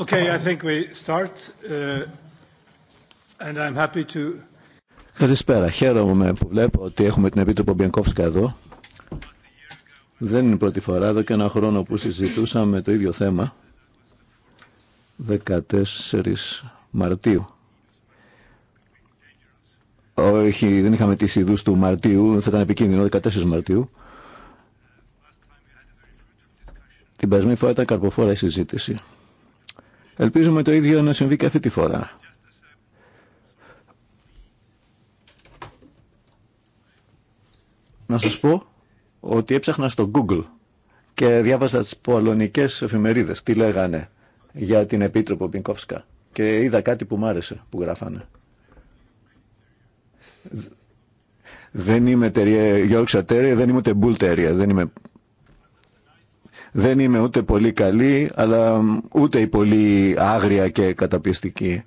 Okay, I think we start, uh, and I'm happy to... Καλησπέρα. Χαίρομαι που βλέπω ότι έχουμε την Επίτροπο Μπιανκόφσκα εδώ. Δεν είναι η πρώτη φορά, εδώ και ένα χρόνο που συζητούσαμε το ίδιο θέμα, 14 Μαρτίου. Όχι, δεν είχαμε τις ειδούς του Μαρτίου, θα ήταν επικίνδυνο, 14 Μαρτίου. Την περασμένη φορά ήταν καρποφόρα η συζήτηση. Ελπίζουμε το ίδιο να συμβεί και αυτή τη φορά. Να σας πω ότι έψαχνα στο Google και διάβασα τις πολωνικές εφημερίδες τι λέγανε για την Επίτροπο Μπινκόφσκα και είδα κάτι που μ' άρεσε που γράφανε. Δεν είμαι Yorkshire Terrier, δεν είμαι ούτε Bull Terrier, δεν είμαι δεν είμαι ούτε πολύ καλή, αλλά ούτε η πολύ άγρια και καταπιστική.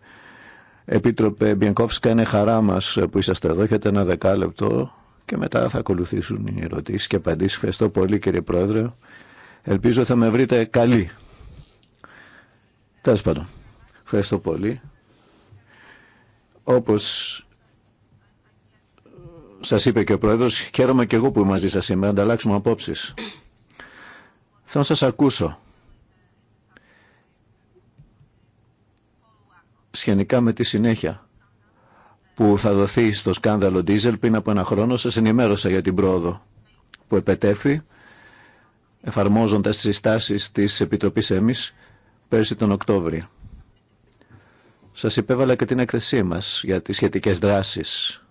Επίτροπε Μπιενκόφσκα, είναι χαρά μας που είσαστε εδώ. Έχετε ένα δεκάλεπτο και μετά θα ακολουθήσουν οι ερωτήσεις και απαντήσεις. Ευχαριστώ πολύ κύριε Πρόεδρε. Ελπίζω θα με βρείτε καλή. Τέλος πάντων. Ευχαριστώ πολύ. Όπως ε, σας είπε και ο Πρόεδρος, χαίρομαι και εγώ που είμαι μαζί σας σήμερα, ανταλλάξουμε απόψεις. Θέλω να σας ακούσω. Σχετικά με τη συνέχεια που θα δοθεί στο σκάνδαλο Diesel πριν από ένα χρόνο σας ενημέρωσα για την πρόοδο που επετεύθη εφαρμόζοντας τις συστάσεις της Επιτροπής ΕΜΙΣ πέρσι τον Οκτώβριο. Σας υπέβαλα και την έκθεσή μας για τις σχετικές δράσεις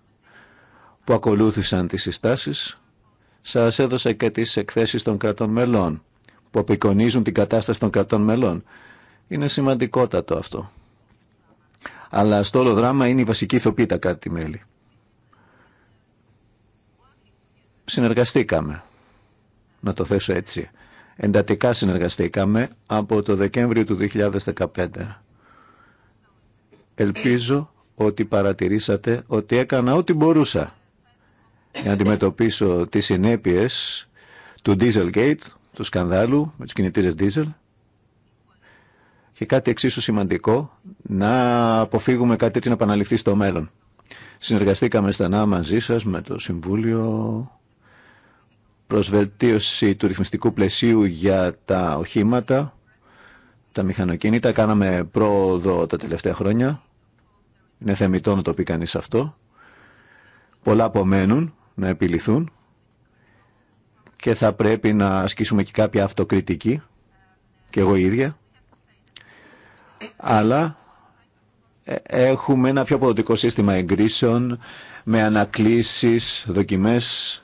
που ακολούθησαν τις συστάσεις. Σας έδωσα και τις εκθέσεις των κρατών μελών που απεικονίζουν την κατάσταση των κρατών μελών. Είναι σημαντικότατο αυτό. Αλλά στο όλο δράμα είναι η βασική ηθοποίη τα κάτι μέλη. Συνεργαστήκαμε, να το θέσω έτσι. Εντατικά συνεργαστήκαμε από το Δεκέμβριο του 2015. Ελπίζω ότι παρατηρήσατε ότι έκανα ό,τι μπορούσα για να αντιμετωπίσω τις συνέπειες του Dieselgate του σκανδάλου με τους κινητήρες diesel και κάτι εξίσου σημαντικό να αποφύγουμε κάτι τέτοιο να επαναληφθεί στο μέλλον. Συνεργαστήκαμε στενά μαζί σας με το Συμβούλιο προσβελτίωση του ρυθμιστικού πλαισίου για τα οχήματα, τα μηχανοκίνητα. Κάναμε πρόοδο τα τελευταία χρόνια. Είναι θεμητό να το πει κανείς αυτό. Πολλά απομένουν να επιληθούν και θα πρέπει να ασκήσουμε και κάποια αυτοκριτική και εγώ ίδια αλλά ε, έχουμε ένα πιο αποδοτικό σύστημα εγκρίσεων με ανακλήσεις, δοκιμές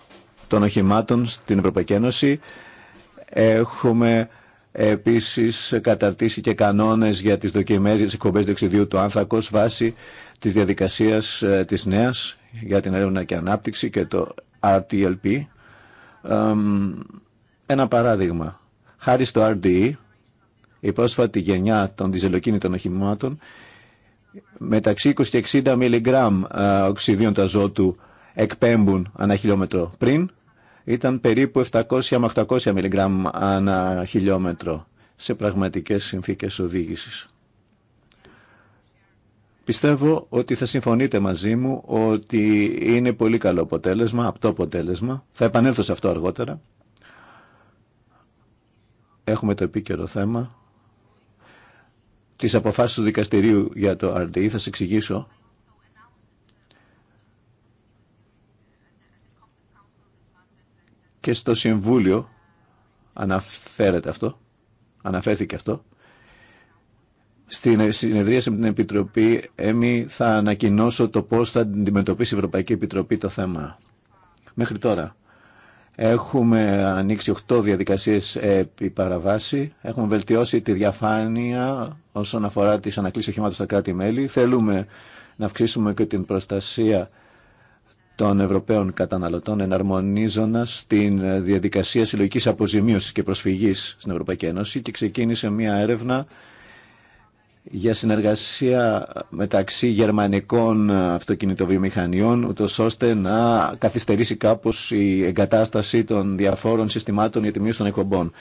των οχημάτων στην Ευρωπαϊκή Ένωση. Έχουμε επίσης καταρτήσει και κανόνες για τις δοκιμές, για τις εκπομπές διοξιδίου του άνθρακος βάσει της διαδικασίας ε, της νέας για την έρευνα και ανάπτυξη και το RTLP ένα παράδειγμα. Χάρη στο RDE, η πρόσφατη γενιά των διζελοκίνητων οχημάτων, μεταξύ 20 και 60 μιλιγκράμμ ε, οξυδίων του αζότου εκπέμπουν ανά χιλιόμετρο. Πριν ήταν περίπου 700 με 800 μιλιγκράμμ ανά χιλιόμετρο σε πραγματικές συνθήκες οδήγησης. Πιστεύω ότι θα συμφωνείτε μαζί μου ότι είναι πολύ καλό αποτέλεσμα, το αποτέλεσμα. Θα επανέλθω σε αυτό αργότερα. Έχουμε το επίκαιρο θέμα της αποφάσεις του δικαστηρίου για το RDE. Θα σε εξηγήσω. Και στο Συμβούλιο αναφέρεται αυτό, αναφέρθηκε αυτό. Στην συνεδρίαση με την Επιτροπή, Έμι, θα ανακοινώσω το πώς θα αντιμετωπίσει η Ευρωπαϊκή Επιτροπή το θέμα. Μέχρι τώρα έχουμε ανοίξει 8 διαδικασίες επί παραβάση. Έχουμε βελτιώσει τη διαφάνεια όσον αφορά τις ανακλήσεις οχημάτων στα κράτη-μέλη. Θέλουμε να αυξήσουμε και την προστασία των Ευρωπαίων καταναλωτών εναρμονίζοντας την διαδικασία συλλογικής αποζημίωσης και προσφυγής στην Ευρωπαϊκή Ένωση και ξεκίνησε μια έρευνα για συνεργασία μεταξύ γερμανικών ε, αυτοκινητοβιομηχανιών, ούτως ώστε να καθυστερήσει κάπως η εγκατάσταση των διαφόρων συστημάτων για τη μείωση των εκπομπών.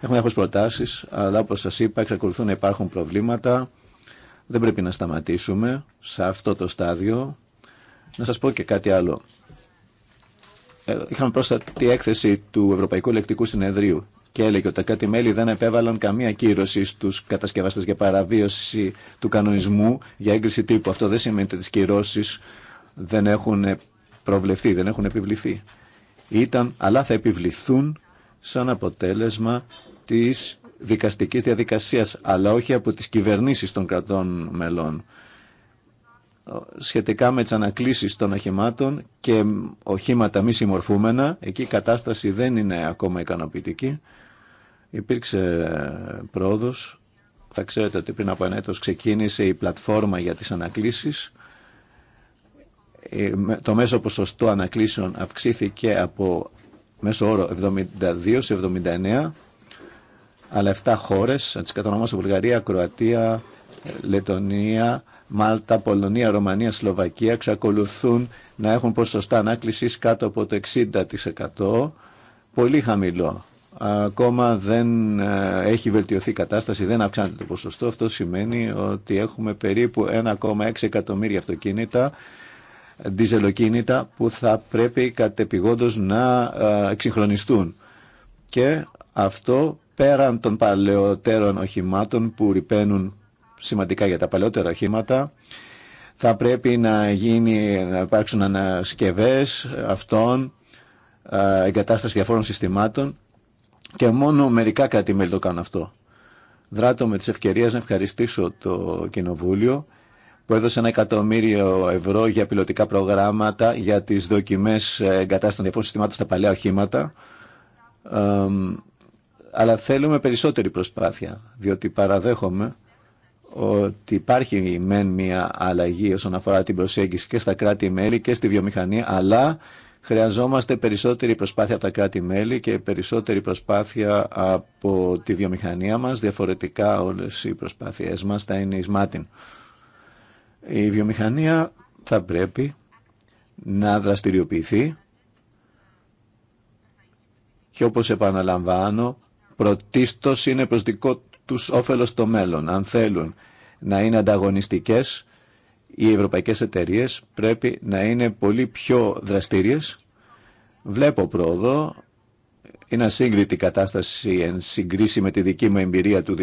Έχουμε διάφορες προτάσεις, αλλά όπως σας είπα εξακολουθούν να υπάρχουν προβλήματα. Δεν πρέπει να σταματήσουμε σε αυτό το στάδιο. Να σας πω και κάτι άλλο. Ε, είχαμε πρόσφατη έκθεση του Ευρωπαϊκού Ελεκτικού Συνεδρίου και έλεγε ότι τα κράτη-μέλη δεν επέβαλαν καμία κύρωση στου κατασκευαστέ για παραβίωση του κανονισμού για έγκριση τύπου. Αυτό δεν σημαίνει ότι τι κυρώσει δεν έχουν προβλεφθεί, δεν έχουν επιβληθεί. Ήταν, αλλά θα επιβληθούν σαν αποτέλεσμα της δικαστική διαδικασία, αλλά όχι από τι κυβερνήσει των κρατών μελών. Σχετικά με τι ανακλήσει των οχημάτων και οχήματα μη συμμορφούμενα, εκεί η κατάσταση δεν είναι ακόμα ικανοποιητική. Υπήρξε πρόοδος. Θα ξέρετε ότι πριν από ένα έτος ξεκίνησε η πλατφόρμα για τις ανακλήσεις. Ε, το μέσο ποσοστό ανακλήσεων αυξήθηκε από μέσο όρο 72 σε 79, αλλά 7 χώρες, τις κατονομάσω Βουλγαρία, Κροατία, Λετωνία, Μάλτα, Πολωνία, Ρωμανία, Σλοβακία εξακολουθούν να έχουν ποσοστά ανάκλησης κάτω από το 60%, πολύ χαμηλό ακόμα δεν ε, έχει βελτιωθεί η κατάσταση, δεν αυξάνεται το ποσοστό. Αυτό σημαίνει ότι έχουμε περίπου 1,6 εκατομμύρια αυτοκίνητα, διζελοκίνητα, που θα πρέπει κατεπηγόντως να ε, εξυγχρονιστούν. Και αυτό πέραν των παλαιότερων οχημάτων που ρηπαίνουν σημαντικά για τα παλαιότερα οχήματα, θα πρέπει να, γίνει, να υπάρξουν ανασκευές αυτών, ε, εγκατάσταση διαφόρων συστημάτων και μόνο μερικά κράτη-μέλη το κάνουν αυτό. Δράτω με τις ευκαιρίες να ευχαριστήσω το Κοινοβούλιο που έδωσε ένα εκατομμύριο ευρώ για πιλωτικά προγράμματα για τις δοκιμές εγκατάστασης των διαφόρων συστημάτων στα παλιά οχήματα. αλλά θέλουμε περισσότερη προσπάθεια, διότι παραδέχομαι ότι υπάρχει μεν μια αλλαγή όσον αφορά την προσέγγιση και στα κράτη-μέλη και στη βιομηχανία, αλλά Χρειαζόμαστε περισσότερη προσπάθεια από τα κράτη-μέλη και περισσότερη προσπάθεια από τη βιομηχανία μας. Διαφορετικά όλες οι προσπάθειές μας θα είναι εις Η βιομηχανία θα πρέπει να δραστηριοποιηθεί και όπως επαναλαμβάνω πρωτίστως είναι προς δικό τους όφελος το μέλλον. Αν θέλουν να είναι ανταγωνιστικές οι ευρωπαϊκές εταιρείες πρέπει να είναι πολύ πιο δραστήριες. Βλέπω πρόοδο, είναι ασύγκριτη κατάσταση εν συγκρίση με τη δική μου εμπειρία του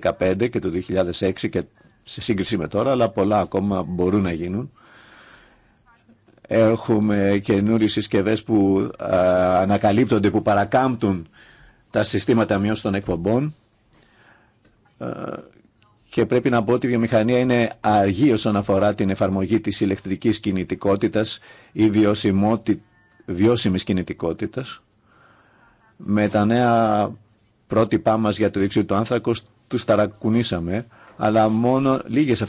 2015 και του 2006 και σε σύγκριση με τώρα, αλλά πολλά ακόμα μπορούν να γίνουν. Έχουμε καινούριε συσκευέ που ανακαλύπτονται, που παρακάμπτουν τα συστήματα μειώσεων των εκπομπών και πρέπει να πω ότι η βιομηχανία είναι αργή όσον αφορά την εφαρμογή της ηλεκτρικής κινητικότητας ή βιώσιμη βιώσιμης κινητικότητας. Με τα νέα πρότυπά μας για το δίξιο του άνθρακο τους ταρακουνήσαμε, αλλά μόνο λίγες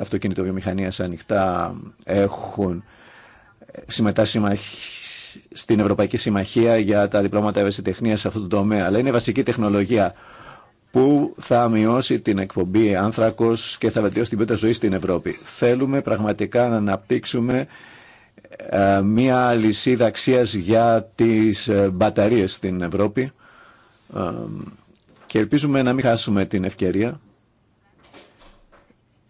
αυτοκινητοβιομηχανίες ανοιχτά έχουν ε, συμμετάσχει στην Ευρωπαϊκή Συμμαχία για τα διπλώματα ευαισθητεχνίας σε αυτό το τομέα. Αλλά είναι βασική τεχνολογία που θα μειώσει την εκπομπή άνθρακο και θα βελτιώσει την ποιότητα ζωής στην Ευρώπη. Θέλουμε πραγματικά να αναπτύξουμε ε, μία λυσίδα αξία για τις ε, μπαταρίες στην Ευρώπη ε, και ελπίζουμε να μην χάσουμε την ευκαιρία.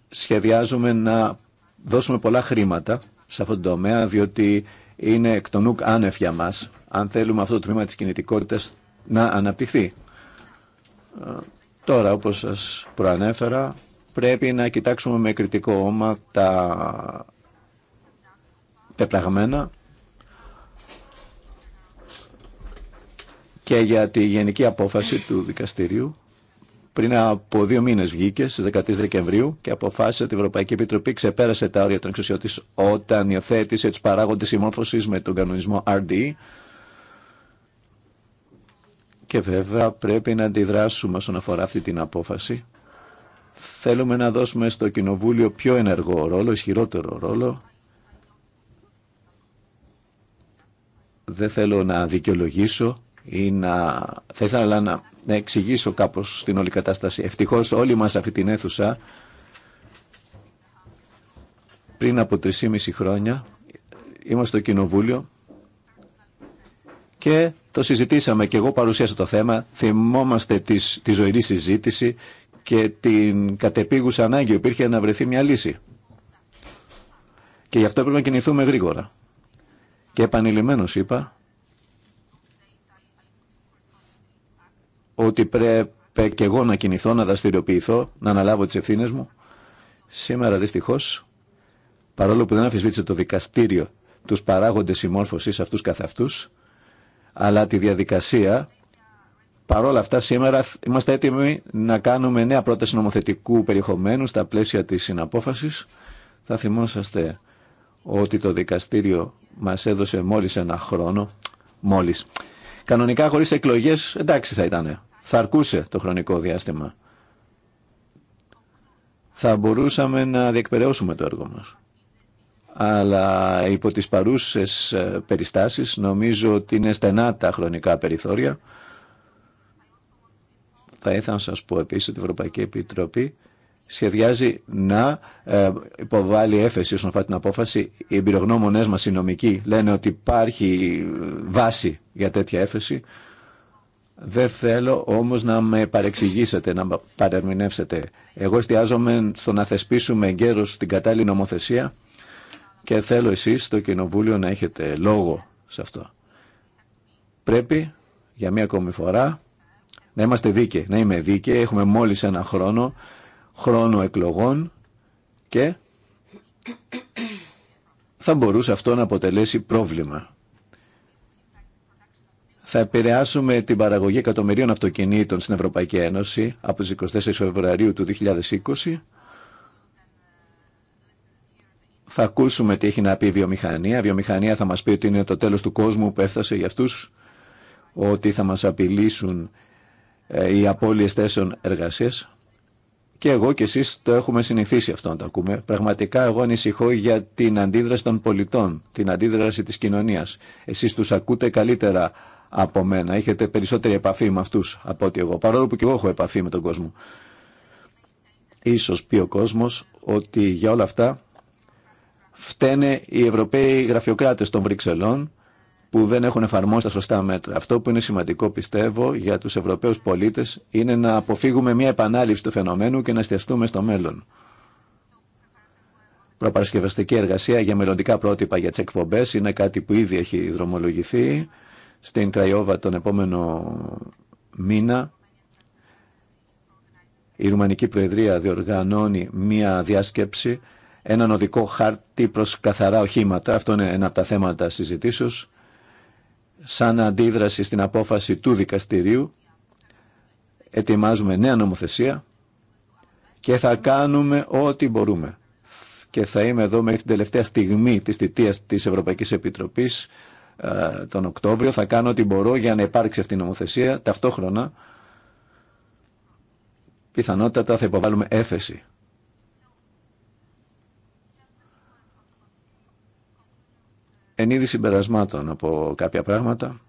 Σχεδιάζουμε να δώσουμε πολλά χρήματα σε αυτόν τον τομέα, διότι είναι εκ των ουκ άνευ για μας, αν θέλουμε αυτό το τμήμα της κινητικότητας να αναπτυχθεί. Τώρα, όπως σας προανέφερα, πρέπει να κοιτάξουμε με κριτικό όμα τα πεπραγμένα και για τη γενική απόφαση του δικαστηρίου. Πριν από δύο μήνες βγήκε στις 13 Δεκεμβρίου και αποφάσισε ότι η Ευρωπαϊκή Επιτροπή ξεπέρασε τα όρια των εξουσιών όταν υιοθέτησε τους παράγοντες συμμόρφωσης με τον κανονισμό RD και βέβαια πρέπει να αντιδράσουμε όσον αφορά αυτή την απόφαση. Θέλουμε να δώσουμε στο Κοινοβούλιο πιο ενεργό ρόλο, ισχυρότερο ρόλο. Δεν θέλω να δικαιολογήσω ή να... Θα ήθελα να, εξηγήσω κάπως την όλη κατάσταση. Ευτυχώς όλοι μας αυτή την αίθουσα πριν από 3,5 χρόνια είμαστε στο Κοινοβούλιο και το συζητήσαμε και εγώ παρουσίασα το θέμα. Θυμόμαστε τις, τη ζωηρή συζήτηση και την κατεπίγουσα ανάγκη που υπήρχε να βρεθεί μια λύση. Και γι' αυτό πρέπει να κινηθούμε γρήγορα. Και επανειλημμένως είπα ότι πρέπει και εγώ να κινηθώ, να δραστηριοποιηθώ, να αναλάβω τις ευθύνες μου. Σήμερα δυστυχώς, παρόλο που δεν αφισβήτησε το δικαστήριο τους παράγοντες συμμόρφωσης αυτούς καθ' αυτούς, αλλά τη διαδικασία. Παρόλα αυτά, σήμερα είμαστε έτοιμοι να κάνουμε νέα πρόταση νομοθετικού περιεχομένου στα πλαίσια της συναπόφασης. Θα θυμόσαστε ότι το δικαστήριο μας έδωσε μόλις ένα χρόνο, μόλις. Κανονικά χωρίς εκλογές, εντάξει θα ήταν, θα αρκούσε το χρονικό διάστημα. Θα μπορούσαμε να διεκπαιρεώσουμε το έργο μας αλλά υπό τις παρούσες ε, περιστάσεις νομίζω ότι είναι στενά τα χρονικά περιθώρια. Θα ήθελα να σας πω επίσης ότι η Ευρωπαϊκή Επιτροπή σχεδιάζει να ε, υποβάλει έφεση όσον αφορά την απόφαση. Οι εμπειρογνώμονές μας, οι νομικοί, λένε ότι υπάρχει βάση για τέτοια έφεση. Δεν θέλω όμως να με παρεξηγήσετε, να παρερμηνεύσετε. Εγώ εστιάζομαι στο να θεσπίσουμε εγκαίρως την κατάλληλη νομοθεσία και θέλω εσείς το Κοινοβούλιο να έχετε λόγο σε αυτό. Πρέπει για μία ακόμη φορά να είμαστε δίκαιοι, να είμαι δίκαιοι. Έχουμε μόλις ένα χρόνο, χρόνο εκλογών και θα μπορούσε αυτό να αποτελέσει πρόβλημα. Θα επηρεάσουμε την παραγωγή εκατομμυρίων αυτοκινήτων στην Ευρωπαϊκή Ένωση από τις 24 Φεβρουαρίου του 2020 θα ακούσουμε τι έχει να πει η βιομηχανία. Η βιομηχανία θα μας πει ότι είναι το τέλος του κόσμου που έφτασε για αυτούς, ότι θα μας απειλήσουν ε, οι απώλειες θέσεων εργασίας. Και εγώ και εσείς το έχουμε συνηθίσει αυτό να το ακούμε. Πραγματικά εγώ ανησυχώ για την αντίδραση των πολιτών, την αντίδραση της κοινωνίας. Εσείς τους ακούτε καλύτερα από μένα, έχετε περισσότερη επαφή με αυτούς από ότι εγώ, παρόλο που και εγώ έχω επαφή με τον κόσμο. Ίσως πει ο κόσμος ότι για όλα αυτά φταίνε οι Ευρωπαίοι γραφειοκράτες των Βρυξελών που δεν έχουν εφαρμόσει τα σωστά μέτρα. Αυτό που είναι σημαντικό πιστεύω για τους Ευρωπαίους πολίτες είναι να αποφύγουμε μια επανάληψη του φαινομένου και να εστιαστούμε στο μέλλον. Προπαρασκευαστική εργασία για μελλοντικά πρότυπα για τι εκπομπέ είναι κάτι που ήδη έχει δρομολογηθεί στην Κραϊόβα τον επόμενο μήνα. Η Ρουμανική Προεδρία διοργανώνει μία διάσκεψη έναν οδικό χάρτη προς καθαρά οχήματα. Αυτό είναι ένα από τα θέματα συζητήσεως. Σαν αντίδραση στην απόφαση του δικαστηρίου ετοιμάζουμε νέα νομοθεσία και θα κάνουμε ό,τι μπορούμε. Και θα είμαι εδώ μέχρι την τελευταία στιγμή της θητείας της Ευρωπαϊκής Επιτροπής ε, τον Οκτώβριο. Θα κάνω ό,τι μπορώ για να υπάρξει αυτή η νομοθεσία. Ταυτόχρονα, πιθανότατα θα υποβάλουμε έφεση Εν είδη συμπερασμάτων από κάποια πράγματα.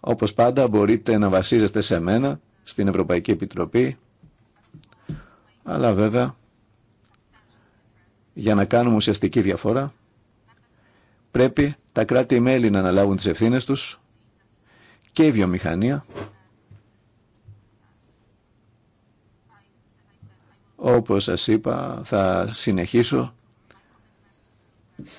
Όπως πάντα μπορείτε να βασίζεστε σε μένα, στην Ευρωπαϊκή Επιτροπή, αλλά βέβαια για να κάνουμε ουσιαστική διαφορά πρέπει τα κράτη-μέλη να αναλάβουν τις ευθύνες τους και η βιομηχανία όπως σας είπα θα συνεχίσω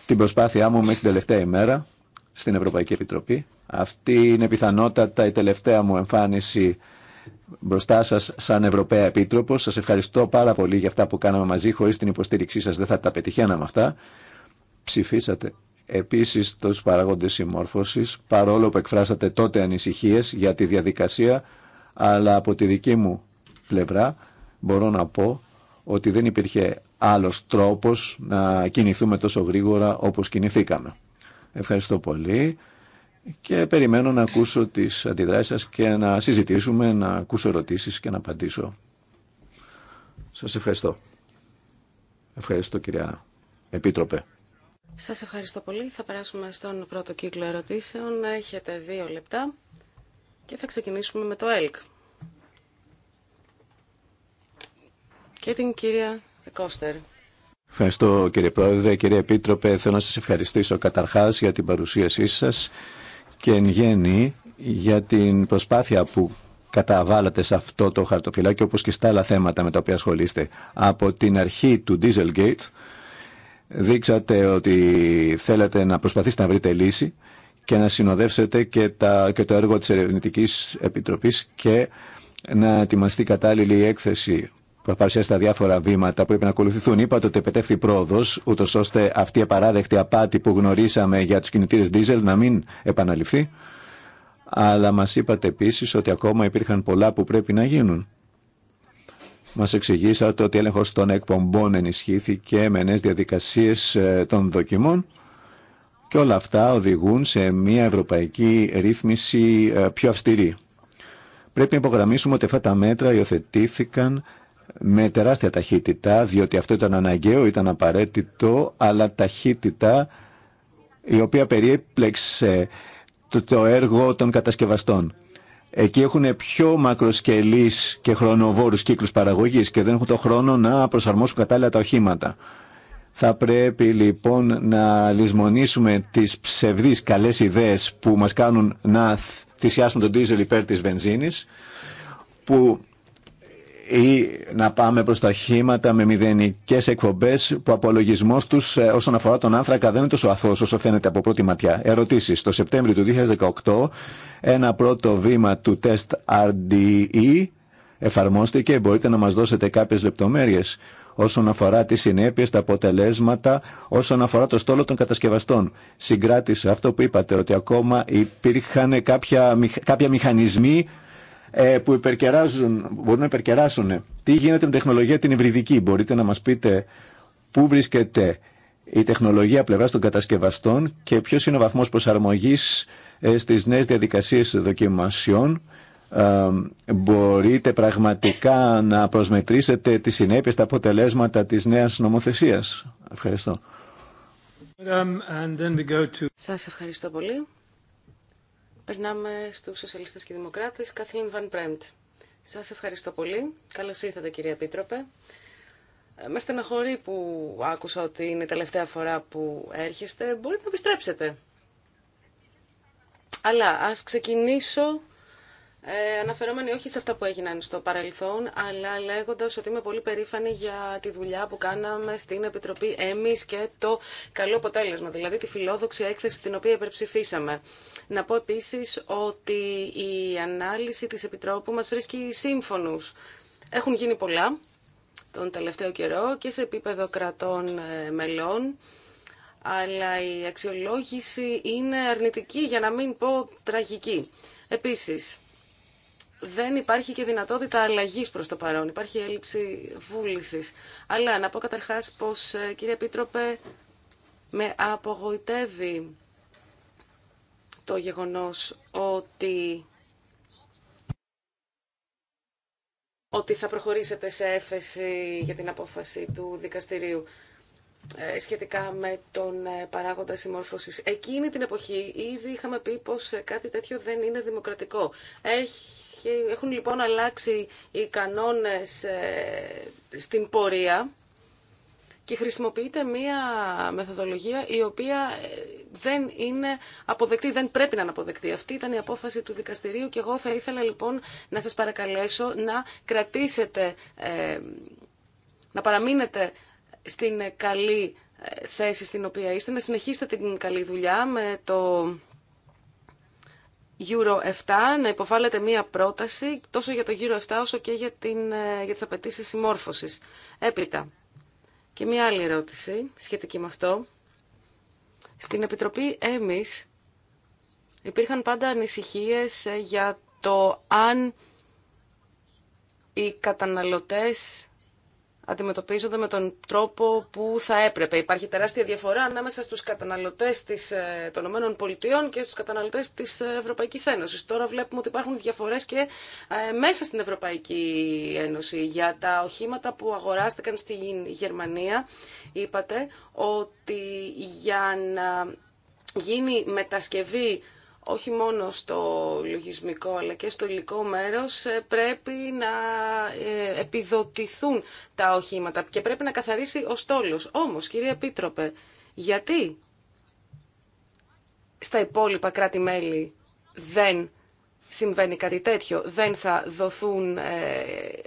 την προσπάθειά μου μέχρι την τελευταία ημέρα στην Ευρωπαϊκή Επιτροπή. Αυτή είναι πιθανότατα η τελευταία μου εμφάνιση μπροστά σας σαν Ευρωπαία Επίτροπο. Σας ευχαριστώ πάρα πολύ για αυτά που κάναμε μαζί. Χωρίς την υποστήριξή σας δεν θα τα πετυχαίναμε αυτά. Ψηφίσατε επίσης τους παραγόντες συμμόρφωσης, παρόλο που εκφράσατε τότε ανησυχίες για τη διαδικασία, αλλά από τη δική μου πλευρά μπορώ να πω ότι δεν υπήρχε άλλος τρόπος να κινηθούμε τόσο γρήγορα όπως κινηθήκαμε. Ευχαριστώ πολύ και περιμένω να ακούσω τις αντιδράσεις σας και να συζητήσουμε, να ακούσω ερωτήσεις και να απαντήσω. Σας ευχαριστώ. Ευχαριστώ κυρία Επίτροπε. Σας ευχαριστώ πολύ. Θα περάσουμε στον πρώτο κύκλο ερωτήσεων. Έχετε δύο λεπτά και θα ξεκινήσουμε με το ΕΛΚ. Και την κυρία Κώστερ. Ευχαριστώ κύριε Πρόεδρε, κύριε Επίτροπε. Θέλω να σας ευχαριστήσω καταρχάς για την παρουσίασή σας και εν γέννη για την προσπάθεια που καταβάλλατε σε αυτό το χαρτοφυλάκι όπως και στα άλλα θέματα με τα οποία ασχολείστε. Από την αρχή του Dieselgate δείξατε ότι θέλετε να προσπαθήσετε να βρείτε λύση και να συνοδεύσετε και, και το έργο της Ερευνητικής Επιτροπής και να ετοιμαστεί κατάλληλη η έκθεση που παρουσιάσει τα διάφορα βήματα που πρέπει να ακολουθηθούν. Είπατε ότι επετεύχθη πρόοδο, ούτω ώστε αυτή η απαράδεκτη απάτη που γνωρίσαμε για του κινητήρε δίζελ να μην επαναληφθεί. Αλλά μα είπατε επίση ότι ακόμα υπήρχαν πολλά που πρέπει να γίνουν. Μα εξηγήσατε ότι έλεγχο των εκπομπών ενισχύθηκε με νέε διαδικασίε ε, των δοκιμών. Και όλα αυτά οδηγούν σε μια ευρωπαϊκή ρύθμιση ε, πιο αυστηρή. Πρέπει να υπογραμμίσουμε ότι αυτά τα μέτρα υιοθετήθηκαν με τεράστια ταχύτητα, διότι αυτό ήταν αναγκαίο, ήταν απαραίτητο, αλλά ταχύτητα η οποία περιέπλεξε το, το έργο των κατασκευαστών. Εκεί έχουν πιο μακροσκελείς και χρονοβόρους κύκλους παραγωγής και δεν έχουν το χρόνο να προσαρμόσουν κατάλληλα τα οχήματα. Θα πρέπει λοιπόν να λησμονήσουμε τις ψευδείς καλές ιδέες που μας κάνουν να θυσιάσουμε τον δίζελ υπέρ της βενζίνης, που ή να πάμε προς τα χήματα με μηδενικές εκπομπές που απολογισμός τους ε, όσον αφορά τον άνθρακα δεν είναι τόσο αθώος όσο φαίνεται από πρώτη ματιά. Ερωτήσεις. Το Σεπτέμβριο του 2018 ένα πρώτο βήμα του τεστ RDE εφαρμόστηκε. Μπορείτε να μας δώσετε κάποιες λεπτομέρειες όσον αφορά τις συνέπειες, τα αποτελέσματα, όσον αφορά το στόλο των κατασκευαστών. Συγκράτησε αυτό που είπατε, ότι ακόμα υπήρχαν κάποια, κάποια μηχανισμοί ε, που υπερκεράζουν, μπορούν να υπερκεράσουν. Τι γίνεται με τεχνολογία την υβριδική. Μπορείτε να μας πείτε πού βρίσκεται η τεχνολογία πλευράς των κατασκευαστών και ποιος είναι ο βαθμός προσαρμογής ε, στις νέες διαδικασίες δοκιμασιών. Ε, μπορείτε πραγματικά να προσμετρήσετε τις συνέπειες, τα αποτελέσματα της νέας νομοθεσίας. Ευχαριστώ. Σας ευχαριστώ πολύ. Περνάμε στους Σοσιαλιστές και Δημοκράτες, Καθήν Βαν Πρέμπτ. Σας ευχαριστώ πολύ. Καλώς ήρθατε κυρία Επίτροπε. Ε, με στεναχωρεί που άκουσα ότι είναι η τελευταία φορά που έρχεστε. Μπορείτε να επιστρέψετε. Αλλά ας ξεκινήσω ε, αναφερόμενοι όχι σε αυτά που έγιναν στο παρελθόν, αλλά λέγοντας ότι είμαι πολύ περήφανη για τη δουλειά που κάναμε στην Επιτροπή εμείς και το καλό αποτέλεσμα, δηλαδή τη φιλόδοξη έκθεση την οποία υπερψηφίσαμε. Να πω επίσης ότι η ανάλυση της Επιτρόπου μας βρίσκει σύμφωνους. Έχουν γίνει πολλά τον τελευταίο καιρό και σε επίπεδο κρατών ε, μελών αλλά η αξιολόγηση είναι αρνητική για να μην πω τραγική. Επίσης, δεν υπάρχει και δυνατότητα αλλαγή προ το παρόν. Υπάρχει έλλειψη βούληση. Αλλά να πω καταρχά πω, ε, κύριε Επίτροπε, με απογοητεύει το γεγονός ότι ότι θα προχωρήσετε σε έφεση για την απόφαση του δικαστηρίου ε, σχετικά με τον ε, παράγοντα συμμόρφωσης. Εκείνη την εποχή ήδη είχαμε πει πως κάτι τέτοιο δεν είναι δημοκρατικό. Έχει έχουν λοιπόν αλλάξει οι κανόνες ε, στην πορεία και χρησιμοποιείται μία μεθοδολογία η οποία ε, δεν είναι αποδεκτή, δεν πρέπει να είναι αποδεκτή. Αυτή ήταν η απόφαση του δικαστηρίου και εγώ θα ήθελα λοιπόν να σας παρακαλέσω να κρατήσετε, ε, να παραμείνετε στην καλή θέση στην οποία είστε, να συνεχίσετε την καλή δουλειά με το Euro 7 να υποβάλλεται μία πρόταση τόσο για το γύρο 7 όσο και για, την, ε, για τις απαιτήσει συμμόρφωσης. Έπειτα. Και μία άλλη ερώτηση σχετική με αυτό. Στην Επιτροπή εμείς υπήρχαν πάντα ανησυχίες ε, για το αν οι καταναλωτές αντιμετωπίζονται με τον τρόπο που θα έπρεπε. Υπάρχει τεράστια διαφορά ανάμεσα στους καταναλωτές της, ε, των ΗΠΑ και στους καταναλωτές της ε, Ευρωπαϊκής Ένωσης. Τώρα βλέπουμε ότι υπάρχουν διαφορές και ε, μέσα στην Ευρωπαϊκή Ένωση. Για τα οχήματα που αγοράστηκαν στη Γερμανία είπατε ότι για να γίνει μετασκευή όχι μόνο στο λογισμικό αλλά και στο υλικό μέρος ε, πρέπει να ε, επιδοτηθούν τα οχήματα και πρέπει να καθαρίσει ο στόλος. Όμως, κυρία Επίτροπε, γιατί στα υπόλοιπα κράτη-μέλη δεν συμβαίνει κάτι τέτοιο, δεν θα δοθούν ε,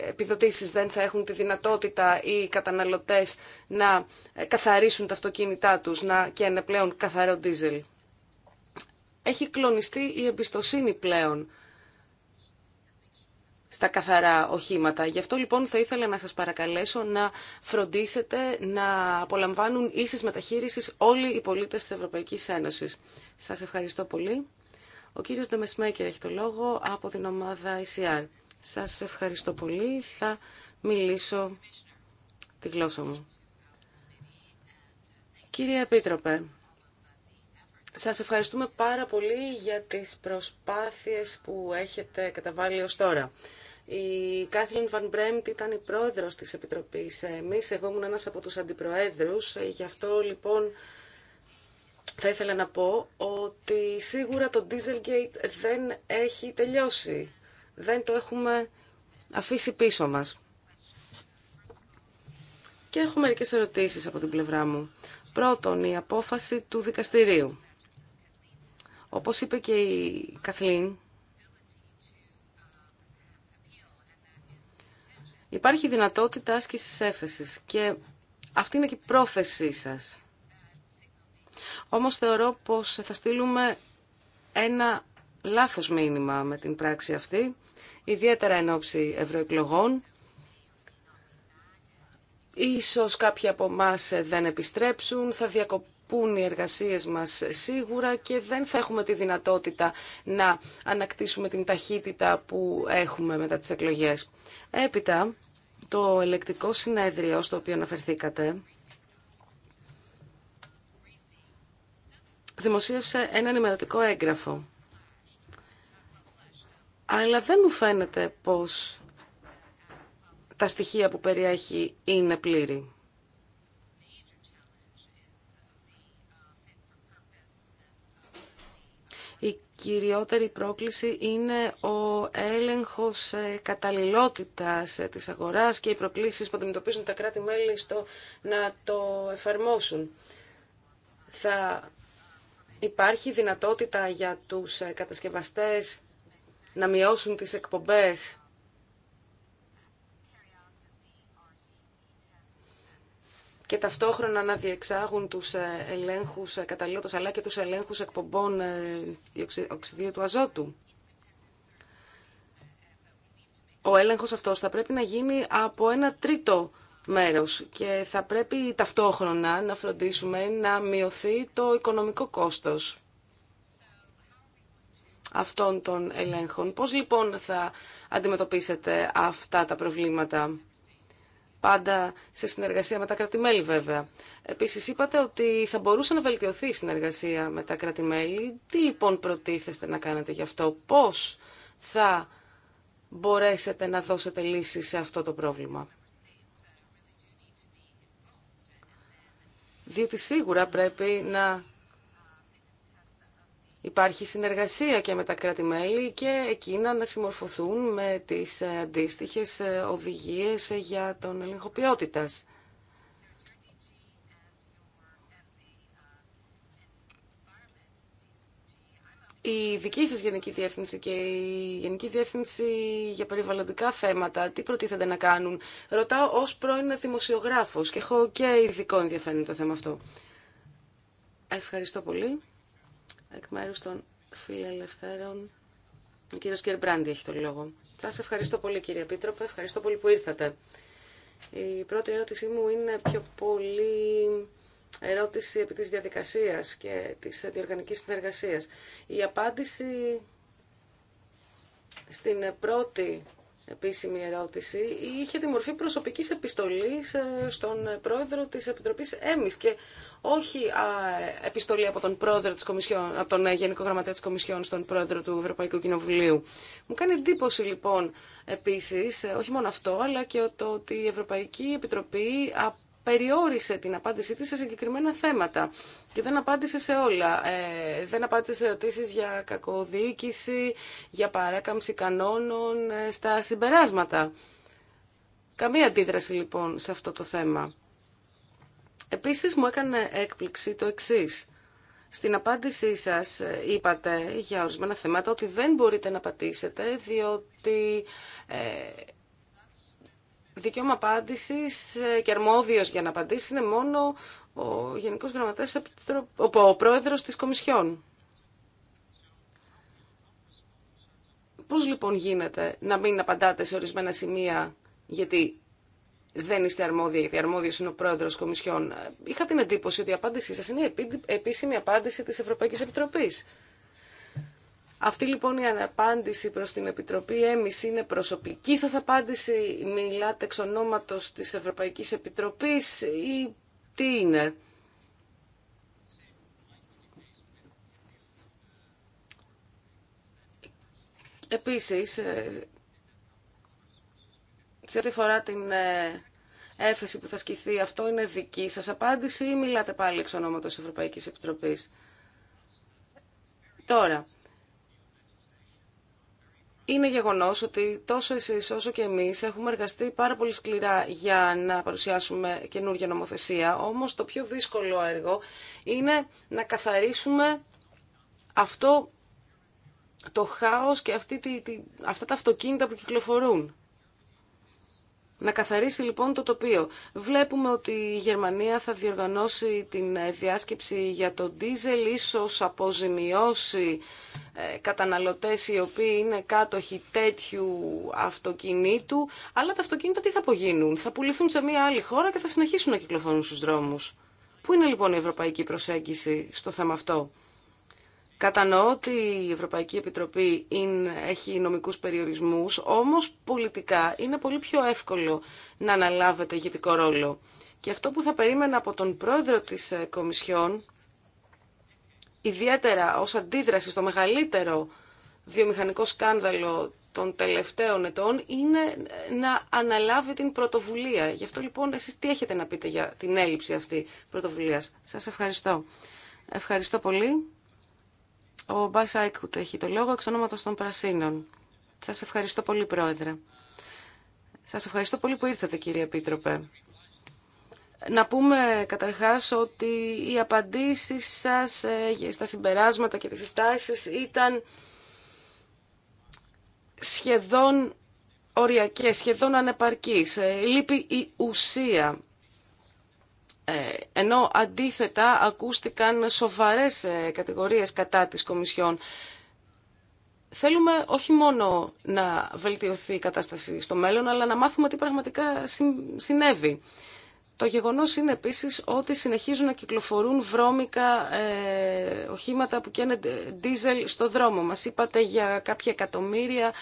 επιδοτήσεις, δεν θα έχουν τη δυνατότητα οι καταναλωτές να καθαρίσουν τα αυτοκίνητά τους να, και πλέον καθαρό ντίζελ έχει κλονιστεί η εμπιστοσύνη πλέον στα καθαρά οχήματα. Γι' αυτό λοιπόν θα ήθελα να σας παρακαλέσω να φροντίσετε να απολαμβάνουν ίσης μεταχείρισης όλοι οι πολίτες της Ευρωπαϊκής Ένωσης. Σας ευχαριστώ πολύ. Ο κύριος Ντεμεσμέκερ έχει το λόγο από την ομάδα ICR. Σας ευχαριστώ πολύ. Θα μιλήσω τη γλώσσα μου. Κύριε Επίτροπε, σας ευχαριστούμε πάρα πολύ για τις προσπάθειες που έχετε καταβάλει ως τώρα. Η Κάθλιν Βαν ήταν η πρόεδρος της Επιτροπής εμείς, εγώ ήμουν ένας από τους αντιπροέδρους, γι' αυτό λοιπόν θα ήθελα να πω ότι σίγουρα το Dieselgate δεν έχει τελειώσει, δεν το έχουμε αφήσει πίσω μας. Και έχω μερικές ερωτήσεις από την πλευρά μου. Πρώτον, η απόφαση του δικαστηρίου. Όπως είπε και η Καθλίν, υπάρχει δυνατότητα άσκησης έφεσης και αυτή είναι και η πρόθεσή σας. Όμως θεωρώ πως θα στείλουμε ένα λάθος μήνυμα με την πράξη αυτή, ιδιαίτερα εν ώψη ευρωεκλογών. Ίσως κάποιοι από εμά δεν επιστρέψουν, θα διακοπούν είναι οι εργασίες μας σίγουρα και δεν θα έχουμε τη δυνατότητα να ανακτήσουμε την ταχύτητα που έχουμε μετά τις εκλογές. Έπειτα, το ελεκτικό συνέδριο στο οποίο αναφερθήκατε δημοσίευσε ένα ενημερωτικό έγγραφο. Αλλά δεν μου φαίνεται πως τα στοιχεία που περιέχει είναι πλήρη. Η κυριότερη πρόκληση είναι ο έλεγχος ε, καταλληλότητας ε, της αγοράς και οι προκλήσεις που αντιμετωπίζουν τα κράτη-μέλη στο να το εφαρμόσουν. Θα υπάρχει δυνατότητα για τους ε, κατασκευαστές να μειώσουν τις εκπομπές και ταυτόχρονα να διεξάγουν τους ε, ελέγχους ε, καταλήλωτο αλλά και τους ελέγχους εκπομπών ε, οξυδίου του αζότου. Ο έλεγχος αυτός θα πρέπει να γίνει από ένα τρίτο μέρος και θα πρέπει ταυτόχρονα να φροντίσουμε να μειωθεί το οικονομικό κόστος αυτών των ελέγχων. Πώς λοιπόν θα αντιμετωπίσετε αυτά τα προβλήματα. Πάντα σε συνεργασία με τα κρατημέλη βέβαια. Επίσης είπατε ότι θα μπορούσε να βελτιωθεί η συνεργασία με τα κρατημέλη. Τι λοιπόν προτίθεστε να κάνετε γι' αυτό. Πώς θα μπορέσετε να δώσετε λύση σε αυτό το πρόβλημα. Διότι σίγουρα πρέπει να υπάρχει συνεργασία και με τα κράτη-μέλη και εκείνα να συμμορφωθούν με τις ε, αντίστοιχες ε, οδηγίες ε, για τον έλεγχο Η δική σας Γενική Διεύθυνση και η Γενική Διεύθυνση για περιβαλλοντικά θέματα, τι προτίθεται να κάνουν. Ρωτάω ως πρώην δημοσιογράφος και έχω και ειδικό ενδιαφέρον το θέμα αυτό. Ευχαριστώ πολύ. Εκ μέρου των φιλελευθέρων, ο κύριο Κερμπράντι έχει το λόγο. Σα ευχαριστώ πολύ, κύριε Επίτροπε. Ευχαριστώ πολύ που ήρθατε. Η πρώτη ερώτησή μου είναι πιο πολύ ερώτηση επί της διαδικασίας και της διοργανικής συνεργασίας. Η απάντηση στην πρώτη επίσημη ερώτηση είχε τη μορφή προσωπικής επιστολής ε, στον πρόεδρο της Επιτροπής ΕΜΙΣ και όχι επιστολή από τον, πρόεδρο της Κομισιόν, από τον ε, Γενικό Γραμματέα της Κομισιόν στον πρόεδρο του Ευρωπαϊκού Κοινοβουλίου. Μου κάνει εντύπωση λοιπόν επίσης, ε, όχι μόνο αυτό, αλλά και το ότι η Ευρωπαϊκή Επιτροπή περιόρισε την απάντησή της σε συγκεκριμένα θέματα και δεν απάντησε σε όλα. Ε, δεν απάντησε σε ερωτήσεις για κακοδιοίκηση, για παράκαμψη κανόνων, ε, στα συμπεράσματα. Καμία αντίδραση λοιπόν σε αυτό το θέμα. Επίσης μου έκανε έκπληξη το εξής. Στην απάντησή σας ε, είπατε για ορισμένα θέματα ότι δεν μπορείτε να πατήσετε διότι ε, δικαίωμα απάντηση ε, και αρμόδιο για να απαντήσει είναι μόνο ο Γενικό Γραμματέα, ο πρόεδρο τη Κομισιόν. Πώ λοιπόν γίνεται να μην απαντάτε σε ορισμένα σημεία γιατί δεν είστε αρμόδια, γιατί αρμόδιο είναι ο πρόεδρο Κομισιόν. Ε, είχα την εντύπωση ότι η απάντησή σα είναι η επίσημη απάντηση τη Ευρωπαϊκή Επιτροπή. Αυτή λοιπόν η αναπάντηση προς την Επιτροπή έμιση είναι προσωπική σας απάντηση, μιλάτε εξ ονόματος της Ευρωπαϊκής Επιτροπής ή τι είναι. Επίσης, ε, σε ό,τι φορά την ε, έφεση που θα σκηθεί, αυτό είναι δική σας απάντηση ή μιλάτε πάλι εξ ονόματος Ευρωπαϊκής Επιτροπής. Τώρα, είναι γεγονός ότι τόσο εσείς όσο και εμείς έχουμε εργαστεί πάρα πολύ σκληρά για να παρουσιάσουμε καινούργια νομοθεσία, όμως το πιο δύσκολο έργο είναι να καθαρίσουμε αυτό το χάος και αυτή τη, αυτά τα αυτοκίνητα που κυκλοφορούν. Να καθαρίσει λοιπόν το τοπίο. Βλέπουμε ότι η Γερμανία θα διοργανώσει την ε, διάσκεψη για τον ντίζελ, ίσως αποζημιώσει ε, καταναλωτές οι οποίοι είναι κάτοχοι τέτοιου αυτοκινήτου, αλλά τα αυτοκίνητα τι θα απογίνουν, θα πουληθούν σε μια άλλη χώρα και θα συνεχίσουν να κυκλοφορούν στους δρόμους. Πού είναι λοιπόν η ευρωπαϊκή προσέγγιση στο θέμα αυτό. Κατανοώ ότι η Ευρωπαϊκή Επιτροπή έχει νομικούς περιορισμούς, όμως πολιτικά είναι πολύ πιο εύκολο να αναλάβετε ηγετικό ρόλο. Και αυτό που θα περίμενα από τον πρόεδρο της ε, Κομισιόν, ιδιαίτερα ως αντίδραση στο μεγαλύτερο βιομηχανικό σκάνδαλο των τελευταίων ετών, είναι ε, να αναλάβει την πρωτοβουλία. Γι' αυτό λοιπόν εσείς τι έχετε να πείτε για την έλλειψη αυτή πρωτοβουλίας. Σας ευχαριστώ. Ευχαριστώ πολύ. Ο Μπάς Άικουτ έχει το λόγο εξ ονόματος των Πρασίνων. Σας ευχαριστώ πολύ, Πρόεδρε. Σας ευχαριστώ πολύ που ήρθατε, κύριε Επίτροπε. Να πούμε καταρχάς ότι οι απαντήσεις σας ε, στα συμπεράσματα και τις συστάσεις ήταν σχεδόν οριακές, σχεδόν ανεπαρκείς. Ε, λείπει η ουσία. Ε, ενώ αντίθετα ακούστηκαν σοβαρές ε, κατηγορίες κατά της Κομισιόν. Θέλουμε όχι μόνο να βελτιωθεί η κατάσταση στο μέλλον, αλλά να μάθουμε τι πραγματικά συνέβη. Το γεγονός είναι επίσης ότι συνεχίζουν να κυκλοφορούν βρώμικα ε, οχήματα που καίνε ντίζελ στο δρόμο. Μας είπατε για κάποια εκατομμύρια, 16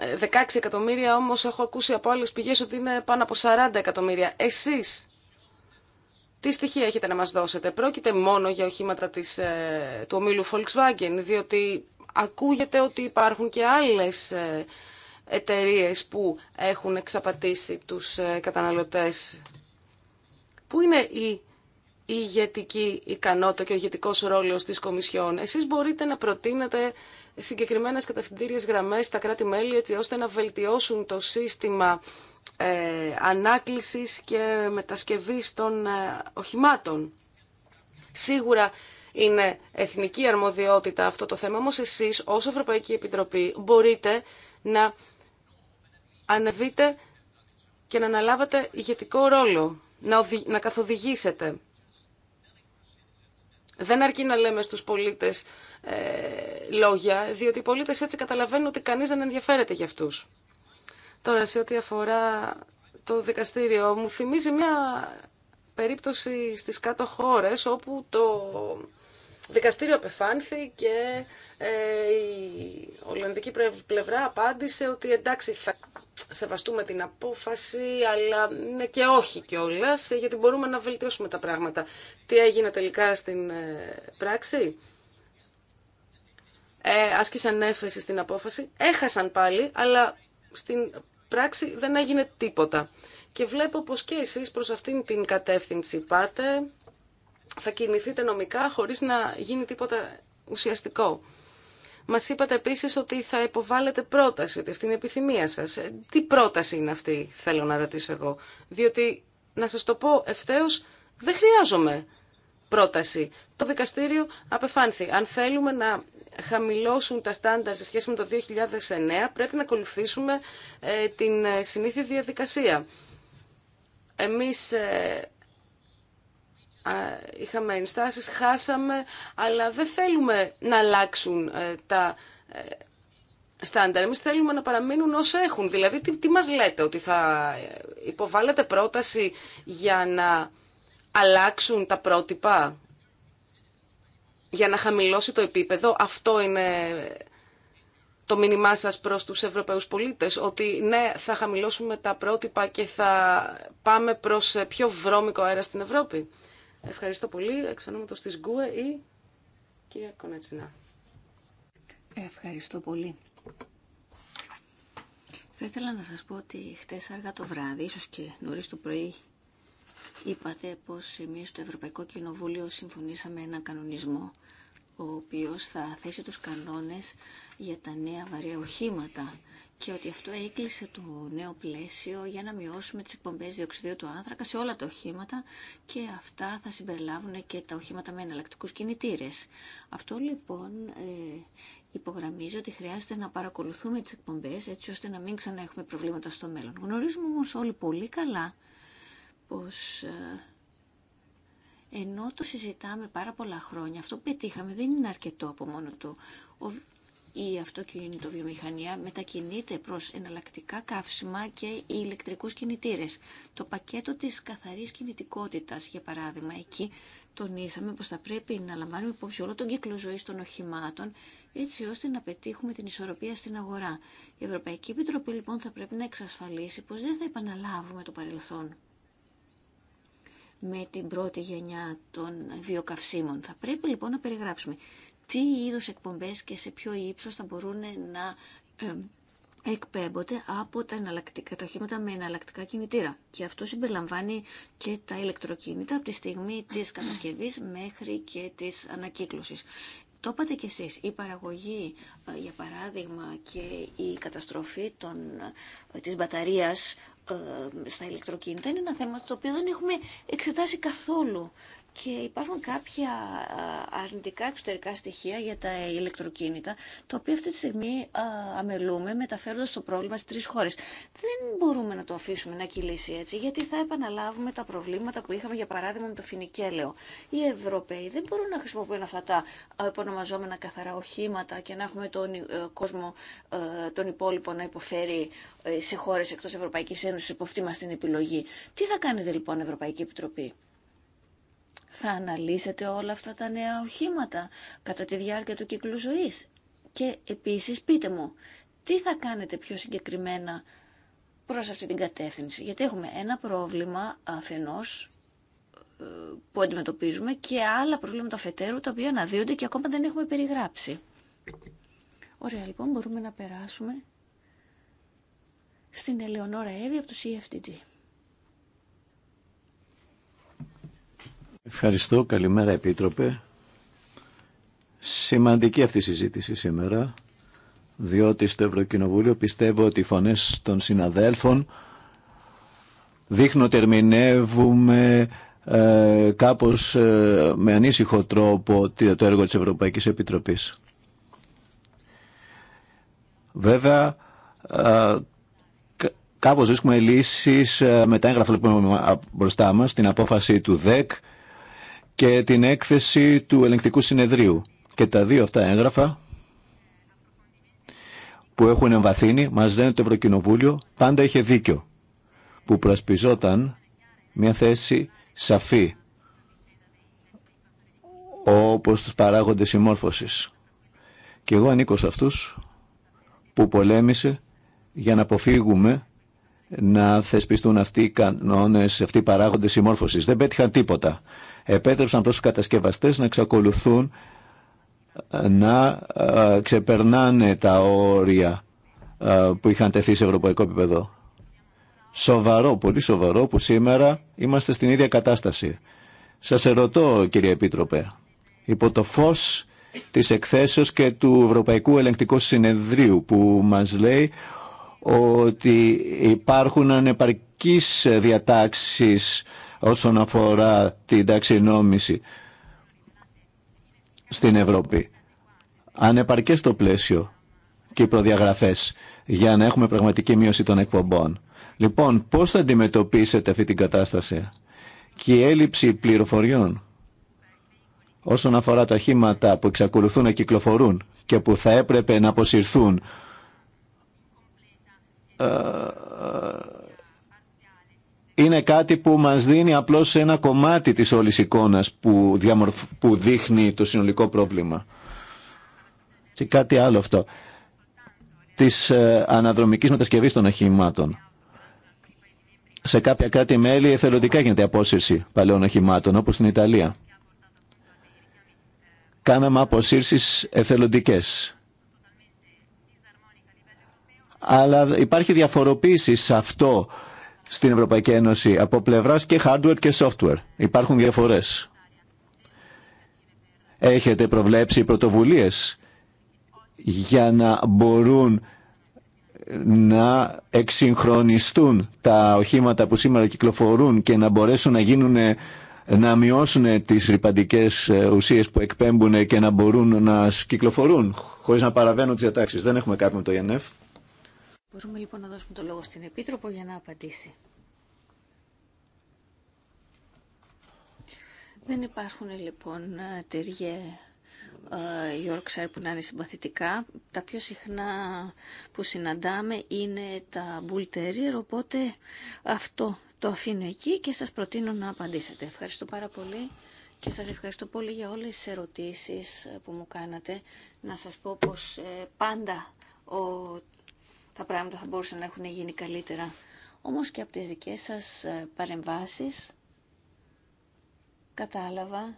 ε, εκατομμύρια όμως έχω ακούσει από άλλες πηγές ότι είναι πάνω από 40 εκατομμύρια. Εσείς τι στοιχεία έχετε να μας δώσετε. Πρόκειται μόνο για οχήματα της, ε, του ομίλου Volkswagen, διότι ακούγεται ότι υπάρχουν και άλλες ε, εταιρείες που έχουν εξαπατήσει τους ε, καταναλωτές. Πού είναι η ηγετική ικανότητα και ο ηγετικό ρόλος της Κομισιόν. Εσείς μπορείτε να προτείνετε συγκεκριμένες κατευθυντήριε γραμμές στα κράτη-μέλη έτσι ώστε να βελτιώσουν το σύστημα ε, ανάκλησης και μετασκευής των ε, οχημάτων. Σίγουρα είναι εθνική αρμοδιότητα αυτό το θέμα, όμως εσείς ως Ευρωπαϊκή Επιτροπή μπορείτε να ανεβείτε και να αναλάβετε ηγετικό ρόλο, να, καθοδηγήσετε. Δεν αρκεί να λέμε στους πολίτες ε, λόγια, διότι οι πολίτες έτσι καταλαβαίνουν ότι κανείς δεν ενδιαφέρεται για αυτούς. Τώρα, σε ό,τι αφορά το δικαστήριο, μου θυμίζει μια περίπτωση στις κάτω χώρες όπου το δικαστήριο απεφάνθη και ε, η Ολλανδική πλευρά απάντησε ότι εντάξει θα σεβαστούμε την απόφαση αλλά ναι και όχι κιόλα, γιατί μπορούμε να βελτιώσουμε τα πράγματα. Τι έγινε τελικά στην ε, πράξη. Ε, άσκησαν έφεση στην απόφαση, έχασαν πάλι, αλλά στην πράξη δεν έγινε τίποτα. Και βλέπω πως και εσείς προς αυτήν την κατεύθυνση πάτε, θα κινηθείτε νομικά χωρίς να γίνει τίποτα ουσιαστικό. Μας είπατε επίσης ότι θα υποβάλλετε πρόταση, ότι αυτή είναι η επιθυμία σας. Ε, τι πρόταση είναι αυτή, θέλω να ρωτήσω εγώ. Διότι, να σας το πω ευθέως, δεν χρειάζομαι πρόταση. Το δικαστήριο απεφάνθη. Αν θέλουμε να χαμηλώσουν τα στάνταρ σε σχέση με το 2009, πρέπει να ακολουθήσουμε ε, την ε, συνήθεια διαδικασία. Εμείς ε, είχαμε ενστάσεις, χάσαμε, αλλά δεν θέλουμε να αλλάξουν τα στάνταρ. Εμείς θέλουμε να παραμείνουν όσα έχουν. Δηλαδή, τι, τι μας λέτε, ότι θα υποβάλλετε πρόταση για να αλλάξουν τα πρότυπα για να χαμηλώσει το επίπεδο. Αυτό είναι το μήνυμά σας προς τους Ευρωπαίους πολίτες, ότι ναι, θα χαμηλώσουμε τα πρότυπα και θα πάμε προς πιο βρώμικο αέρα στην Ευρώπη. Ευχαριστώ πολύ. Εξανόματο της Γκουε ή κυρία Κονέτσινα. Ευχαριστώ πολύ. Θα ήθελα να σας πω ότι χτες αργά το βράδυ, ίσως και νωρίς το πρωί, Είπατε πως εμείς στο Ευρωπαϊκό Κοινοβούλιο συμφωνήσαμε έναν κανονισμό ο οποίος θα θέσει τους κανόνες για τα νέα βαρέα οχήματα και ότι αυτό έκλεισε το νέο πλαίσιο για να μειώσουμε τις εκπομπές διοξιδίου του άνθρακα σε όλα τα οχήματα και αυτά θα συμπεριλάβουν και τα οχήματα με εναλλακτικούς κινητήρες. Αυτό λοιπόν ε, υπογραμμίζει ότι χρειάζεται να παρακολουθούμε τις εκπομπές έτσι ώστε να μην ξανά έχουμε προβλήματα στο μέλλον. Γνωρίζουμε όμως όλοι πολύ καλά πως ε, ενώ το συζητάμε πάρα πολλά χρόνια, αυτό που πετύχαμε δεν είναι αρκετό από μόνο του. Η αυτοκινητοβιομηχανία μετακινείται προς εναλλακτικά καύσιμα και οι ηλεκτρικούς κινητήρες. Το πακέτο της καθαρής κινητικότητας, για παράδειγμα, εκεί τονίσαμε πως θα πρέπει να λαμβάνουμε υπόψη όλο τον κύκλο ζωής των οχημάτων, έτσι ώστε να πετύχουμε την ισορροπία στην αγορά. Η Ευρωπαϊκή Επιτροπή λοιπόν θα πρέπει να εξασφαλίσει πως δεν θα επαναλάβουμε το παρελθόν με την πρώτη γενιά των βιοκαυσίμων. Θα πρέπει λοιπόν να περιγράψουμε τι είδους εκπομπές και σε ποιο ύψος θα μπορούν να εκπέμπονται από τα, εναλλακτικά, τα με εναλλακτικά κινητήρα. Και αυτό συμπεριλαμβάνει και τα ηλεκτροκίνητα από τη στιγμή της κατασκευής μέχρι και της ανακύκλωσης. Το είπατε κι εσείς, η παραγωγή, ε, για παράδειγμα, και η καταστροφή των, ε, της μπαταρίας ε, στα ηλεκτροκίνητα είναι ένα θέμα το οποίο δεν έχουμε εξετάσει καθόλου και υπάρχουν κάποια αρνητικά εξωτερικά στοιχεία για τα ηλεκτροκίνητα, τα οποία αυτή τη στιγμή αμελούμε μεταφέροντας το πρόβλημα στις τρεις χώρες. Δεν μπορούμε να το αφήσουμε να κυλήσει έτσι, γιατί θα επαναλάβουμε τα προβλήματα που είχαμε για παράδειγμα με το φινικέλαιο. Οι Ευρωπαίοι δεν μπορούν να χρησιμοποιούν αυτά τα υπονομαζόμενα καθαρά οχήματα και να έχουμε τον ε, κόσμο ε, τον υπόλοιπο να υποφέρει ε, σε χώρες εκτός Ευρωπαϊκής Ένωση που αυτή μας την επιλογή. Τι θα κάνετε λοιπόν Ευρωπαϊκή Επιτροπή. Θα αναλύσετε όλα αυτά τα νέα οχήματα κατά τη διάρκεια του κύκλου ζωής. Και επίσης πείτε μου, τι θα κάνετε πιο συγκεκριμένα προς αυτή την κατεύθυνση. Γιατί έχουμε ένα πρόβλημα αφενός ε, που αντιμετωπίζουμε και άλλα προβλήματα φετερού τα οποία αναδύονται και ακόμα δεν έχουμε περιγράψει. Ωραία, λοιπόν, μπορούμε να περάσουμε στην Ελεονόρα Εύη από το CFTD. Ευχαριστώ. Καλημέρα, Επίτροπε. Σημαντική αυτή η συζήτηση σήμερα, διότι στο Ευρωκοινοβούλιο πιστεύω ότι οι φωνές των συναδέλφων δείχνουν ότι ερμηνεύουμε ε, κάπως ε, με ανήσυχο τρόπο το έργο της Ευρωπαϊκής Επιτροπής. Βέβαια, ε, κάπως βρίσκουμε λύσεις με τα έγγραφα που μπροστά μας, την απόφαση του ΔΕΚ, και την έκθεση του ελεγκτικού συνεδρίου. Και τα δύο αυτά έγγραφα που έχουν εμβαθύνει, μας λένε το Ευρωκοινοβούλιο, πάντα είχε δίκιο, που προσπιζόταν μια θέση σαφή, όπως τους παράγοντες συμμόρφωσης. Και εγώ ανήκω σε αυτούς που πολέμησε για να αποφύγουμε να θεσπιστούν αυτοί οι κανόνες, αυτοί οι παράγοντες συμμόρφωσης. Δεν πέτυχαν τίποτα επέτρεψαν προς τους κατασκευαστές να εξακολουθούν ε, να ε, ξεπερνάνε τα όρια ε, που είχαν τεθεί σε ευρωπαϊκό επίπεδο. Σοβαρό, πολύ σοβαρό που σήμερα είμαστε στην ίδια κατάσταση. Σας ερωτώ κύριε Επίτροπε, υπό το φως της εκθέσεως και του Ευρωπαϊκού Ελεγκτικού Συνεδρίου που μας λέει ότι υπάρχουν ανεπαρκείς διατάξεις όσον αφορά την ταξινόμηση στην Ευρώπη. Ανεπαρκές το πλαίσιο και οι προδιαγραφές για να έχουμε πραγματική μείωση των εκπομπών. Λοιπόν, πώς θα αντιμετωπίσετε αυτή την κατάσταση και η έλλειψη πληροφοριών όσον αφορά τα χήματα που εξακολουθούν να κυκλοφορούν και που θα έπρεπε να αποσυρθούν ε, είναι κάτι που μας δίνει απλώς ένα κομμάτι της όλης εικόνας που, που δείχνει το συνολικό πρόβλημα. Και κάτι άλλο αυτό. Της ε, αναδρομικής μετασκευής των οχημάτων. Σε κάποια κάτι μέλη εθελοντικά γίνεται απόσυρση παλαιών οχημάτων, όπως στην Ιταλία. Κάναμε αποσύρσεις εθελοντικές. Αλλά υπάρχει διαφοροποίηση σε αυτό στην Ευρωπαϊκή Ένωση από πλευρά και hardware και software. Υπάρχουν διαφορές. Έχετε προβλέψει πρωτοβουλίες για να μπορούν να εξυγχρονιστούν τα οχήματα που σήμερα κυκλοφορούν και να μπορέσουν να γίνουν να μειώσουν τις ρηπαντικές ε, ουσίες που εκπέμπουν και να μπορούν να κυκλοφορούν χωρίς να παραβαίνουν τις διατάξεις. Δεν έχουμε κάποιο με το ΙΕΝΕΦ. Μπορούμε λοιπόν να δώσουμε το λόγο στην Επίτροπο για να απαντήσει. Δεν υπάρχουν λοιπόν τερίε Yorkshire που να είναι συμπαθητικά. Τα πιο συχνά που συναντάμε είναι τα Bull Terrier, οπότε αυτό το αφήνω εκεί και σας προτείνω να απαντήσετε. Ευχαριστώ πάρα πολύ και σας ευχαριστώ πολύ για όλες τις ερωτήσεις που μου κάνατε. Να σας πω πως ε, πάντα ο τα πράγματα θα μπορούσαν να έχουν γίνει καλύτερα. Όμως και από τις δικές σας ε, παρεμβάσεις κατάλαβα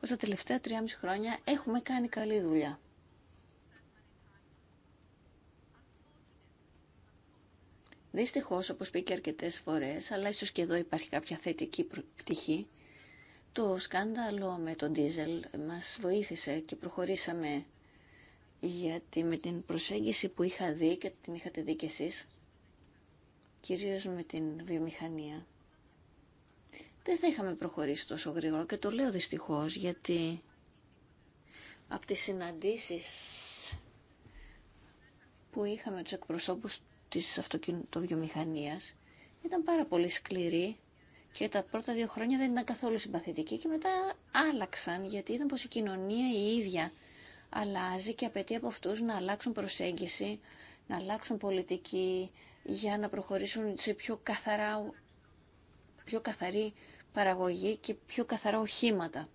πως τα τελευταία 3,5 χρόνια έχουμε κάνει καλή δουλειά. Δυστυχώς, όπως πήγε αρκετές φορές, αλλά ίσως και εδώ υπάρχει κάποια θετική πτυχή, το σκάνδαλο με τον Ντίζελ μας βοήθησε και προχωρήσαμε γιατί με την προσέγγιση που είχα δει και την είχατε δει κι εσείς, κυρίως με την βιομηχανία, δεν θα είχαμε προχωρήσει τόσο γρήγορα και το λέω δυστυχώς γιατί από τις συναντήσεις που είχαμε τους εκπροσώπους της αυτοκινητοβιομηχανίας ήταν πάρα πολύ σκληροί και τα πρώτα δύο χρόνια δεν ήταν καθόλου συμπαθητικοί και μετά άλλαξαν γιατί είδαν πως η κοινωνία η ίδια αλλάζει και απαιτεί από αυτούς να αλλάξουν προσέγγιση, να αλλάξουν πολιτική για να προχωρήσουν σε πιο, καθαρά, πιο καθαρή παραγωγή και πιο καθαρά οχήματα.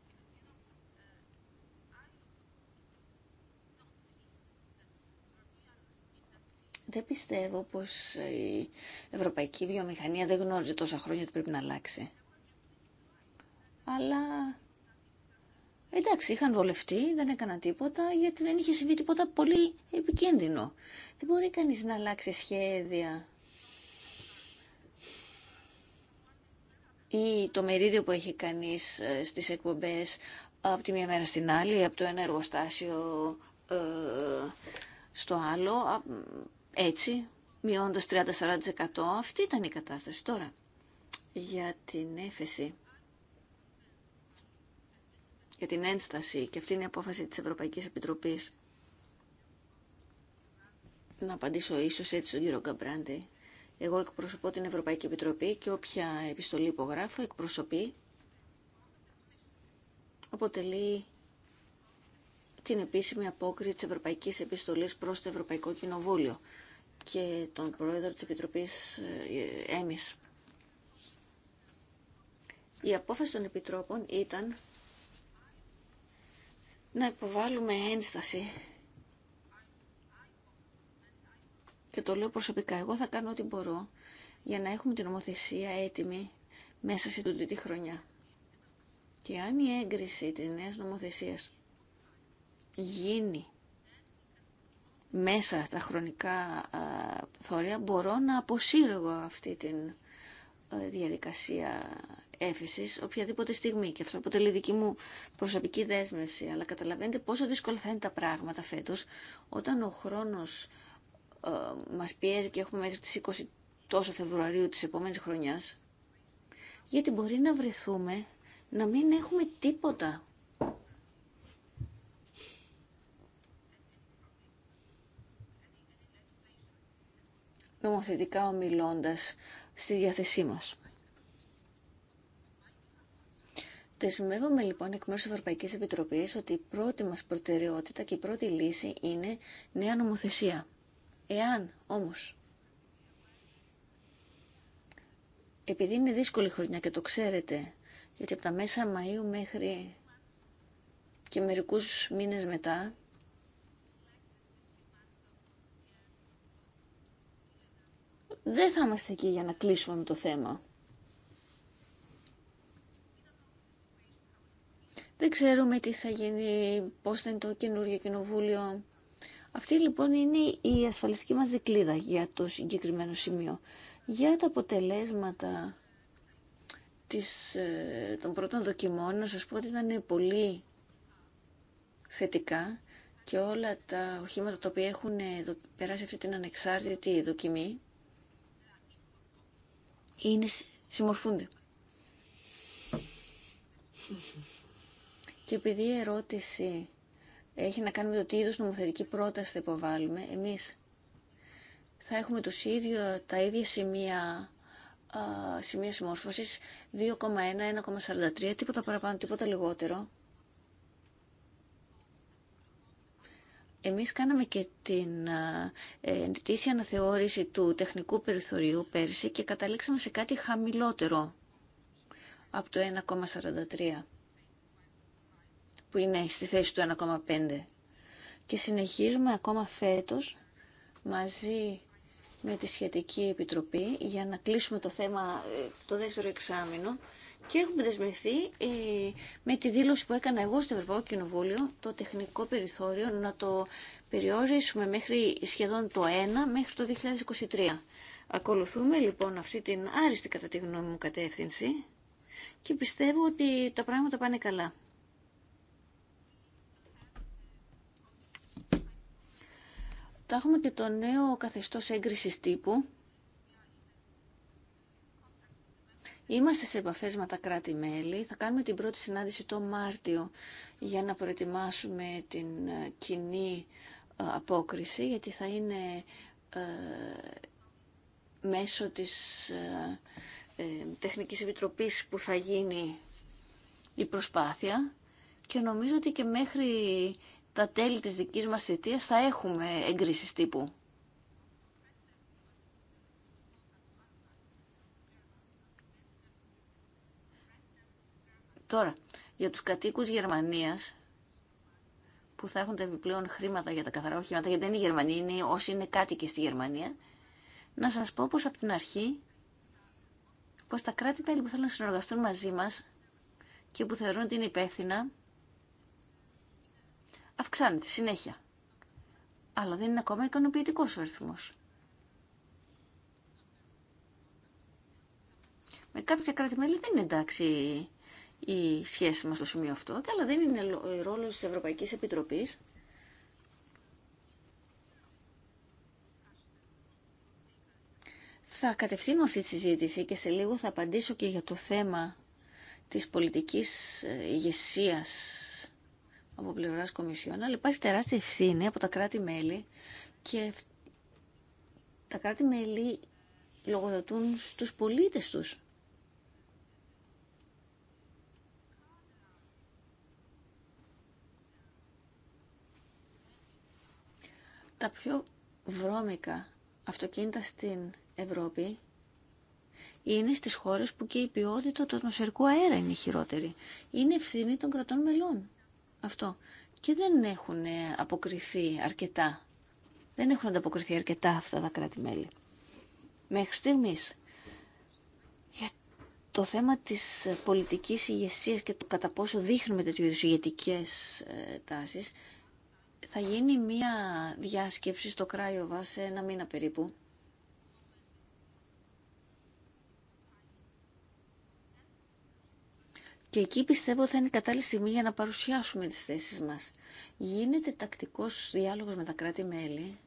Δεν πιστεύω πως η ευρωπαϊκή βιομηχανία δεν γνώριζε τόσα χρόνια ότι πρέπει να αλλάξει. Αλλά Εντάξει, είχαν βολευτεί, δεν έκαναν τίποτα, γιατί δεν είχε συμβεί τίποτα πολύ επικίνδυνο. Δεν μπορεί κανείς να αλλάξει σχέδια. Ή το μερίδιο που έχει κανείς ε, στις εκπομπές από τη μία μέρα στην άλλη, από το ένα εργοστάσιο ε, στο άλλο. Έτσι, μειώντας 30-40% αυτή ήταν η κατάσταση τώρα για την έφεση για την ένσταση και αυτή είναι η απόφαση της Ευρωπαϊκής Επιτροπής να απαντήσω ίσως έτσι στον κύριο Γκαμπράντη εγώ εκπροσωπώ την Ευρωπαϊκή Επιτροπή και όποια επιστολή υπογράφω εκπροσωπεί αποτελεί την επίσημη απόκριση της Ευρωπαϊκής Επιστολής προς το Ευρωπαϊκό Κοινοβούλιο και τον πρόεδρο της Επιτροπής ΕΜΙΣ. Η απόφαση των Επιτρόπων ήταν να υποβάλουμε ένσταση και το λέω προσωπικά, εγώ θα κάνω ό,τι μπορώ για να έχουμε την νομοθεσία έτοιμη μέσα σε τούτη τη χρονιά. Και αν η έγκριση της νέας νομοθεσίας γίνει μέσα στα χρονικά θόρια μπορώ να αποσύρω αυτή τη ε, διαδικασία έφεσης οποιαδήποτε στιγμή και αυτό αποτελεί δική μου προσωπική δέσμευση αλλά καταλαβαίνετε πόσο δύσκολα θα είναι τα πράγματα φέτος όταν ο χρόνος ε, μας πιέζει και έχουμε μέχρι τις 20 τόσο Φεβρουαρίου της επόμενης χρονιάς γιατί μπορεί να βρεθούμε να μην έχουμε τίποτα νομοθετικά ομιλώντας στη διάθεσή μας. Δεσμεύομαι λοιπόν εκ μέρους της Ευρωπαϊκής Επιτροπής ότι η πρώτη μας προτεραιότητα και η πρώτη λύση είναι νέα νομοθεσία. Εάν όμως, επειδή είναι δύσκολη χρονιά και το ξέρετε, γιατί από τα μέσα Μαΐου μέχρι και μερικούς μήνες μετά δεν θα είμαστε εκεί για να κλείσουμε με το θέμα. Δεν ξέρουμε τι θα γίνει, πώς θα είναι το καινούργιο κοινοβούλιο. Αυτή λοιπόν είναι η ασφαλιστική μας δικλίδα για το συγκεκριμένο σημείο. Για τα αποτελέσματα της, ε, των πρώτων δοκιμών, να σας πω ότι ήταν πολύ θετικά και όλα τα οχήματα τα οποία έχουν περάσει αυτή την ανεξάρτητη δοκιμή είναι, συμμορφούνται. Και επειδή η ερώτηση έχει να κάνει με το τι είδους νομοθετική πρόταση θα υποβάλουμε, εμείς θα έχουμε τους ίδιο, τα ίδια σημεία, α, σημεία συμμόρφωσης 2,1, 1,43, τίποτα παραπάνω, τίποτα λιγότερο. Εμείς κάναμε και την ετήσια ε, αναθεώρηση του τεχνικού περιθωριού πέρσι και καταλήξαμε σε κάτι χαμηλότερο από το 1,43 που είναι στη θέση του 1,5 και συνεχίζουμε ακόμα φέτος μαζί με τη σχετική επιτροπή για να κλείσουμε το θέμα ε, το δεύτερο εξάμεινο και έχουμε δεσμευθεί ε, με τη δήλωση που έκανα εγώ στο Ευρωπαϊκό Κοινοβούλιο, το τεχνικό περιθώριο να το περιόρισουμε μέχρι σχεδόν το 1 μέχρι το 2023. Ακολουθούμε λοιπόν αυτή την άριστη κατά τη γνώμη μου κατεύθυνση και πιστεύω ότι τα πράγματα πάνε καλά. Τα έχουμε και το νέο καθεστώς έγκρισης τύπου Είμαστε σε επαφές με τα κράτη-μέλη. Θα κάνουμε την πρώτη συνάντηση το Μάρτιο για να προετοιμάσουμε την ε, κοινή ε, απόκριση, γιατί θα είναι ε, μέσω της ε, Τεχνικής Επιτροπής που θα γίνει η προσπάθεια και νομίζω ότι και μέχρι τα τέλη της δικής μας θητείας θα έχουμε εγκρίσεις τύπου. Τώρα, για τους κατοίκους Γερμανίας που θα έχουν τα επιπλέον χρήματα για τα καθαρά οχήματα, γιατί δεν είναι Γερμανοί, είναι όσοι είναι κάτοικοι στη Γερμανία, να σας πω πως από την αρχή, πως τα κράτη-μέλη που θέλουν να συνεργαστούν μαζί μας και που θεωρούν ότι είναι υπεύθυνα, αυξάνεται συνέχεια. Αλλά δεν είναι ακόμα ικανοποιητικό ο αριθμό. Με κάποια κράτη-μέλη δεν είναι εντάξει η σχέση μας στο σημείο αυτό, αλλά δεν είναι ο ρόλος της Ευρωπαϊκής Επιτροπής. Θα κατευθύνω αυτή τη συζήτηση και σε λίγο θα απαντήσω και για το θέμα της πολιτικής ε, ηγεσία από πλευράς Κομισιόν, αλλά υπάρχει τεράστια ευθύνη από τα κράτη-μέλη και τα κράτη-μέλη λογοδοτούν στους πολίτες τους. Τα πιο βρώμικα αυτοκίνητα στην Ευρώπη είναι στις χώρες που και η ποιότητα του ατμοσφαιρικού αέρα είναι χειρότερη. Είναι ευθύνη των κρατών μελών. Αυτό. Και δεν έχουν αποκριθεί αρκετά. Δεν έχουν ανταποκριθεί αρκετά αυτά τα κράτη-μέλη. Μέχρι στιγμής. Για το θέμα της πολιτικής ηγεσία και του κατά πόσο δείχνουμε τέτοιου είδους ηγετικές ε, τάσεις θα γίνει μία διάσκεψη στο κράιο σε ένα μήνα περίπου. Και εκεί πιστεύω θα είναι κατάλληλη στιγμή για να παρουσιάσουμε τις θέσεις μας. Γίνεται τακτικός διάλογος με τα κράτη-μέλη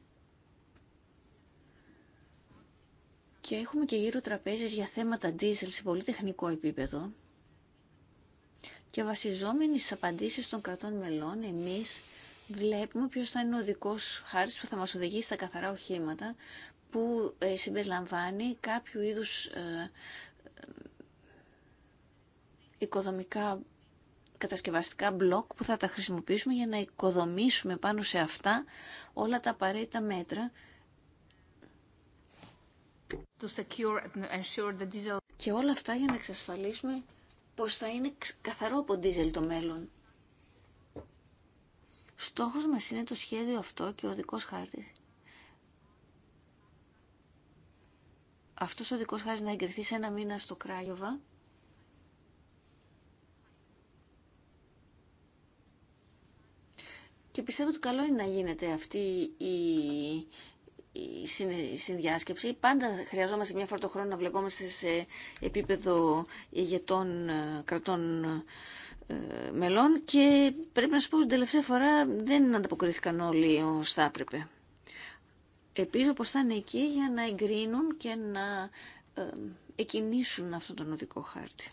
και έχουμε και γύρω τραπέζες για θέματα diesel σε πολύ τεχνικό επίπεδο και βασιζόμενοι στις απαντήσεις των κρατών μελών εμείς βλέπουμε ποιος θα είναι ο δικός χάρης που θα μας οδηγήσει στα καθαρά οχήματα που ε, συμπεριλαμβάνει κάποιο είδους ε, ε, οικοδομικά κατασκευαστικά μπλοκ που θα τα χρησιμοποιήσουμε για να οικοδομήσουμε πάνω σε αυτά όλα τα απαραίτητα μέτρα to and και όλα αυτά για να εξασφαλίσουμε πως θα είναι καθαρό από ντίζελ το μέλλον. Στόχος μας είναι το σχέδιο αυτό και ο δικός χάρτης. Αυτός ο δικός χάρτης να εγκριθεί σε ένα μήνα στο Κράγιοβα. Και πιστεύω ότι καλό είναι να γίνεται αυτή η, η συνδιάσκεψη. Πάντα χρειαζόμαστε μια φορά το χρόνο να βλεπόμαστε σε επίπεδο ηγετών ε, κρατών ε, μελών και πρέπει να σου πω ότι την τελευταία φορά δεν ανταποκρίθηκαν όλοι όσο θα έπρεπε. Επίζω πως θα είναι εκεί για να εγκρίνουν και να εκινήσουν αυτόν τον οδικό χάρτη.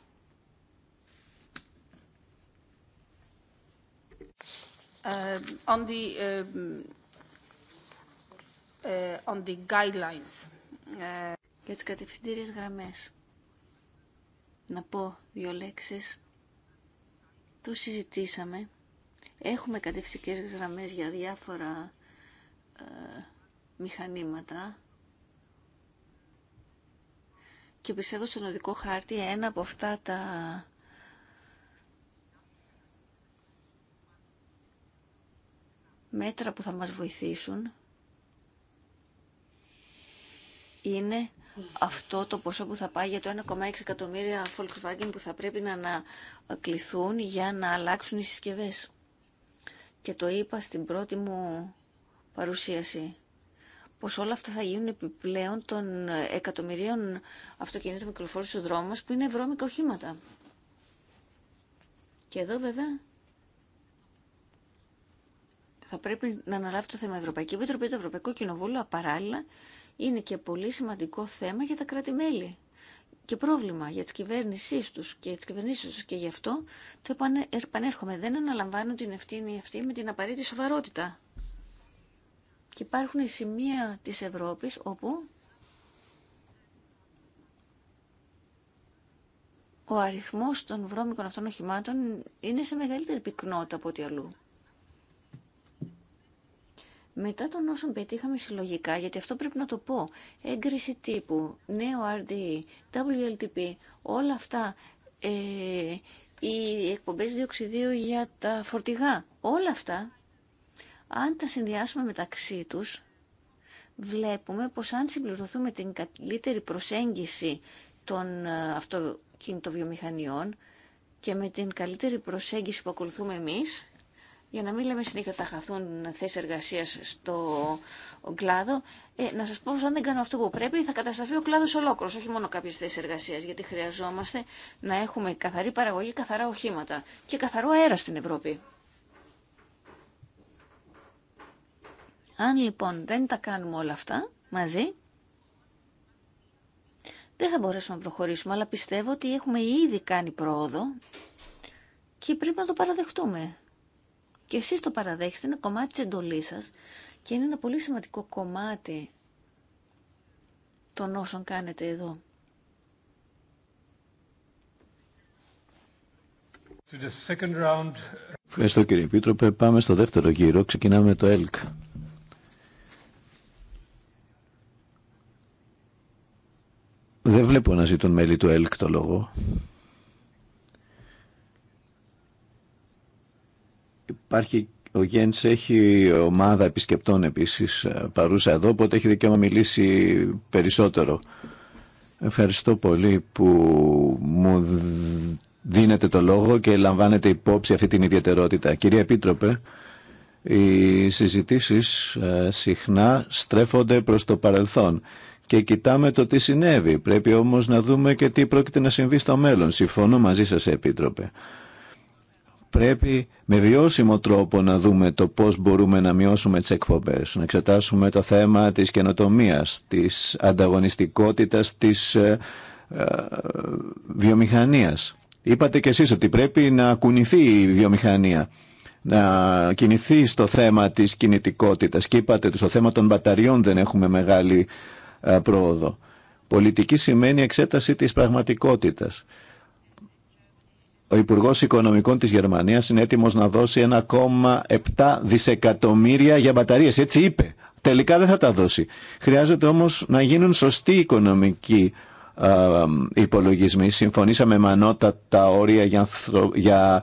Uh, on the, uh, on the guidelines. Για τις κατευθυντήριες γραμμές. Να πω δύο λέξεις το συζητήσαμε. Έχουμε κατευθυντικές γραμμές για διάφορα ε, μηχανήματα και πιστεύω στον οδικό χάρτη ένα από αυτά τα μέτρα που θα μας βοηθήσουν είναι αυτό το ποσό που θα πάει για το 1,6 εκατομμύρια Volkswagen που θα πρέπει να ανακληθούν για να αλλάξουν οι συσκευές. Και το είπα στην πρώτη μου παρουσίαση πως όλα αυτά θα γίνουν επιπλέον των εκατομμυρίων αυτοκινήτων μικροφόρου στους δρόμους που είναι ευρώμικα οχήματα. Και εδώ βέβαια θα πρέπει να αναλάβει το θέμα Ευρωπαϊκή Επιτροπή, το Ευρωπαϊκό Κοινοβούλιο, απαράλληλα είναι και πολύ σημαντικό θέμα για τα κράτη-μέλη και πρόβλημα για τις κυβέρνησεις τους και τις τους και γι' αυτό το επανέρχομαι. Δεν αναλαμβάνουν την ευθύνη αυτή με την απαραίτητη σοβαρότητα. Και υπάρχουν σημεία της Ευρώπης όπου ο αριθμός των βρώμικων αυτών οχημάτων είναι σε μεγαλύτερη πυκνότητα από ό,τι αλλού μετά των όσων πετύχαμε συλλογικά, γιατί αυτό πρέπει να το πω, έγκριση τύπου, νέο RDE, WLTP, όλα αυτά, ε, οι εκπομπές διοξιδίου για τα φορτηγά, όλα αυτά, αν τα συνδυάσουμε μεταξύ τους, βλέπουμε πως αν συμπληρωθούμε την καλύτερη προσέγγιση των ε, αυτοκινητοβιομηχανιών και με την καλύτερη προσέγγιση που ακολουθούμε εμείς, για να μην λέμε συνέχεια ότι θα χαθούν θέσει εργασία στο κλάδο, ε, να σα πω πω αν δεν κάνουμε αυτό που πρέπει, θα καταστραφεί ο κλάδο ολόκληρο, όχι μόνο κάποιε θέσει εργασία. Γιατί χρειαζόμαστε να έχουμε καθαρή παραγωγή, καθαρά οχήματα και καθαρό αέρα στην Ευρώπη. Αν λοιπόν δεν τα κάνουμε όλα αυτά μαζί, δεν θα μπορέσουμε να προχωρήσουμε, αλλά πιστεύω ότι έχουμε ήδη κάνει πρόοδο και πρέπει να το παραδεχτούμε και εσείς το παραδέχεστε, είναι κομμάτι της εντολής σας και είναι ένα πολύ σημαντικό κομμάτι των όσων κάνετε εδώ. Ευχαριστώ κύριε Επίτροπε. Πάμε στο δεύτερο γύρο. Ξεκινάμε το ΕΛΚ. Δεν βλέπω να ζητούν μέλη του ΕΛΚ το λόγο. Υπάρχει, ο Γέννης έχει ομάδα επισκεπτών επίσης ε, παρούσα εδώ, οπότε έχει δικαίωμα να μιλήσει περισσότερο. Ευχαριστώ πολύ που μου δίνετε το λόγο και λαμβάνετε υπόψη αυτή την ιδιαιτερότητα. Κυρία Επίτροπε, οι συζητήσεις ε, συχνά στρέφονται προς το παρελθόν και κοιτάμε το τι συνέβη. Πρέπει όμως να δούμε και τι πρόκειται να συμβεί στο μέλλον. Συμφωνώ μαζί σας, Επίτροπε πρέπει με βιώσιμο τρόπο να δούμε το πώς μπορούμε να μειώσουμε τις εκπομπές, να εξετάσουμε το θέμα της καινοτομίας, της ανταγωνιστικότητας, της ε, ε, βιομηχανίας. Είπατε κι εσείς ότι πρέπει να κουνηθεί η βιομηχανία, να κινηθεί στο θέμα της κινητικότητας και είπατε ότι στο θέμα των μπαταριών δεν έχουμε μεγάλη ε, πρόοδο. Πολιτική σημαίνει εξέταση της πραγματικότητας ο Υπουργό Οικονομικών τη Γερμανία είναι έτοιμο να δώσει 1,7 δισεκατομμύρια για μπαταρίε. Έτσι είπε. Τελικά δεν θα τα δώσει. Χρειάζεται όμω να γίνουν σωστοί οικονομικοί υπολογισμοί. Συμφωνήσαμε με ανώτατα όρια για, για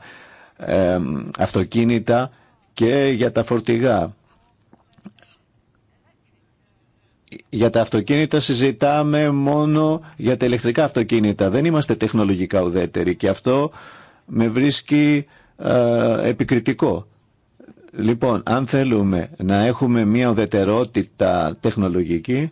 ε, αυτοκίνητα και για τα φορτηγά. για τα αυτοκίνητα συζητάμε μόνο για τα ηλεκτρικά αυτοκίνητα. Δεν είμαστε τεχνολογικά ουδέτεροι και αυτό με βρίσκει επικριτικό. Λοιπόν, αν θέλουμε να έχουμε μια ουδετερότητα τεχνολογική,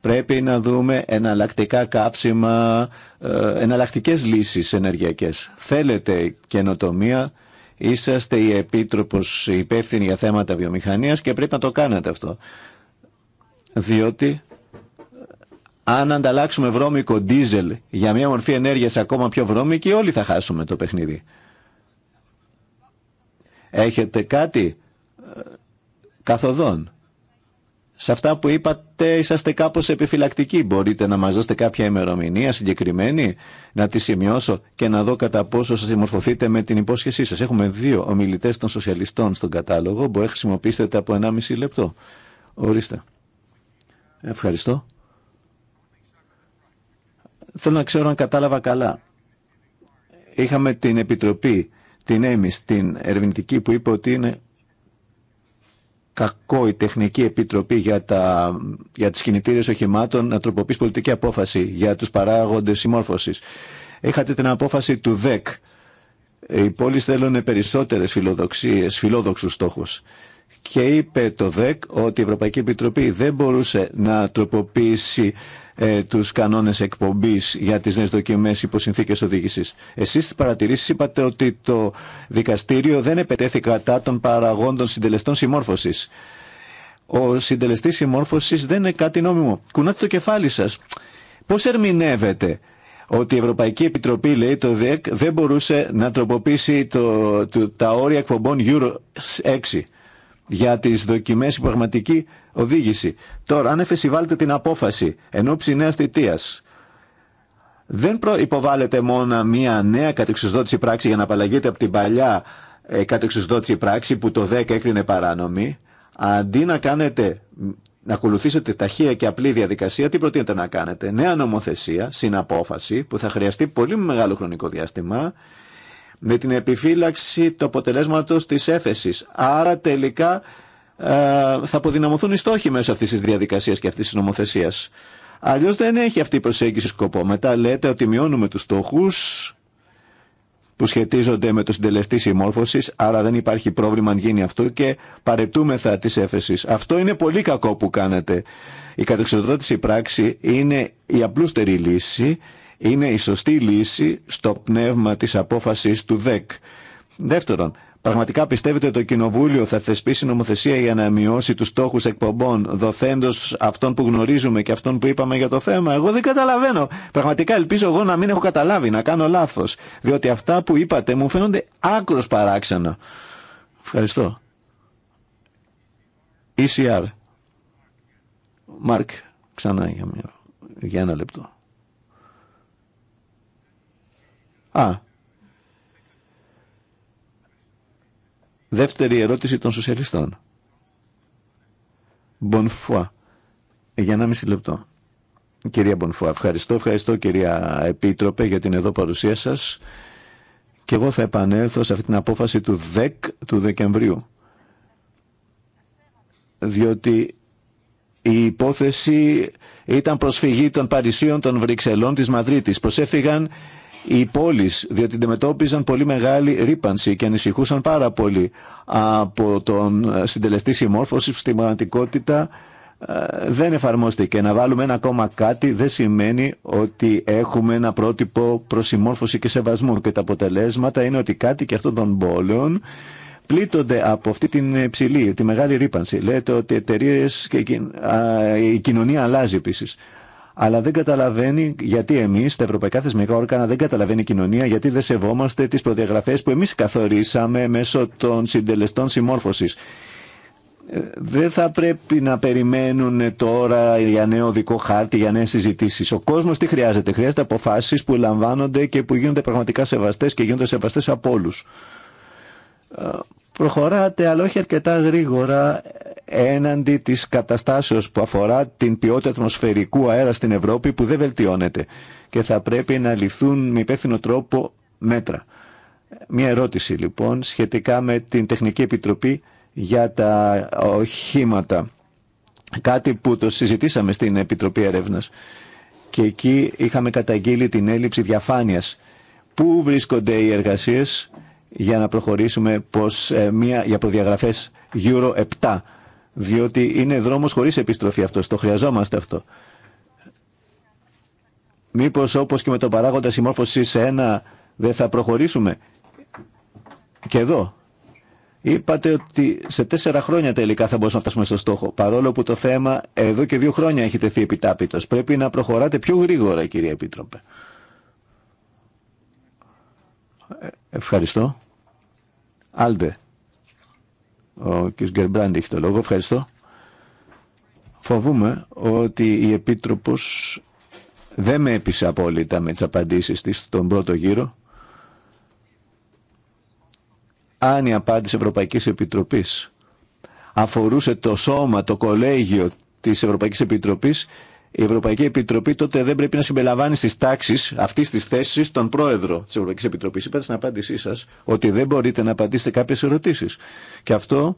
πρέπει να δούμε εναλλακτικά κάψιμα, ε, εναλλακτικές λύσεις ενεργειακές. Θέλετε καινοτομία, είσαστε η Επίτροπος υπεύθυνη για θέματα βιομηχανίας και πρέπει να το κάνετε αυτό διότι αν ανταλλάξουμε βρώμικο ντίζελ για μια μορφή ενέργειας ακόμα πιο βρώμικη, όλοι θα χάσουμε το παιχνίδι. Έχετε κάτι ε, καθοδόν. Σε αυτά που είπατε είσαστε κάπως επιφυλακτικοί. Μπορείτε να μας δώσετε κάποια ημερομηνία συγκεκριμένη, να τη σημειώσω και να δω κατά πόσο σας συμμορφωθείτε με την υπόσχεσή σας. Έχουμε δύο ομιλητές των σοσιαλιστών στον κατάλογο. Μπορείτε να χρησιμοποιήσετε από 1,5 λεπτό. Ορίστε. Ευχαριστώ. Θέλω να ξέρω αν κατάλαβα καλά. Είχαμε την Επιτροπή, την ΕΜΙ, την ερευνητική που είπε ότι είναι κακό η Τεχνική Επιτροπή για, τα, για τις κινητήρες οχημάτων να τροποποιήσει πολιτική απόφαση για τους παράγοντες συμμόρφωσης. Είχατε την απόφαση του ΔΕΚ. Οι πόλεις θέλουν περισσότερες φιλοδοξίες, φιλόδοξους στόχους και είπε το ΔΕΚ ότι η Ευρωπαϊκή Επιτροπή δεν μπορούσε να τροποποιήσει ε, τους κανόνες εκπομπής για τις νέες δοκιμές υπό συνθήκες οδήγησης. Εσείς στις παρατηρήσεις είπατε ότι το δικαστήριο δεν επετέθη κατά των παραγόντων συντελεστών συμμόρφωσης. Ο συντελεστής συμμόρφωσης δεν είναι κάτι νόμιμο. Κουνάτε το κεφάλι σας. Πώς ερμηνεύετε ότι η Ευρωπαϊκή Επιτροπή, λέει το ΔΕΚ, δεν μπορούσε να τροποποιήσει το, τα όρια εκπομπών Euro 6 για τις δοκιμές πραγματική οδήγηση. Τώρα, αν εφεσιβάλλετε την απόφαση εν ώψη νέας δεν υποβάλλεται μόνο μία νέα κατεξουσδότηση πράξη για να απαλλαγείτε από την παλιά ε, κατεξουσδότηση πράξη που το 10 έκρινε παράνομη. Αντί να κάνετε να ακολουθήσετε ταχεία και απλή διαδικασία, τι προτείνετε να κάνετε. Νέα νομοθεσία, συναπόφαση, που θα χρειαστεί πολύ μεγάλο χρονικό διάστημα με την επιφύλαξη του αποτελέσματος της έφεσης. Άρα τελικά ε, θα αποδυναμωθούν οι στόχοι μέσω αυτής της διαδικασίας και αυτής της νομοθεσίας. Αλλιώς δεν έχει αυτή η προσέγγιση σκοπό. Μετά λέτε ότι μειώνουμε τους στόχους που σχετίζονται με το συντελεστή συμμόρφωση, άρα δεν υπάρχει πρόβλημα αν γίνει αυτό και παρετούμεθα τη έφεση. Αυτό είναι πολύ κακό που κάνετε. Η κατεξοδότηση πράξη είναι η απλούστερη λύση είναι η σωστή λύση στο πνεύμα της απόφασης του ΔΕΚ. Δεύτερον, πραγματικά πιστεύετε ότι το Κοινοβούλιο θα θεσπίσει νομοθεσία για να μειώσει τους στόχους εκπομπών, δοθέντος αυτών που γνωρίζουμε και αυτών που είπαμε για το θέμα. Εγώ δεν καταλαβαίνω. Πραγματικά ελπίζω εγώ να μην έχω καταλάβει, να κάνω λάθος. Διότι αυτά που είπατε μου φαίνονται άκρος παράξενα. Ευχαριστώ. ECR. Μάρκ, ξανά για ένα λεπτό. Α. Δεύτερη ερώτηση των σοσιαλιστών. Μπονφουά. Για ένα μισή λεπτό. Κυρία Μπονφουά, ευχαριστώ. Ευχαριστώ κυρία Επίτροπε για την εδώ παρουσία σας. Και εγώ θα επανέλθω σε αυτή την απόφαση του 10 του Δεκεμβρίου. Διότι η υπόθεση ήταν προσφυγή των Παρισίων, των Βρυξελών, της Μαδρίτης. Προσέφυγαν οι πόλεις, διότι αντιμετώπιζαν πολύ μεγάλη ρήπανση και ανησυχούσαν πάρα πολύ από τον ε, συντελεστή συμμόρφωση στη πραγματικότητα ε, δεν εφαρμόστηκε. Να βάλουμε ένα ακόμα κάτι δεν σημαίνει ότι έχουμε ένα πρότυπο συμμόρφωση και σεβασμού και τα αποτελέσματα είναι ότι κάτι και αυτών των πόλεων πλήττονται από αυτή την ψηλή, τη μεγάλη ρήπανση. Λέτε ότι εταιρείε και η κοινωνία αλλάζει επίσης αλλά δεν καταλαβαίνει γιατί εμεί, τα ευρωπαϊκά θεσμικά όργανα, δεν καταλαβαίνει η κοινωνία, γιατί δεν σεβόμαστε τι προδιαγραφέ που εμεί καθορίσαμε μέσω των συντελεστών συμμόρφωση. Ε, δεν θα πρέπει να περιμένουν τώρα για νέο δικό χάρτη, για νέε συζητήσει. Ο κόσμο τι χρειάζεται. Χρειάζεται αποφάσει που λαμβάνονται και που γίνονται πραγματικά σεβαστέ και γίνονται σεβαστέ από όλου. Ε, προχωράτε, αλλά όχι αρκετά γρήγορα έναντι της καταστάσεως που αφορά την ποιότητα ατμοσφαιρικού αέρα στην Ευρώπη που δεν βελτιώνεται και θα πρέπει να ληφθούν με υπεύθυνο τρόπο μέτρα. Μία ερώτηση λοιπόν σχετικά με την Τεχνική Επιτροπή για τα οχήματα. Κάτι που το συζητήσαμε στην Επιτροπή Ερεύνας και εκεί είχαμε καταγγείλει την έλλειψη διαφάνειας. Πού βρίσκονται οι εργασίες για να προχωρήσουμε πως, ε, μια, για προδιαγραφές Euro 7 διότι είναι δρόμος χωρίς επιστροφή αυτός, το χρειαζόμαστε αυτό. Μήπως όπως και με το παράγοντα συμμόρφωση σε ένα δεν θα προχωρήσουμε και εδώ. Είπατε ότι σε τέσσερα χρόνια τελικά θα μπορούσαμε να φτάσουμε στο στόχο. Παρόλο που το θέμα εδώ και δύο χρόνια έχει τεθεί επιτάπητος. Πρέπει να προχωράτε πιο γρήγορα, κύριε Επίτροπε. Ε, ευχαριστώ. Άλτε. Ο κ. Γκερμπράντι έχει το λόγο. Ευχαριστώ. Φοβούμαι ότι η Επίτροπος δεν με έπεισε απόλυτα με τι απαντήσει τη στον πρώτο γύρο. Αν η απάντηση Ευρωπαϊκής Επιτροπής αφορούσε το σώμα, το κολέγιο της Ευρωπαϊκής Επιτροπής η Ευρωπαϊκή Επιτροπή τότε δεν πρέπει να συμπεριλαμβάνει στι τάξει αυτή τη θέση τον πρόεδρο τη Ευρωπαϊκή Επιτροπή. Είπατε στην απάντησή σα ότι δεν μπορείτε να απαντήσετε κάποιε ερωτήσει. Και αυτό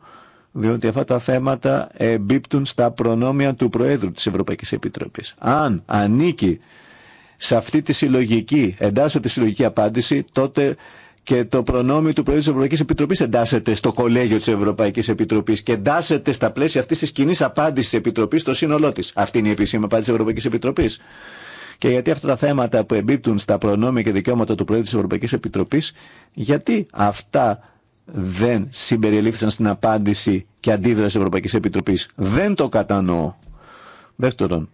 διότι αυτά τα θέματα εμπίπτουν στα προνόμια του Προέδρου της Ευρωπαϊκής Επιτροπής. Αν ανήκει σε αυτή τη συλλογική, εντάσσεται τη συλλογική απάντηση, τότε και το προνόμιο του Προέδρου τη Ευρωπαϊκή Επιτροπή εντάσσεται στο κολέγιο τη Ευρωπαϊκή Επιτροπή και εντάσσεται στα πλαίσια αυτή τη κοινή απάντηση τη Επιτροπή στο σύνολό τη. Αυτή είναι η επίσημη απάντηση τη Ευρωπαϊκή Επιτροπή. Και γιατί αυτά τα θέματα που εμπίπτουν στα προνόμια και δικαιώματα του Προέδρου τη Ευρωπαϊκή Επιτροπή, γιατί αυτά δεν συμπεριλήφθησαν στην απάντηση και αντίδραση τη Ευρωπαϊκή Επιτροπή. Δεν το κατανοώ. Δεύτερον,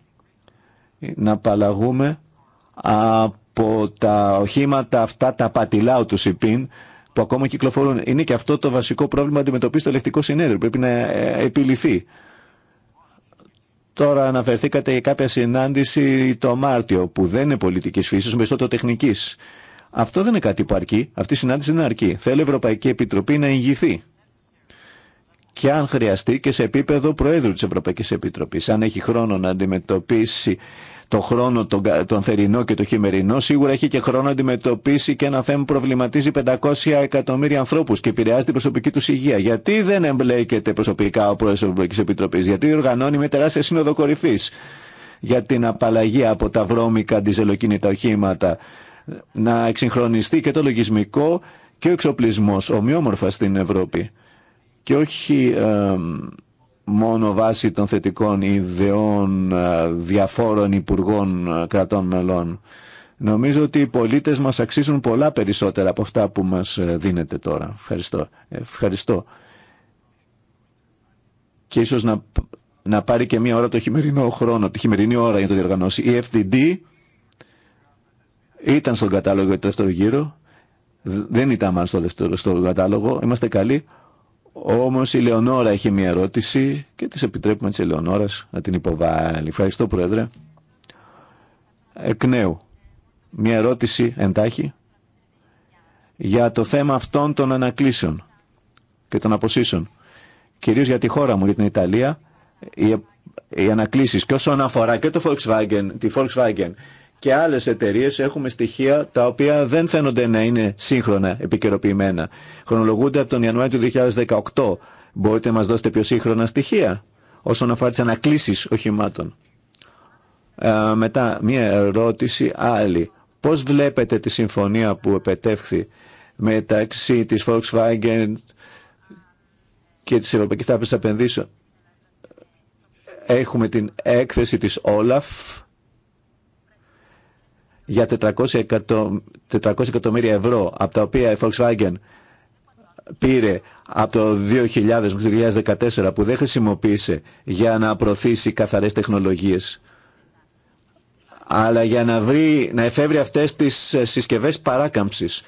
να απαλλαγούμε από από τα οχήματα αυτά τα πατηλάου του ΣΥΠΗΝ που ακόμα κυκλοφορούν. Είναι και αυτό το βασικό πρόβλημα που αντιμετωπίζει το ελεκτικό συνέδριο. Πρέπει να ε, επιληθεί. Τώρα αναφερθήκατε για κάποια συνάντηση το Μάρτιο που δεν είναι πολιτική φύση, περισσότερο τεχνική. Αυτό δεν είναι κάτι που αρκεί. Αυτή η συνάντηση δεν αρκεί. Θέλει η Ευρωπαϊκή Επιτροπή να ηγηθεί. Και αν χρειαστεί και σε επίπεδο Προέδρου τη Ευρωπαϊκή Επιτροπή. Αν έχει χρόνο να αντιμετωπίσει το χρόνο τον, τον θερινό και το χειμερινό, σίγουρα έχει και χρόνο να αντιμετωπίσει και ένα θέμα που προβληματίζει 500 εκατομμύρια ανθρώπου και επηρεάζει την προσωπική του υγεία. Γιατί δεν εμπλέκεται προσωπικά ο πρόεδρο τη Ευρωπαϊκή Επιτροπή, Γιατί οργανώνει με τεράστια σύνοδο κορυφή για την απαλλαγή από τα βρώμικα αντιζελοκίνητα οχήματα, να εξυγχρονιστεί και το λογισμικό και ο εξοπλισμό ομοιόμορφα στην Ευρώπη και όχι μόνο βάσει των θετικών ιδεών ε, διαφόρων υπουργών ε, κρατών μελών. Νομίζω ότι οι πολίτες μας αξίζουν πολλά περισσότερα από αυτά που μας ε, δίνεται τώρα. Ευχαριστώ. Ευχαριστώ. Και ίσως να, να πάρει και μία ώρα το χειμερινό χρόνο, τη χειμερινή ώρα για να το διοργανώσει. Η FDD ήταν στον κατάλογο για το δεύτερο γύρο. Δεν ήταν μάλλον στο, στο κατάλογο. Είμαστε καλοί. Όμως η Λεωνόρα έχει μια ερώτηση και της επιτρέπουμε τη Λεωνόρας να την υποβάλει. Ευχαριστώ Πρόεδρε. Εκ νέου, μια ερώτηση εντάχει για το θέμα αυτών των ανακλήσεων και των αποσύσεων. Κυρίως για τη χώρα μου, για την Ιταλία, οι ε, ανακλήσεις και όσον αφορά και το Volkswagen, τη Volkswagen και άλλες εταιρείε έχουμε στοιχεία τα οποία δεν φαίνονται να είναι σύγχρονα επικαιροποιημένα. Χρονολογούνται από τον Ιανουάριο του 2018. Μπορείτε να μας δώσετε πιο σύγχρονα στοιχεία όσον αφορά τις ανακλήσεις οχημάτων. Ε, μετά μία ερώτηση άλλη. Πώς βλέπετε τη συμφωνία που επετεύχθη μεταξύ της Volkswagen και της Ευρωπαϊκής Τράπεζα Επενδύσεων. Έχουμε την έκθεση της Όλαφ για 400, εκατομμύρια ευρώ, από τα οποία η Volkswagen πήρε από το 2000 2014 που δεν χρησιμοποίησε για να προωθήσει καθαρές τεχνολογίες αλλά για να, βρει, να εφεύρει αυτές τις ε, συσκευές παράκαμψης.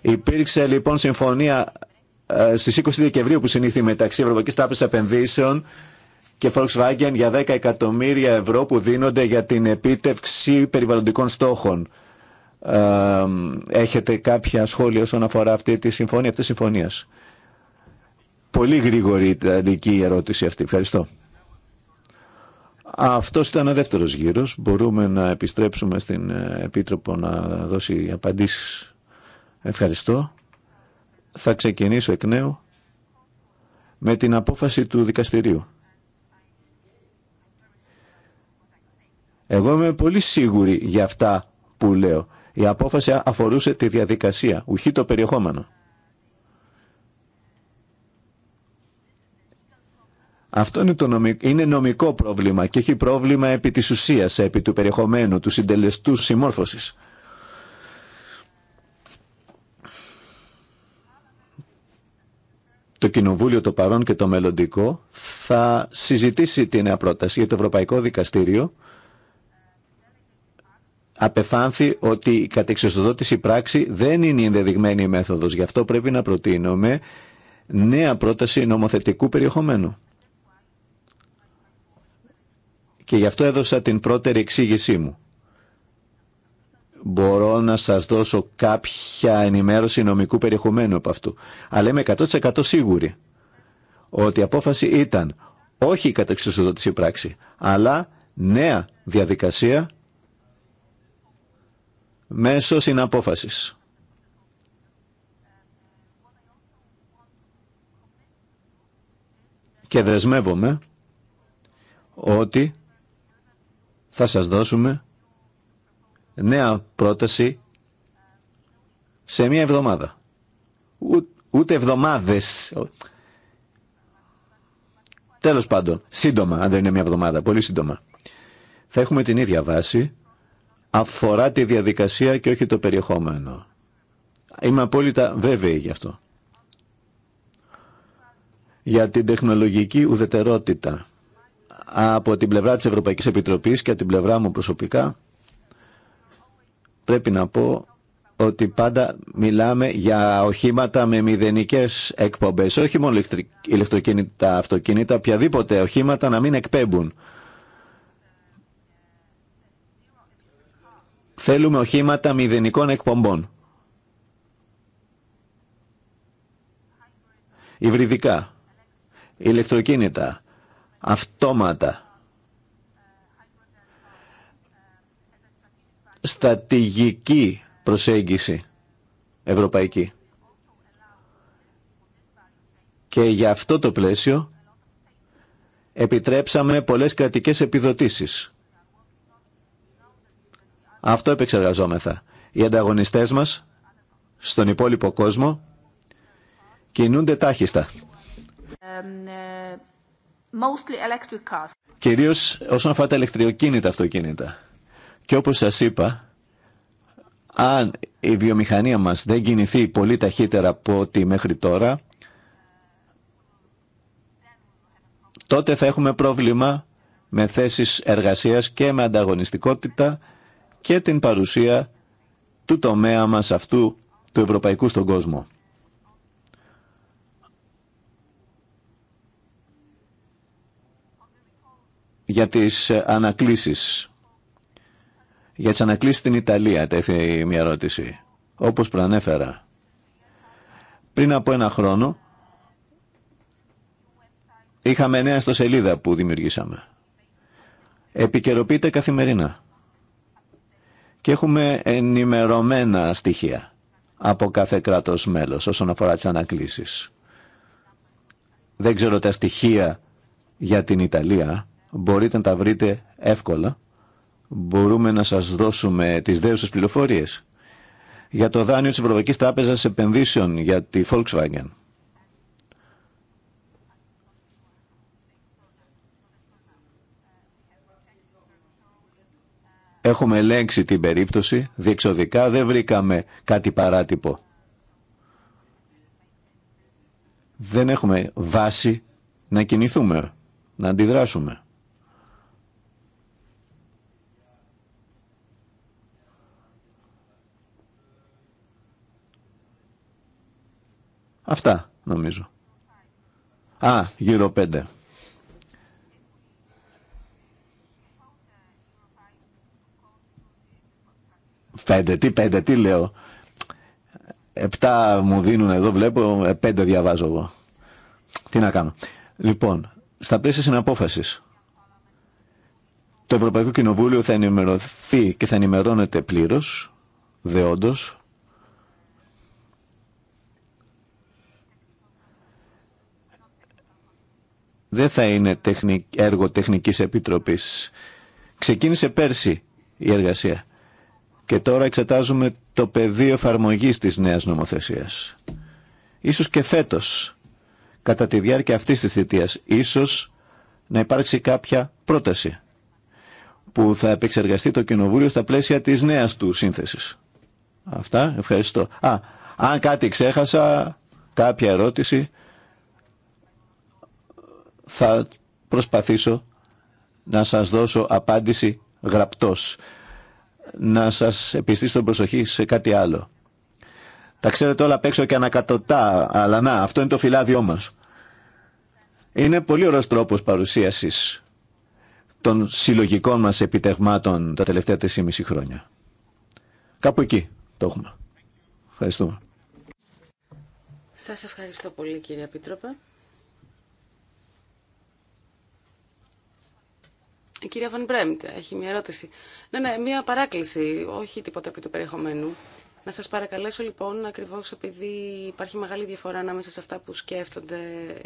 Υπήρξε λοιπόν συμφωνία ε, στις 20 Δεκεμβρίου που συνήθει μεταξύ Ευρωπαϊκής Τράπεζας Επενδύσεων και Volkswagen για 10 εκατομμύρια ευρώ που δίνονται για την επίτευξη περιβαλλοντικών στόχων. έχετε κάποια σχόλια όσον αφορά αυτή τη συμφωνία, αυτή τη συμφωνία. Πολύ γρήγορη η ερώτηση αυτή. Ευχαριστώ. Αυτό ήταν ο δεύτερο γύρο. Μπορούμε να επιστρέψουμε στην ε, Επίτροπο να δώσει απαντήσει. Ευχαριστώ. Θα ξεκινήσω εκ νέου με την απόφαση του δικαστηρίου. Εγώ είμαι πολύ σίγουρη για αυτά που λέω. Η απόφαση αφορούσε τη διαδικασία, ουχή το περιεχόμενο. Αυτό είναι, το νομικό, είναι νομικό πρόβλημα και έχει πρόβλημα επί της ουσίας, επί του περιεχομένου, του συντελεστού συμμόρφωσης. Το Κοινοβούλιο το παρόν και το μελλοντικό θα συζητήσει την νέα πρόταση για το Ευρωπαϊκό Δικαστήριο απεφάνθη ότι η κατεξοδότηση πράξη δεν είναι η ενδεδειγμένη μέθοδος. Γι' αυτό πρέπει να προτείνουμε νέα πρόταση νομοθετικού περιεχομένου. Και γι' αυτό έδωσα την πρώτερη εξήγησή μου. Μπορώ να σας δώσω κάποια ενημέρωση νομικού περιεχομένου από αυτού. Αλλά είμαι 100% σίγουρη ότι η απόφαση ήταν όχι η κατεξοδότηση πράξη, αλλά νέα διαδικασία μέσω συναπόφασης. Και δεσμεύομαι ότι θα σας δώσουμε νέα πρόταση σε μία εβδομάδα. Ούτε εβδομάδες. Τέλος πάντων, σύντομα, αν δεν είναι μία εβδομάδα, πολύ σύντομα. Θα έχουμε την ίδια βάση αφορά τη διαδικασία και όχι το περιεχόμενο. Είμαι απόλυτα βέβαιη γι' αυτό. Για την τεχνολογική ουδετερότητα από την πλευρά της Ευρωπαϊκής Επιτροπής και από την πλευρά μου προσωπικά πρέπει να πω ότι πάντα μιλάμε για οχήματα με μηδενικές εκπομπές όχι μόνο ηλεκτροκίνητα, αυτοκίνητα οποιαδήποτε οχήματα να μην εκπέμπουν Θέλουμε οχήματα μηδενικών εκπομπών. Υβριδικά, ηλεκτροκίνητα, αυτόματα, στρατηγική προσέγγιση ευρωπαϊκή. Και για αυτό το πλαίσιο επιτρέψαμε πολλές κρατικές επιδοτήσεις. Αυτό επεξεργαζόμεθα. Οι ανταγωνιστές μας στον υπόλοιπο κόσμο κινούνται τάχιστα. Ε, Κυρίως όσον αφορά τα ηλεκτριοκίνητα αυτοκίνητα. Και όπως σας είπα, αν η βιομηχανία μας δεν κινηθεί πολύ ταχύτερα από ό,τι μέχρι τώρα, τότε θα έχουμε πρόβλημα με θέσεις εργασίας και με ανταγωνιστικότητα και την παρουσία του τομέα μας αυτού του ευρωπαϊκού στον κόσμο. Για τις ε, ανακλήσεις. Για τις ανακλήσεις στην Ιταλία τέθη μια ερώτηση. Όπως προανέφερα. Πριν από ένα χρόνο είχαμε νέα στο σελίδα που δημιουργήσαμε. Επικαιροποιείται καθημερινά και έχουμε ενημερωμένα στοιχεία από κάθε κράτος μέλος όσον αφορά τις ανακλήσεις. Δεν ξέρω τα στοιχεία για την Ιταλία, μπορείτε να τα βρείτε εύκολα. Μπορούμε να σας δώσουμε τις δέουσες πληροφορίες για το δάνειο της Ευρωπαϊκής Τράπεζας Επενδύσεων για τη Volkswagen. Έχουμε ελέγξει την περίπτωση, διεξοδικά δεν βρήκαμε κάτι παράτυπο. Δεν έχουμε βάση να κινηθούμε, να αντιδράσουμε. Αυτά νομίζω. Α, γύρω πέντε. Πέντε, τι πέντε, τι λέω. Επτά μου δίνουν εδώ, βλέπω, ε, πέντε διαβάζω εγώ. Τι να κάνω. Λοιπόν, στα πλαίσια συναπόφαση. το Ευρωπαϊκό Κοινοβούλιο θα ενημερωθεί και θα ενημερώνεται πλήρω. δεόντως, δεν θα είναι έργο τεχνικής επιτροπής. Ξεκίνησε πέρσι η εργασία. Και τώρα εξετάζουμε το πεδίο εφαρμογή της νέας νομοθεσίας. Ίσως και φέτος, κατά τη διάρκεια αυτής της θητείας, ίσως να υπάρξει κάποια πρόταση που θα επεξεργαστεί το Κοινοβούλιο στα πλαίσια της νέας του σύνθεσης. Αυτά, ευχαριστώ. Α, αν κάτι ξέχασα, κάποια ερώτηση, θα προσπαθήσω να σας δώσω απάντηση γραπτός να σας επιστήσω την προσοχή σε κάτι άλλο. Τα ξέρετε όλα απ' έξω και ανακατοτά, αλλά να, αυτό είναι το φυλάδιό μας. Είναι πολύ ωραίος τρόπος παρουσίασης των συλλογικών μας επιτεγμάτων τα τελευταία 3,5 χρόνια. Κάπου εκεί το έχουμε. Ευχαριστούμε. Σας ευχαριστώ πολύ κύριε Επίτροπε. Η κυρία Βαν έχει μια ερώτηση. Ναι, ναι, μια παράκληση, όχι τίποτα επί του περιεχομένου. Να σας παρακαλέσω λοιπόν, ακριβώς επειδή υπάρχει μεγάλη διαφορά ανάμεσα σε αυτά που σκέφτονται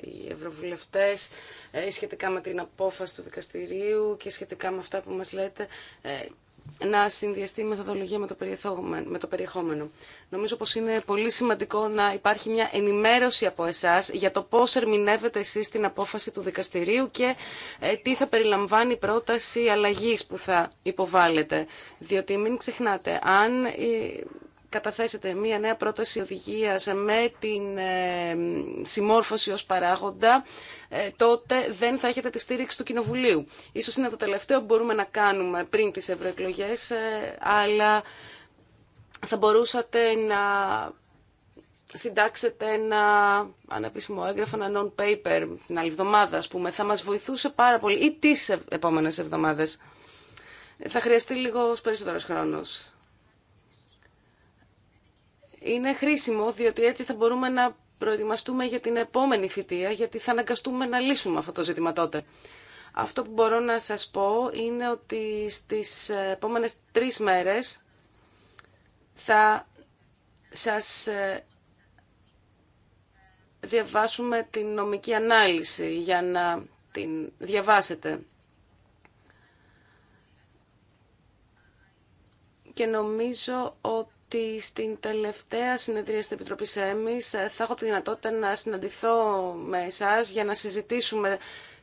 οι ευρωβουλευτές ε, σχετικά με την απόφαση του δικαστηρίου και σχετικά με αυτά που μας λέτε, ε, να συνδυαστεί η μεθοδολογία με το περιεχόμενο. Νομίζω πως είναι πολύ σημαντικό να υπάρχει μια ενημέρωση από εσάς για το πώς ερμηνεύετε εσείς την απόφαση του δικαστηρίου και ε, τι θα περιλαμβάνει η πρόταση αλλαγής που θα υποβάλλετε. Διότι μην ξεχνάτε, αν καταθέσετε μία νέα πρόταση οδηγίας με την ε, συμμόρφωση ως παράγοντα, ε, τότε δεν θα έχετε τη στήριξη του Κοινοβουλίου. Ίσως είναι το τελευταίο που μπορούμε να κάνουμε πριν τις ευρωεκλογέ, ε, αλλά θα μπορούσατε να συντάξετε ένα ανεπίσημο έγγραφο, ένα non-paper την άλλη εβδομάδα, ας πούμε. Θα μας βοηθούσε πάρα πολύ ή τις επόμενες εβδομάδες. Θα χρειαστεί λίγο περισσότερο χρόνο είναι χρήσιμο, διότι έτσι θα μπορούμε να προετοιμαστούμε για την επόμενη θητεία, γιατί θα αναγκαστούμε να λύσουμε αυτό το ζήτημα τότε. Αυτό που μπορώ να σας πω είναι ότι στις επόμενες τρεις μέρες θα σας ε, διαβάσουμε την νομική ανάλυση για να την διαβάσετε. Και νομίζω ότι ότι στην τελευταία συνεδρία στην Επιτροπή ΕΜΗΣ ε, θα έχω τη δυνατότητα να συναντηθώ με εσάς για να συζητήσουμε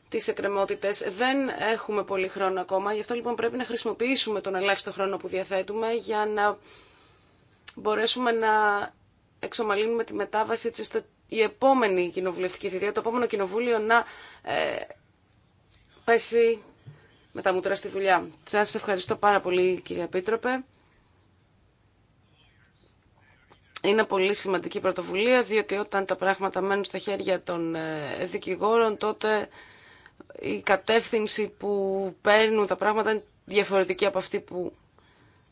τις εκκρεμότητες. Δεν έχουμε πολύ χρόνο ακόμα, γι' αυτό λοιπόν πρέπει να χρησιμοποιήσουμε τον ελάχιστο χρόνο που διαθέτουμε για να μπορέσουμε να εξομαλύνουμε τη μετάβαση έτσι ώστε η επόμενη κοινοβουλευτική θητεία, το επόμενο κοινοβούλιο να ε, πέσει με τα μούτρα στη δουλειά. Σας ευχαριστώ πάρα πολύ κύριε Πίτροπε. είναι πολύ σημαντική πρωτοβουλία, διότι όταν τα πράγματα μένουν στα χέρια των ε, δικηγόρων, τότε η κατεύθυνση που παίρνουν τα πράγματα είναι διαφορετική από αυτή που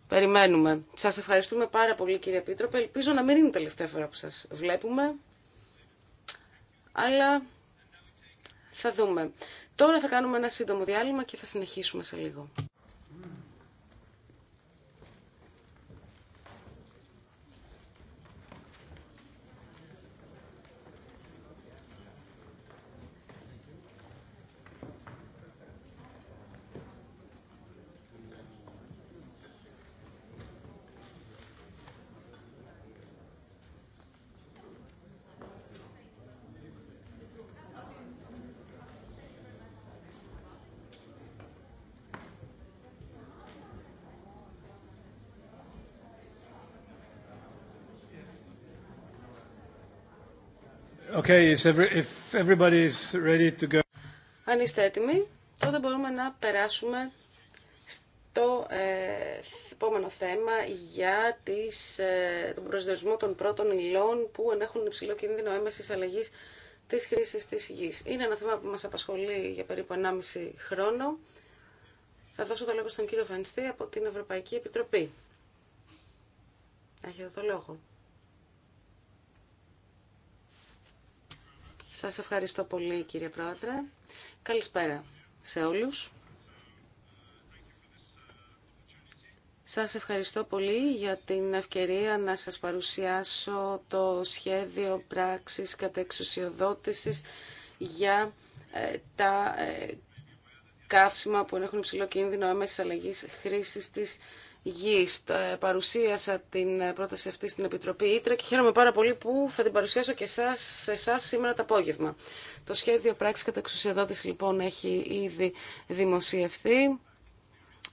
περιμένουμε. Σας ευχαριστούμε πάρα πολύ κύριε Πίτροπε. Ελπίζω να μην είναι η τελευταία φορά που σας βλέπουμε, αλλά θα δούμε. Τώρα θα κάνουμε ένα σύντομο διάλειμμα και θα συνεχίσουμε σε λίγο. Okay, ready to go. Αν είστε έτοιμοι, τότε μπορούμε να περάσουμε στο ε, επόμενο θέμα για τις, ε, τον προσδιορισμό των πρώτων υλών που ενέχουν υψηλό κίνδυνο έμεση αλλαγής της χρήσης της γη. Είναι ένα θέμα που μας απασχολεί για περίπου 1,5 χρόνο. Θα δώσω το λόγο στον κύριο Φανιστή από την Ευρωπαϊκή Επιτροπή. Έχετε το λόγο. Σας ευχαριστώ πολύ κύριε Πρόεδρε. Καλησπέρα σε όλους. Σας ευχαριστώ πολύ για την ευκαιρία να σας παρουσιάσω το σχέδιο πράξης κατεξουσιοδότησης για ε, τα ε, καύσιμα που έχουν υψηλό κίνδυνο έμεσης αλλαγής χρήσης της γης. Παρουσίασα την πρόταση αυτή στην Επιτροπή Ήτρα και χαίρομαι πάρα πολύ που θα την παρουσιάσω και εσάς, σε εσά σήμερα το απόγευμα. Το σχέδιο πράξη κατά εξουσιοδότηση λοιπόν έχει ήδη δημοσιευθεί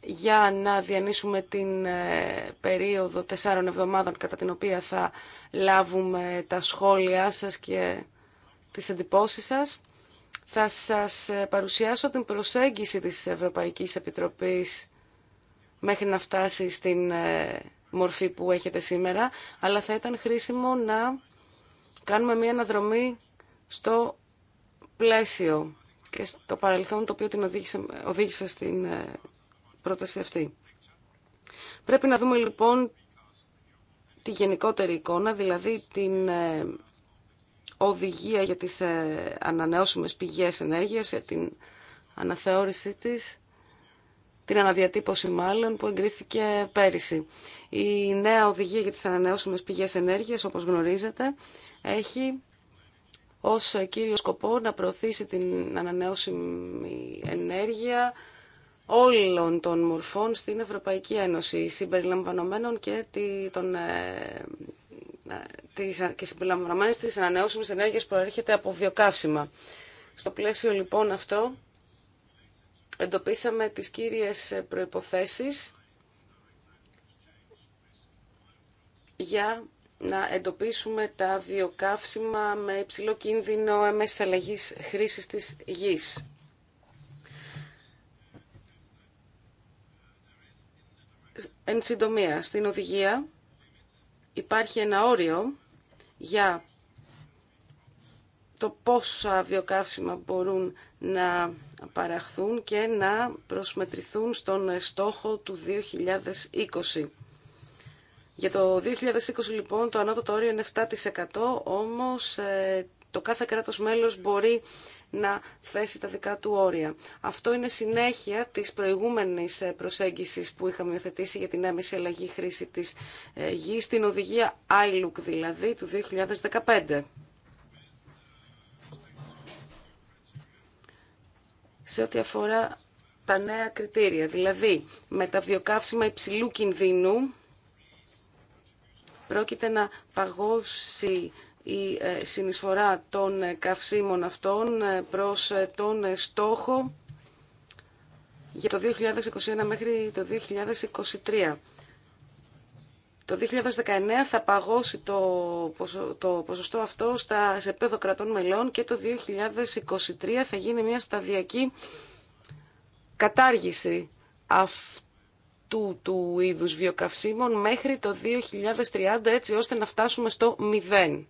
για να διανύσουμε την ε, περίοδο τεσσάρων εβδομάδων κατά την οποία θα λάβουμε τα σχόλιά σας και τις εντυπώσεις σας. Θα σας ε, παρουσιάσω την προσέγγιση της Ευρωπαϊκής Επιτροπής μέχρι να φτάσει στην ε, μορφή που έχετε σήμερα, αλλά θα ήταν χρήσιμο να κάνουμε μια αναδρομή στο πλαίσιο και στο παρελθόν το οποίο την οδήγησε, οδήγησε στην ε, πρόταση αυτή. Πρέπει να δούμε λοιπόν τη γενικότερη εικόνα, δηλαδή την ε, οδηγία για τις ανανεώσιμες πηγές ενέργειας, την αναθεώρησή της την αναδιατύπωση μάλλον που εγκρίθηκε πέρυσι. Η νέα οδηγία για τις ανανεώσιμες πηγές ενέργειας, όπως γνωρίζετε, έχει ως κύριο σκοπό να προωθήσει την ανανεώσιμη ενέργεια όλων των μορφών στην Ευρωπαϊκή Ένωση, συμπεριλαμβανομένων και των ε, ε, ε, και συμπεριλαμβανομένες της ανανεώσιμης ενέργειας προέρχεται από βιοκαύσιμα. Στο πλαίσιο λοιπόν αυτό εντοπίσαμε τις κύριες προϋποθέσεις για να εντοπίσουμε τα βιοκαύσιμα με υψηλό κίνδυνο έμεσης αλλαγής χρήσης της γης. Εν συντομία, στην οδηγία υπάρχει ένα όριο για το πόσα βιοκαύσιμα μπορούν να παραχθούν και να προσμετρηθούν στον στόχο του 2020. Για το 2020 λοιπόν το ανώτατο όριο είναι 7% όμως ε, το κάθε κράτος μέλος μπορεί να θέσει τα δικά του όρια. Αυτό είναι συνέχεια της προηγούμενης ε, προσέγγισης που είχαμε υιοθετήσει για την έμεση αλλαγή χρήση της ε, γης, στην οδηγία ILUC δηλαδή του 2015. σε ό,τι αφορά τα νέα κριτήρια. Δηλαδή, με τα βιοκαύσιμα υψηλού κινδύνου πρόκειται να παγώσει η ε, συνεισφορά των ε, καυσίμων αυτών ε, προς τον στόχο για το 2021 μέχρι το 2023. Το 2019 θα παγώσει το, το ποσοστό αυτό στα, σε επίπεδο κρατών μελών και το 2023 θα γίνει μια σταδιακή κατάργηση αυτού του είδους βιοκαυσίμων μέχρι το 2030 έτσι ώστε να φτάσουμε στο μηδέν.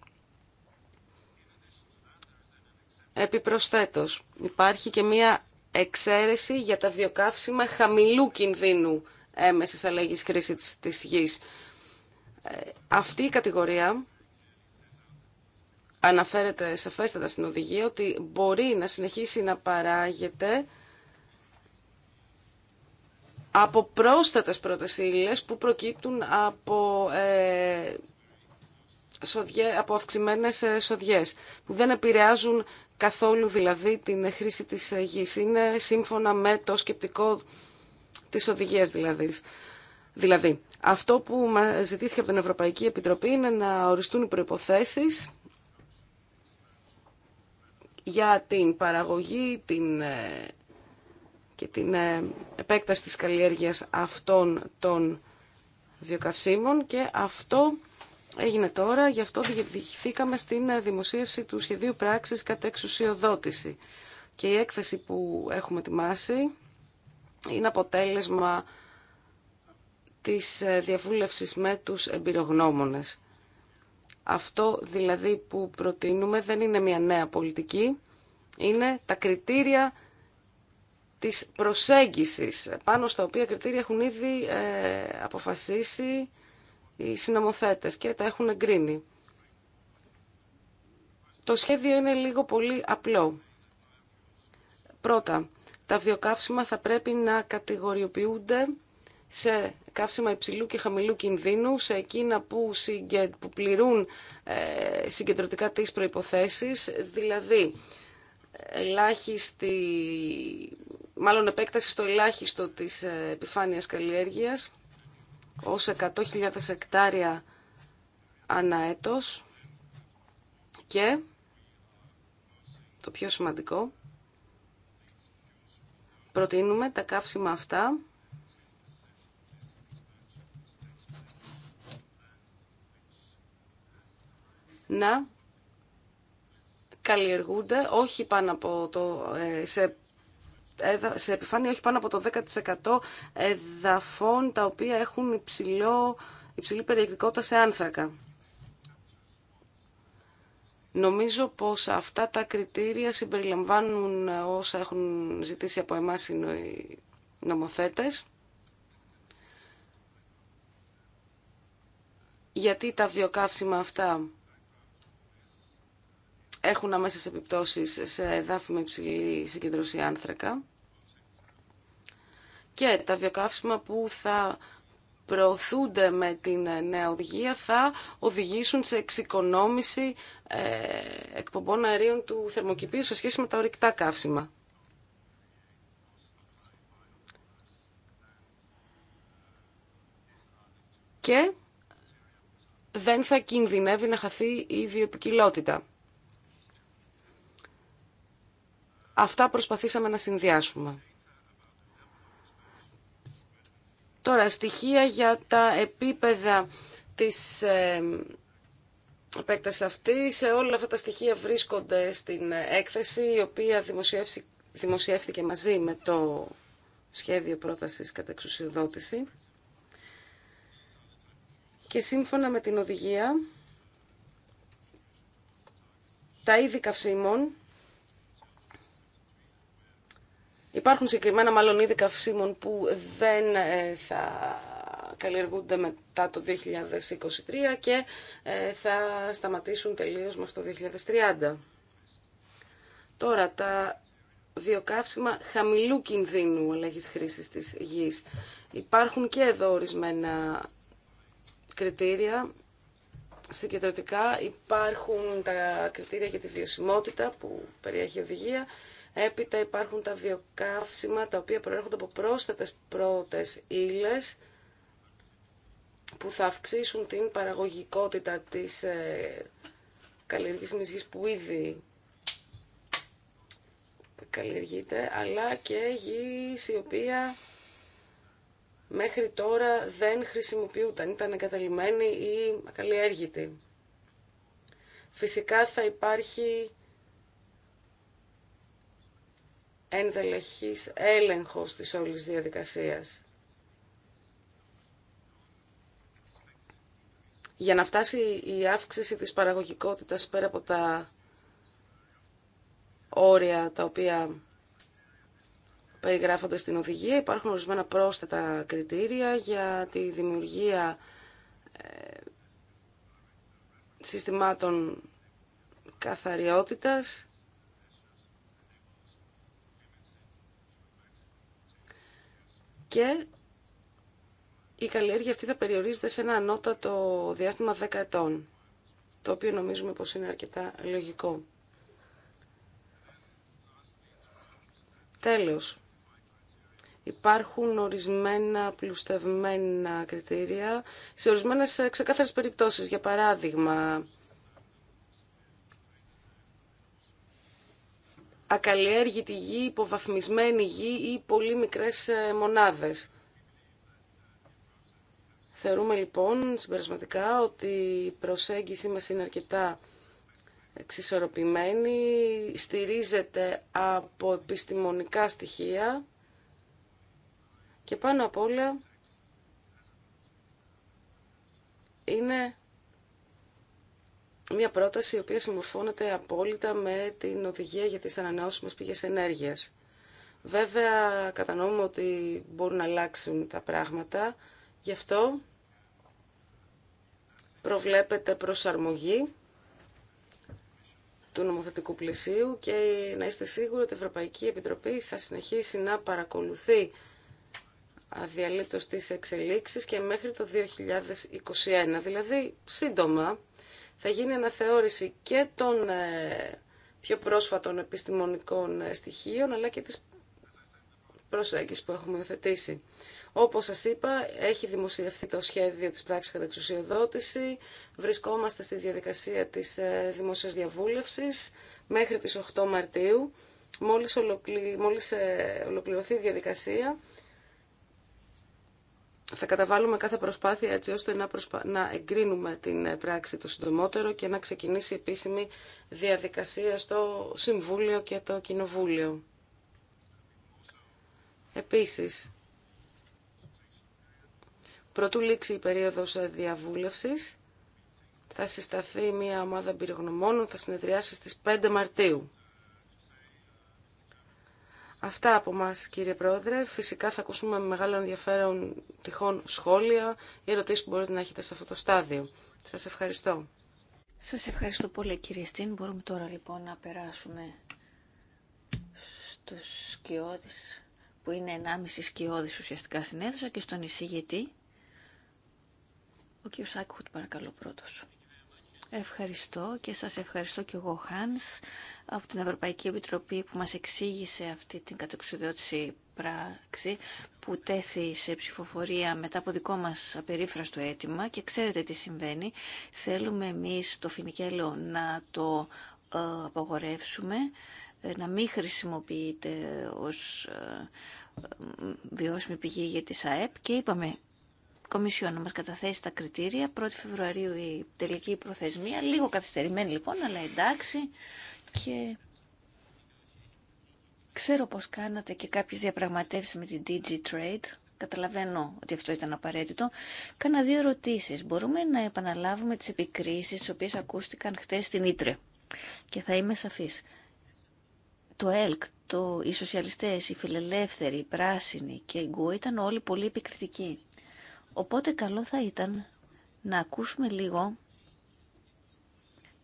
Επιπροσθέτως, υπάρχει και μια εξαίρεση για τα βιοκαύσιμα χαμηλού κινδύνου έμεσης αλλαγής χρήσης της γης. Αυτή η κατηγορία αναφέρεται σαφέστατα στην οδηγία ότι μπορεί να συνεχίσει να παράγεται από πρόσθετες πρώτες που προκύπτουν από, ε, σοδιέ, από αυξημένες ε, σοδιές, που δεν επηρεάζουν καθόλου δηλαδή την χρήση της ε, γης. Είναι σύμφωνα με το σκεπτικό της οδηγίας δηλαδή. Δηλαδή, αυτό που ζητήθηκε από την Ευρωπαϊκή Επιτροπή είναι να οριστούν οι προϋποθέσεις για την παραγωγή την, ε, και την ε, επέκταση της καλλιέργειας αυτών των βιοκαυσίμων και αυτό έγινε τώρα, γι' αυτό διηγηθήκαμε στην ε, δημοσίευση του σχεδίου πράξης κατά εξουσιοδότηση. Και η έκθεση που έχουμε ετοιμάσει είναι αποτέλεσμα της ε, διαβούλευσης με τους εμπειρογνώμονες. Αυτό δηλαδή που προτείνουμε δεν είναι μια νέα πολιτική, είναι τα κριτήρια της προσέγγισης, πάνω στα οποία κριτήρια έχουν ήδη ε, αποφασίσει οι συνομοθέτες και τα έχουν εγκρίνει. Το σχέδιο είναι λίγο πολύ απλό. Πρώτα, τα βιοκαύσιμα θα πρέπει να κατηγοριοποιούνται σε καύσιμα υψηλού και χαμηλού κινδύνου, σε εκείνα που, συγκε... που πληρούν ε, συγκεντρωτικά τις προϋποθέσεις, δηλαδή ελάχιστη, μάλλον επέκταση στο ελάχιστο της ε, επιφάνειας καλλιέργειας, ως 100.000 εκτάρια ανά έτος και το πιο σημαντικό προτείνουμε τα καύσιμα αυτά να καλλιεργούνται όχι πάνω από το, ε, σε, σε επιφάνεια όχι πάνω από το 10% εδαφών τα οποία έχουν υψηλό, υψηλή περιεκτικότητα σε άνθρακα. Νομίζω πως αυτά τα κριτήρια συμπεριλαμβάνουν όσα έχουν ζητήσει από εμάς οι νομοθέτες. Γιατί τα βιοκαύσιμα αυτά έχουν αμέσω επιπτώσεις σε εδάφη με υψηλή συγκεντρώση άνθρακα και τα βιοκαύσιμα που θα προωθούνται με την νέα οδηγία θα οδηγήσουν σε εξοικονόμηση ε, εκπομπών αερίων του θερμοκηπίου σε σχέση με τα ορυκτά καύσιμα. Και δεν θα κινδυνεύει να χαθεί η βιοπικιλότητα. Αυτά προσπαθήσαμε να συνδυάσουμε. Τώρα, στοιχεία για τα επίπεδα της επέκταση αυτή. Όλα αυτά τα στοιχεία βρίσκονται στην έκθεση, η οποία δημοσιεύθηκε μαζί με το σχέδιο πρότασης κατά εξουσιοδότηση. Και σύμφωνα με την οδηγία, τα είδη καυσίμων Υπάρχουν συγκεκριμένα μάλλον είδη καυσίμων που δεν ε, θα καλλιεργούνται μετά το 2023 και ε, θα σταματήσουν τελείως μέχρι το 2030. Τώρα, τα βιοκαύσιμα χαμηλού κινδύνου αλλαγής χρήσης της γης. Υπάρχουν και εδώ ορισμένα κριτήρια. Συγκεντρωτικά υπάρχουν τα κριτήρια για τη βιωσιμότητα που περιέχει οδηγία Έπειτα υπάρχουν τα βιοκαύσιμα τα οποία προέρχονται από πρόσθετες πρώτες ύλες που θα αυξήσουν την παραγωγικότητα της ε, καλλιεργής γης που ήδη καλλιεργείται, αλλά και γης η οποία μέχρι τώρα δεν χρησιμοποιούταν, ήταν εγκαταλειμμένη ή καλλιέργητη. Φυσικά θα υπάρχει ενδελεχής έλεγχος της όλης διαδικασίας. Για να φτάσει η αύξηση της παραγωγικότητας πέρα από τα όρια τα οποία περιγράφονται στην οδηγία, υπάρχουν ορισμένα πρόσθετα κριτήρια για τη δημιουργία ε, συστημάτων καθαριότητας και η καλλιέργεια αυτή θα περιορίζεται σε ένα ανώτατο διάστημα 10 ετών, το οποίο νομίζουμε πως είναι αρκετά λογικό. Τέλος, υπάρχουν ορισμένα πλουστευμένα κριτήρια σε ορισμένες ε, ξεκάθαρες περιπτώσεις. Για παράδειγμα, ακαλλιέργητη γη, υποβαθμισμένη γη ή πολύ μικρές ε, μονάδες. Θεωρούμε λοιπόν συμπερασματικά ότι η προσέγγιση μας είναι αρκετά εξισορροπημένη, στηρίζεται από επιστημονικά στοιχεία και πάνω απ' όλα είναι μια πρόταση η οποία συμμορφώνεται απόλυτα με την οδηγία για τις ανανεώσιμες πηγές ενέργειας. Βέβαια, κατανοούμε ότι μπορούν να αλλάξουν τα πράγματα, γι' αυτό προβλέπεται προσαρμογή του νομοθετικού πλαισίου και να είστε σίγουροι ότι η Ευρωπαϊκή Επιτροπή θα συνεχίσει να παρακολουθεί αδιαλείπτως τις εξελίξεις και μέχρι το 2021, δηλαδή σύντομα, θα γίνει αναθεώρηση και των ε, πιο πρόσφατων επιστημονικών ε, στοιχείων, αλλά και της προσέγγισης που έχουμε υιοθετήσει. Όπως σας είπα, έχει δημοσιευθεί το σχέδιο της πράξης κατά εξουσιοδότηση. Βρισκόμαστε στη διαδικασία της ε, δημόσιας διαβούλευσης μέχρι τις 8 Μαρτίου. Μόλις, ολοκλη... Μόλις ολοκληρωθεί η διαδικασία, θα καταβάλουμε κάθε προσπάθεια έτσι ώστε να, να εγκρίνουμε την ε, πράξη το συντομότερο και να ξεκινήσει επίσημη διαδικασία στο Συμβούλιο και το Κοινοβούλιο. Επίσης, πρωτού λήξει η περίοδος ε, διαβούλευσης, θα συσταθεί μια ομάδα εμπειρογνωμόνων, θα συνεδριάσει στις 5 Μαρτίου. Αυτά από εμά, κύριε Πρόεδρε. Φυσικά θα ακούσουμε με μεγάλο ενδιαφέρον τυχόν σχόλια ή ερωτήσει που μπορείτε να έχετε σε αυτό το στάδιο. Σας ευχαριστώ. Σας ευχαριστώ πολύ, κύριε Στίν. Μπορούμε τώρα λοιπόν να περάσουμε στου σκιώδει, που είναι 1,5 σκιώδη ουσιαστικά στην αίθουσα και στον εισηγητή. Ο κύριο Άκουτ, παρακαλώ, πρώτος. Ευχαριστώ και σας ευχαριστώ και εγώ, Χάνς, από την Ευρωπαϊκή Επιτροπή που μας εξήγησε αυτή την κατεξουδιώτηση πράξη που τέθη σε ψηφοφορία μετά από δικό μας απερίφραστο αίτημα και ξέρετε τι συμβαίνει. Θέλουμε εμείς το φινικέλο να το ε, απογορεύσουμε, ε, να μην χρησιμοποιείται ως ε, βιώσιμη πηγή για τις ΑΕΠ και είπαμε Κομισιόν να μας καταθέσει τα κριτήρια. 1η Φεβρουαρίου η τελική προθεσμία. Λίγο καθυστερημένη λοιπόν, αλλά εντάξει. Και ξέρω πως κάνατε και κάποιες διαπραγματεύσεις με την Digitrade. Trade. Καταλαβαίνω ότι αυτό ήταν απαραίτητο. Κάνα δύο ερωτήσεις. Μπορούμε να επαναλάβουμε τις επικρίσεις τις οποίες ακούστηκαν χτες στην Ήτρε. Και θα είμαι σαφής. Το ΕΛΚ, το, οι σοσιαλιστές, οι φιλελεύθεροι, οι πράσινοι και οι γκου ήταν όλοι πολύ επικριτικοί. Οπότε καλό θα ήταν να ακούσουμε λίγο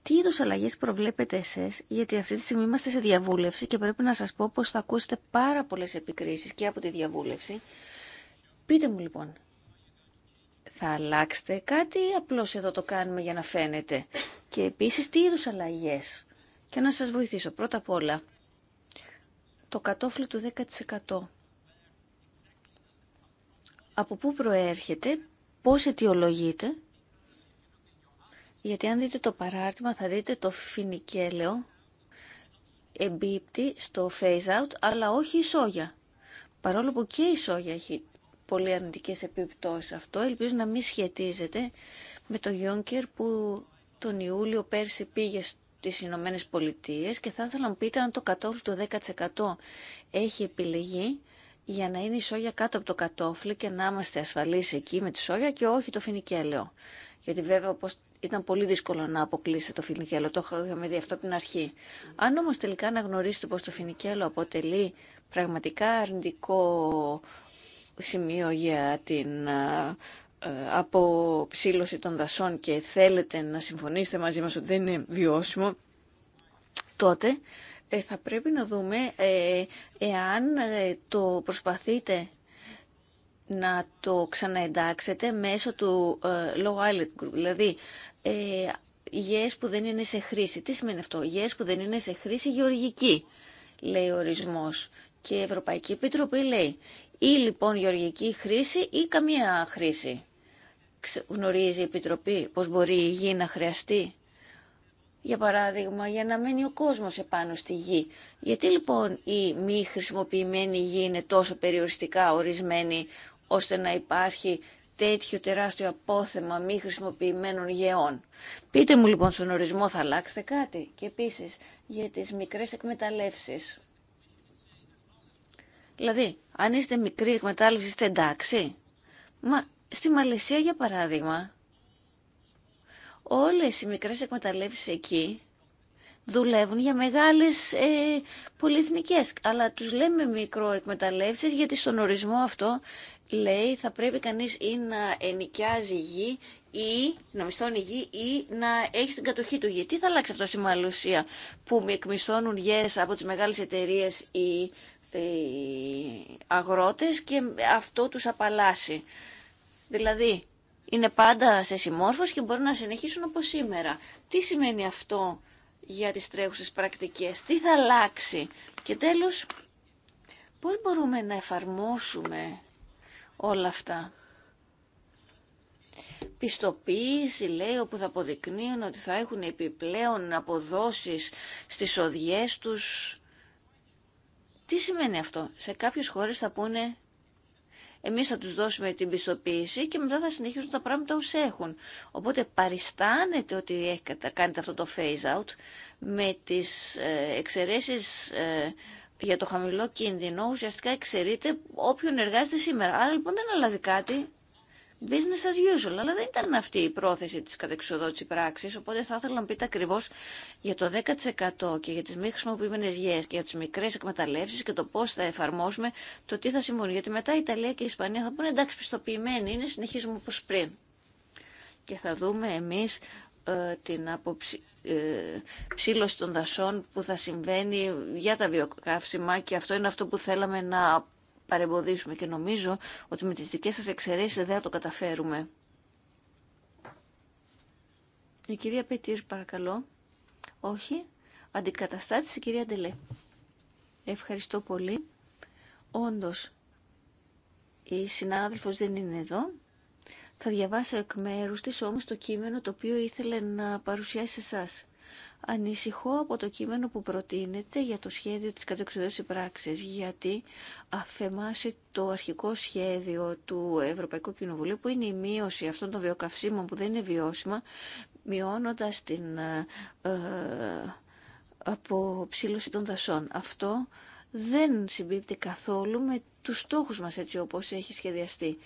τι είδου αλλαγέ προβλέπετε εσεί, γιατί αυτή τη στιγμή είμαστε σε διαβούλευση και πρέπει να σα πω πω θα ακούσετε πάρα πολλέ επικρίσει και από τη διαβούλευση. Πείτε μου λοιπόν, θα αλλάξετε κάτι ή απλώ εδώ το κάνουμε για να φαίνεται. Και επίση, τι είδου αλλαγέ. Και να σα βοηθήσω πρώτα απ' όλα, το κατόφλι του 10% από πού προέρχεται, πώς αιτιολογείται. Γιατί αν δείτε το παράρτημα θα δείτε το φινικέλαιο εμπίπτει στο phase out, αλλά όχι η σόγια. Παρόλο που και η σόγια έχει πολύ αρνητικές επιπτώσεις αυτό, ελπίζω να μην σχετίζεται με το Γιόνκερ που τον Ιούλιο πέρσι πήγε στις Ηνωμένε Πολιτείες και θα ήθελα να πείτε αν το κατόφλι το 10% έχει επιλεγεί για να είναι η σόγια κάτω από το κατόφλι και να είμαστε ασφαλείς εκεί με τη σόγια και όχι το φινικέλαιο. Γιατί βέβαια όπως ήταν πολύ δύσκολο να αποκλείσετε το φινικέλαιο, το είχαμε δει αυτό από την αρχή. Αν όμως τελικά γνωρίσετε πως το φινικέλαιο αποτελεί πραγματικά αρνητικό σημείο για την ε, αποψήλωση των δασών και θέλετε να συμφωνήσετε μαζί μας ότι δεν είναι βιώσιμο, τότε ε, θα πρέπει να δούμε ε, εάν ε, το προσπαθείτε να το ξαναεντάξετε μέσω του Low Island Group. Δηλαδή, γεές που δεν είναι σε χρήση. Τι σημαίνει αυτό, γές που δεν είναι σε χρήση γεωργική, λέει ο ορισμός. Και η Ευρωπαϊκή Επιτροπή λέει, ή λοιπόν γεωργική χρήση ή καμία χρήση. Γνωρίζει η Επιτροπή πώς μπορεί η γη να χρειαστεί για παράδειγμα, για να μένει ο κόσμος επάνω στη γη. Γιατί λοιπόν η μη χρησιμοποιημένη γη είναι τόσο περιοριστικά ορισμένη, ώστε να υπάρχει τέτοιο τεράστιο απόθεμα μη χρησιμοποιημένων γεών. Πείτε μου λοιπόν στον ορισμό θα αλλάξετε κάτι. Και επίσης για τις μικρές εκμεταλλεύσεις. Δηλαδή, αν είστε μικρή εκμετάλλευση είστε εντάξει. Μα στη Μαλαισία για παράδειγμα, όλες οι μικρές εκμεταλλεύσεις εκεί δουλεύουν για μεγάλες ε, πολυεθνικές. Αλλά τους λέμε μικροεκμεταλλεύσεις γιατί στον ορισμό αυτό λέει θα πρέπει κανείς ή να ενοικιάζει γη ή να μισθώνει γη ή να έχει την κατοχή του γη. Τι θα αλλάξει αυτό στη Μαλουσία που εκμισθώνουν γες από τις μεγάλες εταιρείε οι, αγρότες και αυτό τους απαλλάσσει. Δηλαδή, είναι πάντα σε συμμόρφωση και μπορούν να συνεχίσουν όπως σήμερα. Τι σημαίνει αυτό για τις τρέχουσες πρακτικές, τι θα αλλάξει και τέλος πώς μπορούμε να εφαρμόσουμε όλα αυτά. Πιστοποίηση λέει όπου θα αποδεικνύουν ότι θα έχουν επιπλέον αποδόσεις στις οδιές τους. Τι σημαίνει αυτό. Σε κάποιες χώρες θα πούνε εμείς θα τους δώσουμε την πιστοποίηση και μετά θα συνεχίσουν τα πράγματα όσοι έχουν. Οπότε παριστάνετε ότι κάνετε αυτό το phase out με τις ε, εξαιρέσεις ε, για το χαμηλό κίνδυνο, ουσιαστικά εξαιρείται όποιον εργάζεται σήμερα. Άρα λοιπόν δεν αλλάζει κάτι business as usual. Αλλά δεν ήταν αυτή η πρόθεση της κατεξοδότηση πράξης, οπότε θα ήθελα να πείτε ακριβώς για το 10% και για τις μη χρησιμοποιημένες γέες και για τις μικρές εκμεταλλεύσεις και το πώς θα εφαρμόσουμε το τι θα συμβούν. Γιατί μετά η Ιταλία και η Ισπανία θα πούνε εντάξει πιστοποιημένοι είναι, συνεχίζουμε όπως πριν. Και θα δούμε εμείς ε, την άποψη ε, ψήλωση των δασών που θα συμβαίνει για τα βιοκαύσιμα και αυτό είναι αυτό που θέλαμε να παρεμποδίσουμε και νομίζω ότι με τις δικές σας εξαιρέσεις δεν θα το καταφέρουμε. Η κυρία Πετήρ, παρακαλώ. Όχι. Αντικαταστάτηση, κυρία Ντελέ. Ευχαριστώ πολύ. Όντως, η συνάδελφος δεν είναι εδώ. Θα διαβάσω εκ μέρους της όμως το κείμενο το οποίο ήθελε να παρουσιάσει σε ανησυχώ από το κείμενο που προτείνεται για το σχέδιο της κατεξοδότησης πράξης, γιατί αφεμάσει το αρχικό σχέδιο του Ευρωπαϊκού Κοινοβουλίου, που είναι η μείωση αυτών των βιοκαυσίμων που δεν είναι βιώσιμα, μειώνοντας την ε, ε αποψήλωση των δασών. Αυτό δεν συμπίπτει καθόλου με τους στόχους μας έτσι όπως έχει σχεδιαστεί.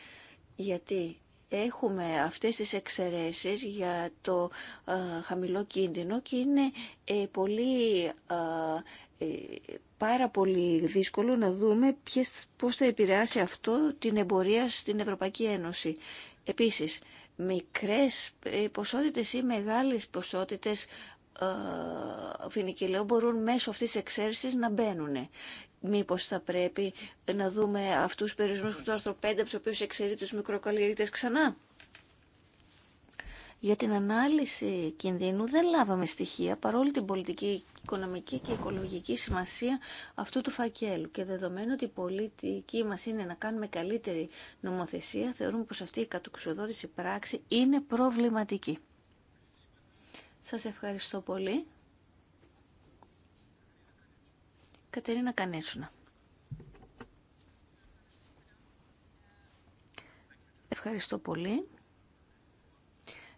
Γιατί έχουμε αυτές τις εξαιρέσεις για το ε, χαμηλό κίνδυνο και είναι ε, πολύ ε, πάρα πολύ δύσκολο να δούμε ποιες, πώς θα επηρεάσει αυτό την εμπορία στην Ευρωπαϊκή Ένωση. Επίσης, μικρές ποσότητες ή μεγάλες ποσότητες φινικηλαίου μπορούν μέσω αυτής της εξαίρεσης να μπαίνουν μήπως θα πρέπει να δούμε αυτούς τους περιορισμούς του άρθρου 5, από τους οποίους εξαιρεί τους μικροκαλλιεργητές ξανά. Για την ανάλυση κινδύνου δεν λάβαμε στοιχεία παρόλη την πολιτική, οικονομική και οικολογική σημασία αυτού του φακέλου και δεδομένου ότι η πολιτική μας είναι να κάνουμε καλύτερη νομοθεσία θεωρούμε πως αυτή η κατοξιοδότηση πράξη είναι προβληματική. Σας ευχαριστώ πολύ. Κατερίνα Κανέσουνα. Ευχαριστώ πολύ.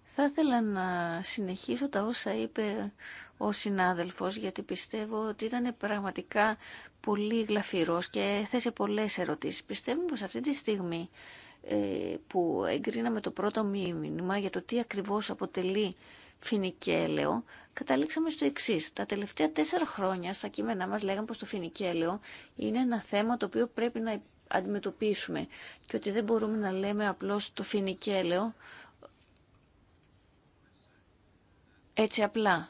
Θα ήθελα να συνεχίσω τα όσα είπε ο συνάδελφος, γιατί πιστεύω ότι ήταν πραγματικά πολύ γλαφυρός και θέσε πολλές ερωτήσεις. Πιστεύω πως αυτή τη στιγμή ε, που εγκρίναμε το πρώτο μήνυμα για το τι ακριβώς αποτελεί φινικέλαιο, καταλήξαμε στο εξή. Τα τελευταία τέσσερα χρόνια στα κείμενά μας λέγαμε πως το φινικέλαιο είναι ένα θέμα το οποίο πρέπει να αντιμετωπίσουμε και ότι δεν μπορούμε να λέμε απλώς το φινικέλαιο έτσι απλά.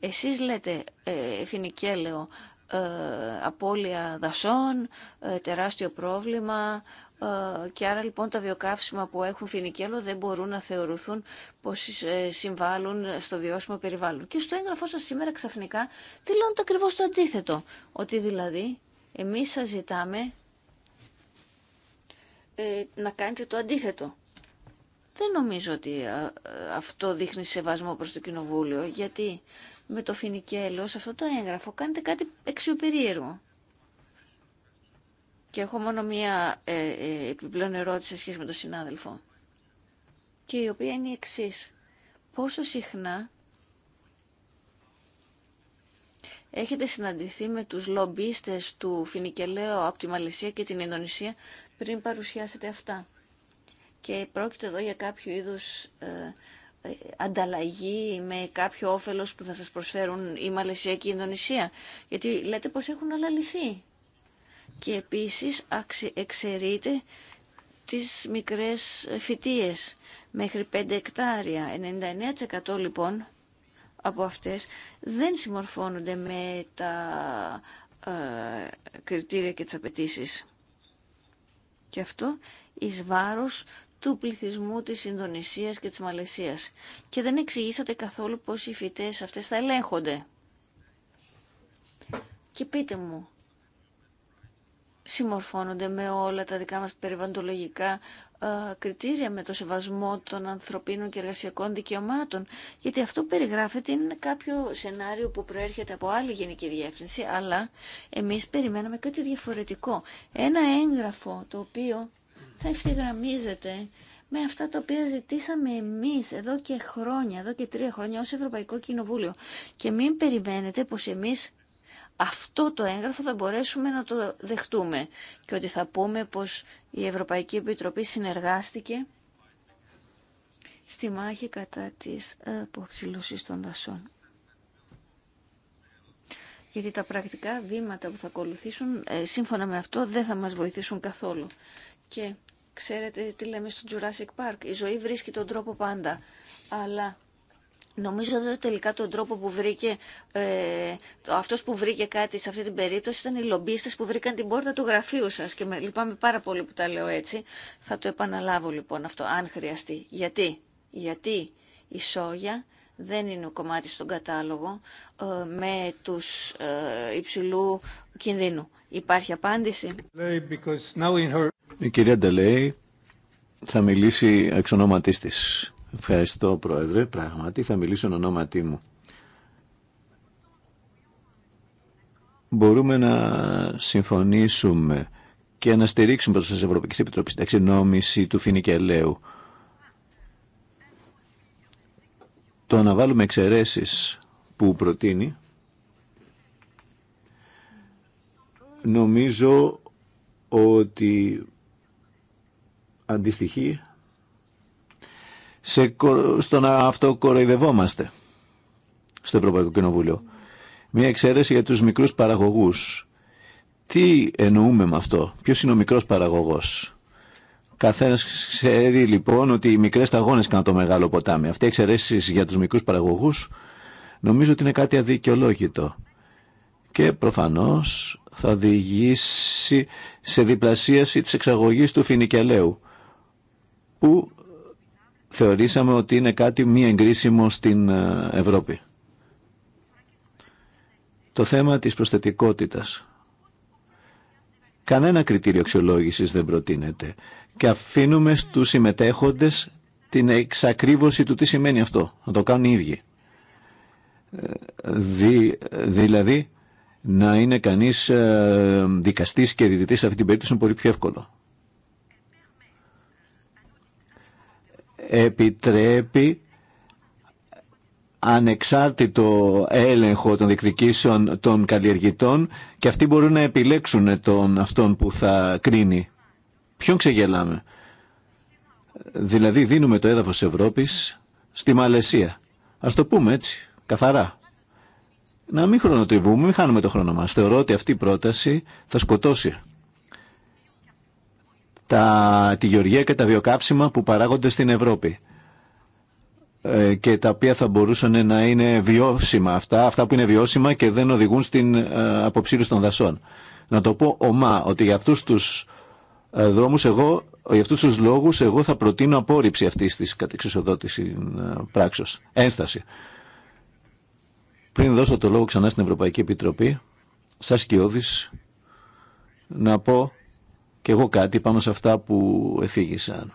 Εσείς λέτε ε, φινικέλαιο, ε, απώλεια δασών, ε, τεράστιο πρόβλημα, ε, και άρα λοιπόν τα βιοκαύσιμα που έχουν φινικέλο δεν μπορούν να θεωρηθούν πως ε, συμβάλλουν στο βιώσιμο περιβάλλον. Και στο έγγραφό σας σήμερα ξαφνικά δηλώνεται ακριβώς το αντίθετο, ότι δηλαδή εμείς σας ζητάμε ε, να κάνετε το αντίθετο. Δεν νομίζω ότι αυτό δείχνει σεβασμό προς το Κοινοβούλιο, γιατί με το φινικέλο σε αυτό το έγγραφο κάνετε κάτι εξιοπερίεργο. Και έχω μόνο μία ε, ε, επιπλέον ερώτηση σε σχέση με τον συνάδελφο. Και η οποία είναι η εξή. Πόσο συχνά έχετε συναντηθεί με τους λομπίστες του Φινικελαίου από τη Μαλισία και την Ινδονησία πριν παρουσιάσετε αυτά. Και πρόκειται εδώ για κάποιο είδους ε, ανταλλαγή με κάποιο όφελος που θα σας προσφέρουν η Μαλαισία και η Ινδονησία. Γιατί λέτε πως έχουν όλα και επίσης εξαιρείται τις μικρές φυτίες μέχρι 5 εκτάρια. 99% λοιπόν από αυτές δεν συμμορφώνονται με τα ε, κριτήρια και τις απαιτήσει. Και αυτό εις βάρος του πληθυσμού της Ινδονησίας και της Μαλαισίας. Και δεν εξηγήσατε καθόλου πώς οι φυτές αυτές θα ελέγχονται. Και πείτε μου, συμμορφώνονται με όλα τα δικά μας περιβαντολογικά ε, κριτήρια, με το σεβασμό των ανθρωπίνων και εργασιακών δικαιωμάτων. Γιατί αυτό που περιγράφεται είναι κάποιο σενάριο που προέρχεται από άλλη γενική διεύθυνση, αλλά εμείς περιμέναμε κάτι διαφορετικό. Ένα έγγραφο το οποίο θα ευθυγραμμίζεται με αυτά τα οποία ζητήσαμε εμείς εδώ και χρόνια, εδώ και τρία χρόνια ως Ευρωπαϊκό Κοινοβούλιο. Και μην περιμένετε πως εμείς αυτό το έγγραφο θα μπορέσουμε να το δεχτούμε και ότι θα πούμε πως η Ευρωπαϊκή Επιτροπή συνεργάστηκε στη μάχη κατά της αποψηλωσής των δασών. Γιατί τα πρακτικά βήματα που θα ακολουθήσουν, ε, σύμφωνα με αυτό, δεν θα μας βοηθήσουν καθόλου. Και ξέρετε τι λέμε στο Jurassic Park, η ζωή βρίσκει τον τρόπο πάντα, αλλά Νομίζω ότι τελικά τον τρόπο που βρήκε, ε, αυτός που βρήκε κάτι σε αυτή την περίπτωση ήταν οι λομπίστες που βρήκαν την πόρτα του γραφείου σας και με, λυπάμαι πάρα πολύ που τα λέω έτσι. Θα το επαναλάβω λοιπόν αυτό, αν χρειαστεί. Γιατί, γιατί η σόγια δεν είναι ο κομμάτι στον κατάλογο ε, με τους ε, υψηλού κινδύνου. Υπάρχει απάντηση. Η κυρία Ντελέη θα μιλήσει εξ ονόματής της. Ευχαριστώ, Πρόεδρε. Πράγματι, θα μιλήσω εν ονόματί μου. Μπορούμε να συμφωνήσουμε και να στηρίξουμε προς της Ευρωπαϊκής Επιτροπής την του του φινικελαίου. Το να βάλουμε εξαιρεσει που προτείνει νομίζω ότι αντιστοιχεί σε, στο να αυτοκοροϊδευόμαστε στο Ευρωπαϊκό Κοινοβούλιο. Μία εξαίρεση για τους μικρούς παραγωγούς. Τι εννοούμε με αυτό, ποιος είναι ο μικρός παραγωγός. Καθένας ξέρει λοιπόν ότι οι μικρές ταγόνες κάνουν το μεγάλο ποτάμι. Αυτή η εξαίρεση για τους μικρούς παραγωγούς νομίζω ότι είναι κάτι αδικαιολόγητο. Και προφανώς θα οδηγήσει σε διπλασίαση της εξαγωγής του φινικελαίου που θεωρήσαμε ότι είναι κάτι μη εγκρίσιμο στην ε, Ευρώπη. Το θέμα της προσθετικότητας. Κανένα κριτήριο αξιολόγηση δεν προτείνεται και αφήνουμε στους συμμετέχοντες την εξακρίβωση του τι σημαίνει αυτό, να το κάνουν οι ίδιοι. Ε, Δη, δηλαδή, να είναι κανείς ε, δικαστής και διδητής σε αυτή την περίπτωση είναι πολύ πιο εύκολο. επιτρέπει ανεξάρτητο έλεγχο των διεκδικήσεων των καλλιεργητών και αυτοί μπορούν να επιλέξουν τον αυτόν που θα κρίνει. Ποιον ξεγελάμε. Δηλαδή δίνουμε το έδαφος Ευρώπης στη Μαλαισία. Ας το πούμε έτσι, καθαρά. Να μην χρονοτριβούμε, μην χάνουμε το χρόνο μας. Θεωρώ ότι αυτή η πρόταση θα σκοτώσει τα, τη γεωργία και τα βιοκαύσιμα που παράγονται στην Ευρώπη ε, και τα οποία θα μπορούσαν να είναι βιώσιμα αυτά, αυτά που είναι βιώσιμα και δεν οδηγούν στην ε, αποψήλωση των δασών. Να το πω ομά, ότι για αυτούς τους ε, δρόμους εγώ, για αυτούς τους λόγους εγώ θα προτείνω απόρριψη αυτής της κατεξουσιοδότηση πράξεως, ένσταση. Πριν δώσω το λόγο ξανά στην Ευρωπαϊκή Επιτροπή, σας και να πω και εγώ κάτι πάνω σε αυτά που εφήγησαν.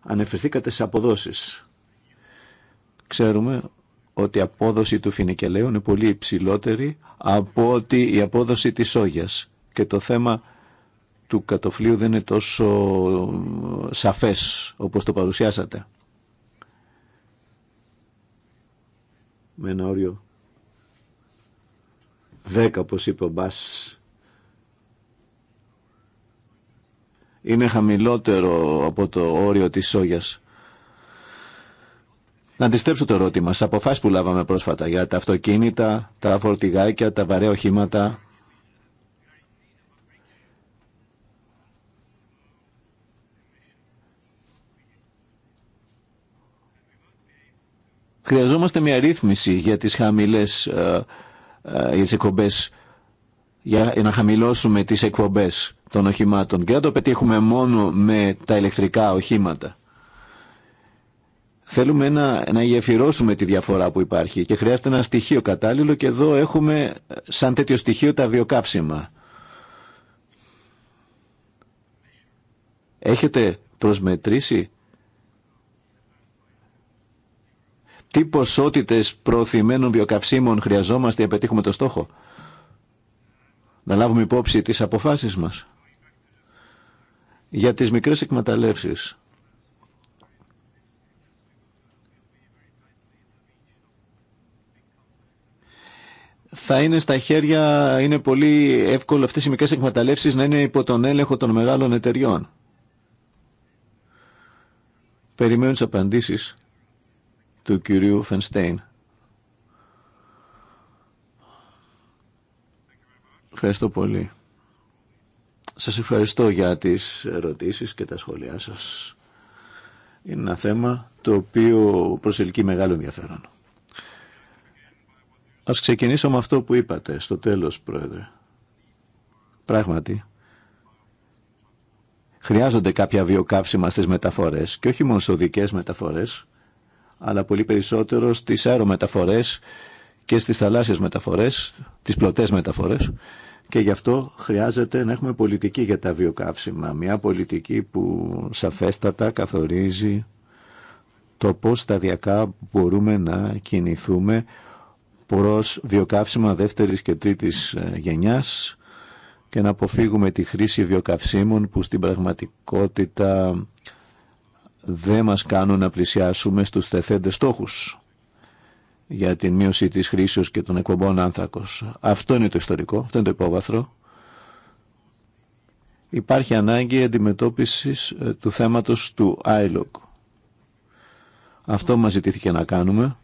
Ανεφερθήκατε σε αποδόσεις. Ξέρουμε ότι η απόδοση του φινικελαίου είναι πολύ υψηλότερη από ότι η απόδοση της σόγιας. Και το θέμα του κατοφλίου δεν είναι τόσο σαφές όπως το παρουσιάσατε. Με ένα όριο 10 όπως είπε ο Μπάς είναι χαμηλότερο από το όριο της σόγιας. Να αντιστρέψω το ερώτημα. Σε αποφάσει που λάβαμε πρόσφατα για τα αυτοκίνητα, τα φορτηγάκια, τα βαρέα οχήματα. Χρειαζόμαστε μια ρύθμιση για τις χαμηλές ε, ε για να χαμηλώσουμε τις εκπομπές των οχημάτων και δεν το πετύχουμε μόνο με τα ηλεκτρικά οχήματα. Θέλουμε να, να γεφυρώσουμε τη διαφορά που υπάρχει και χρειάζεται ένα στοιχείο κατάλληλο και εδώ έχουμε σαν τέτοιο στοιχείο τα βιοκάψιμα. Έχετε προσμετρήσει τι ποσότητες προωθημένων βιοκαυσίμων χρειαζόμαστε για να πετύχουμε το στόχο. Να λάβουμε υπόψη τις αποφάσεις μας για τις μικρές εκμεταλλεύσεις. θα είναι στα χέρια, είναι πολύ εύκολο αυτές οι μικρές εκμεταλλεύσεις να είναι υπό τον έλεγχο των μεγάλων εταιριών. Περιμένω τις απαντήσεις του κυρίου Φενστέιν. Ευχαριστώ πολύ. Σας ευχαριστώ για τις ερωτήσεις και τα σχόλιά σας. Είναι ένα θέμα το οποίο προσελκύει μεγάλο ενδιαφέρον. Ας ξεκινήσω με αυτό που είπατε στο τέλος, Πρόεδρε. Πράγματι, χρειάζονται κάποια βιοκαύσιμα στις μεταφορές και όχι μόνο στις μεταφορές, αλλά πολύ περισσότερο στις αερομεταφορές και στις θαλάσσιες μεταφορές, τις πλωτές μεταφορές και γι' αυτό χρειάζεται να έχουμε πολιτική για τα βιοκαύσιμα. Μια πολιτική που σαφέστατα καθορίζει το πώς σταδιακά μπορούμε να κινηθούμε προς βιοκαύσιμα δεύτερης και τρίτης ε, γενιάς και να αποφύγουμε τη χρήση βιοκαυσίμων που στην πραγματικότητα δεν μας κάνουν να πλησιάσουμε στους θεθέντες στόχους για την μείωση της χρήσεως και των εκπομπών άνθρακος. Αυτό είναι το ιστορικό, αυτό είναι το υπόβαθρο. Υπάρχει ανάγκη αντιμετώπισης ε, του θέματος του ILOG. Αυτό μας ζητήθηκε να κάνουμε.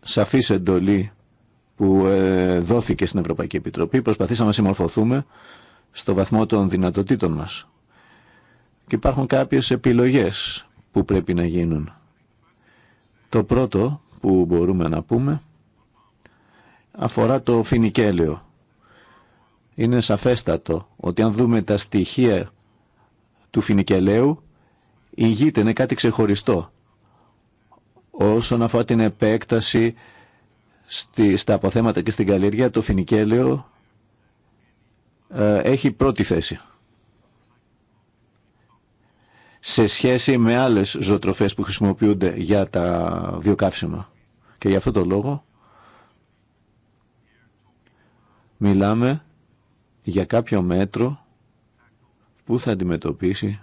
Σαφής εντολή που ε, δόθηκε στην Ευρωπαϊκή Επιτροπή. Προσπαθήσαμε να συμμορφωθούμε στο βαθμό των δυνατοτήτων μας. Και υπάρχουν κάποιες επιλογές που πρέπει να γίνουν. Το πρώτο που μπορούμε να πούμε αφορά το φινικέλαιο. Είναι σαφέστατο ότι αν δούμε τα στοιχεία του φινικελαίου ηγείται, είναι κάτι ξεχωριστό όσον αφορά την επέκταση στη, στα αποθέματα και στην καλλιεργία το φινικέλαιο ε, έχει πρώτη θέση σε σχέση με άλλες ζωοτροφές που χρησιμοποιούνται για τα βιοκάψιμα. Και για αυτό το λόγο μιλάμε για κάποιο μέτρο που θα αντιμετωπίσει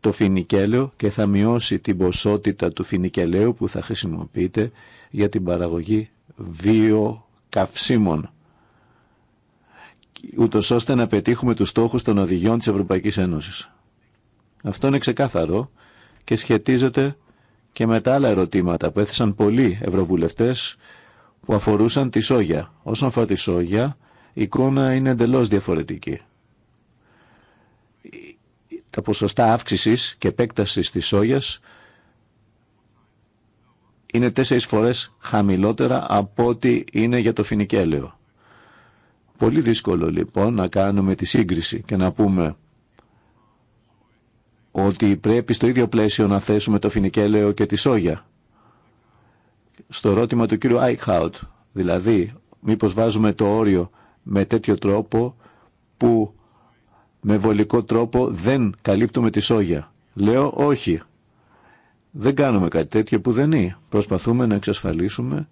το φινικέλαιο και θα μειώσει την ποσότητα του φινικελαίου που θα χρησιμοποιείται για την παραγωγή βιοκαυσίμων ούτως ώστε να πετύχουμε τους στόχους των οδηγιών της Ευρωπαϊκής Ένωσης. Αυτό είναι ξεκάθαρο και σχετίζεται και με τα άλλα ερωτήματα που έθεσαν πολλοί ευρωβουλευτές που αφορούσαν τη σόγια. Όσον αφορά τη σόγια, η εικόνα είναι εντελώς διαφορετική. Τα ποσοστά αύξησης και επέκτασης της σόγιας είναι τέσσερις φορές χαμηλότερα από ό,τι είναι για το φινικέλαιο. Πολύ δύσκολο λοιπόν να κάνουμε τη σύγκριση και να πούμε ότι πρέπει στο ίδιο πλαίσιο να θέσουμε το φινικέλαιο και τη σόγια. Στο ερώτημα του κύριου Άικχαουτ, δηλαδή μήπως βάζουμε το όριο με τέτοιο τρόπο που με βολικό τρόπο δεν καλύπτουμε τη σόγια. Λέω όχι. Δεν κάνουμε κάτι τέτοιο που δεν είναι. Προσπαθούμε να εξασφαλίσουμε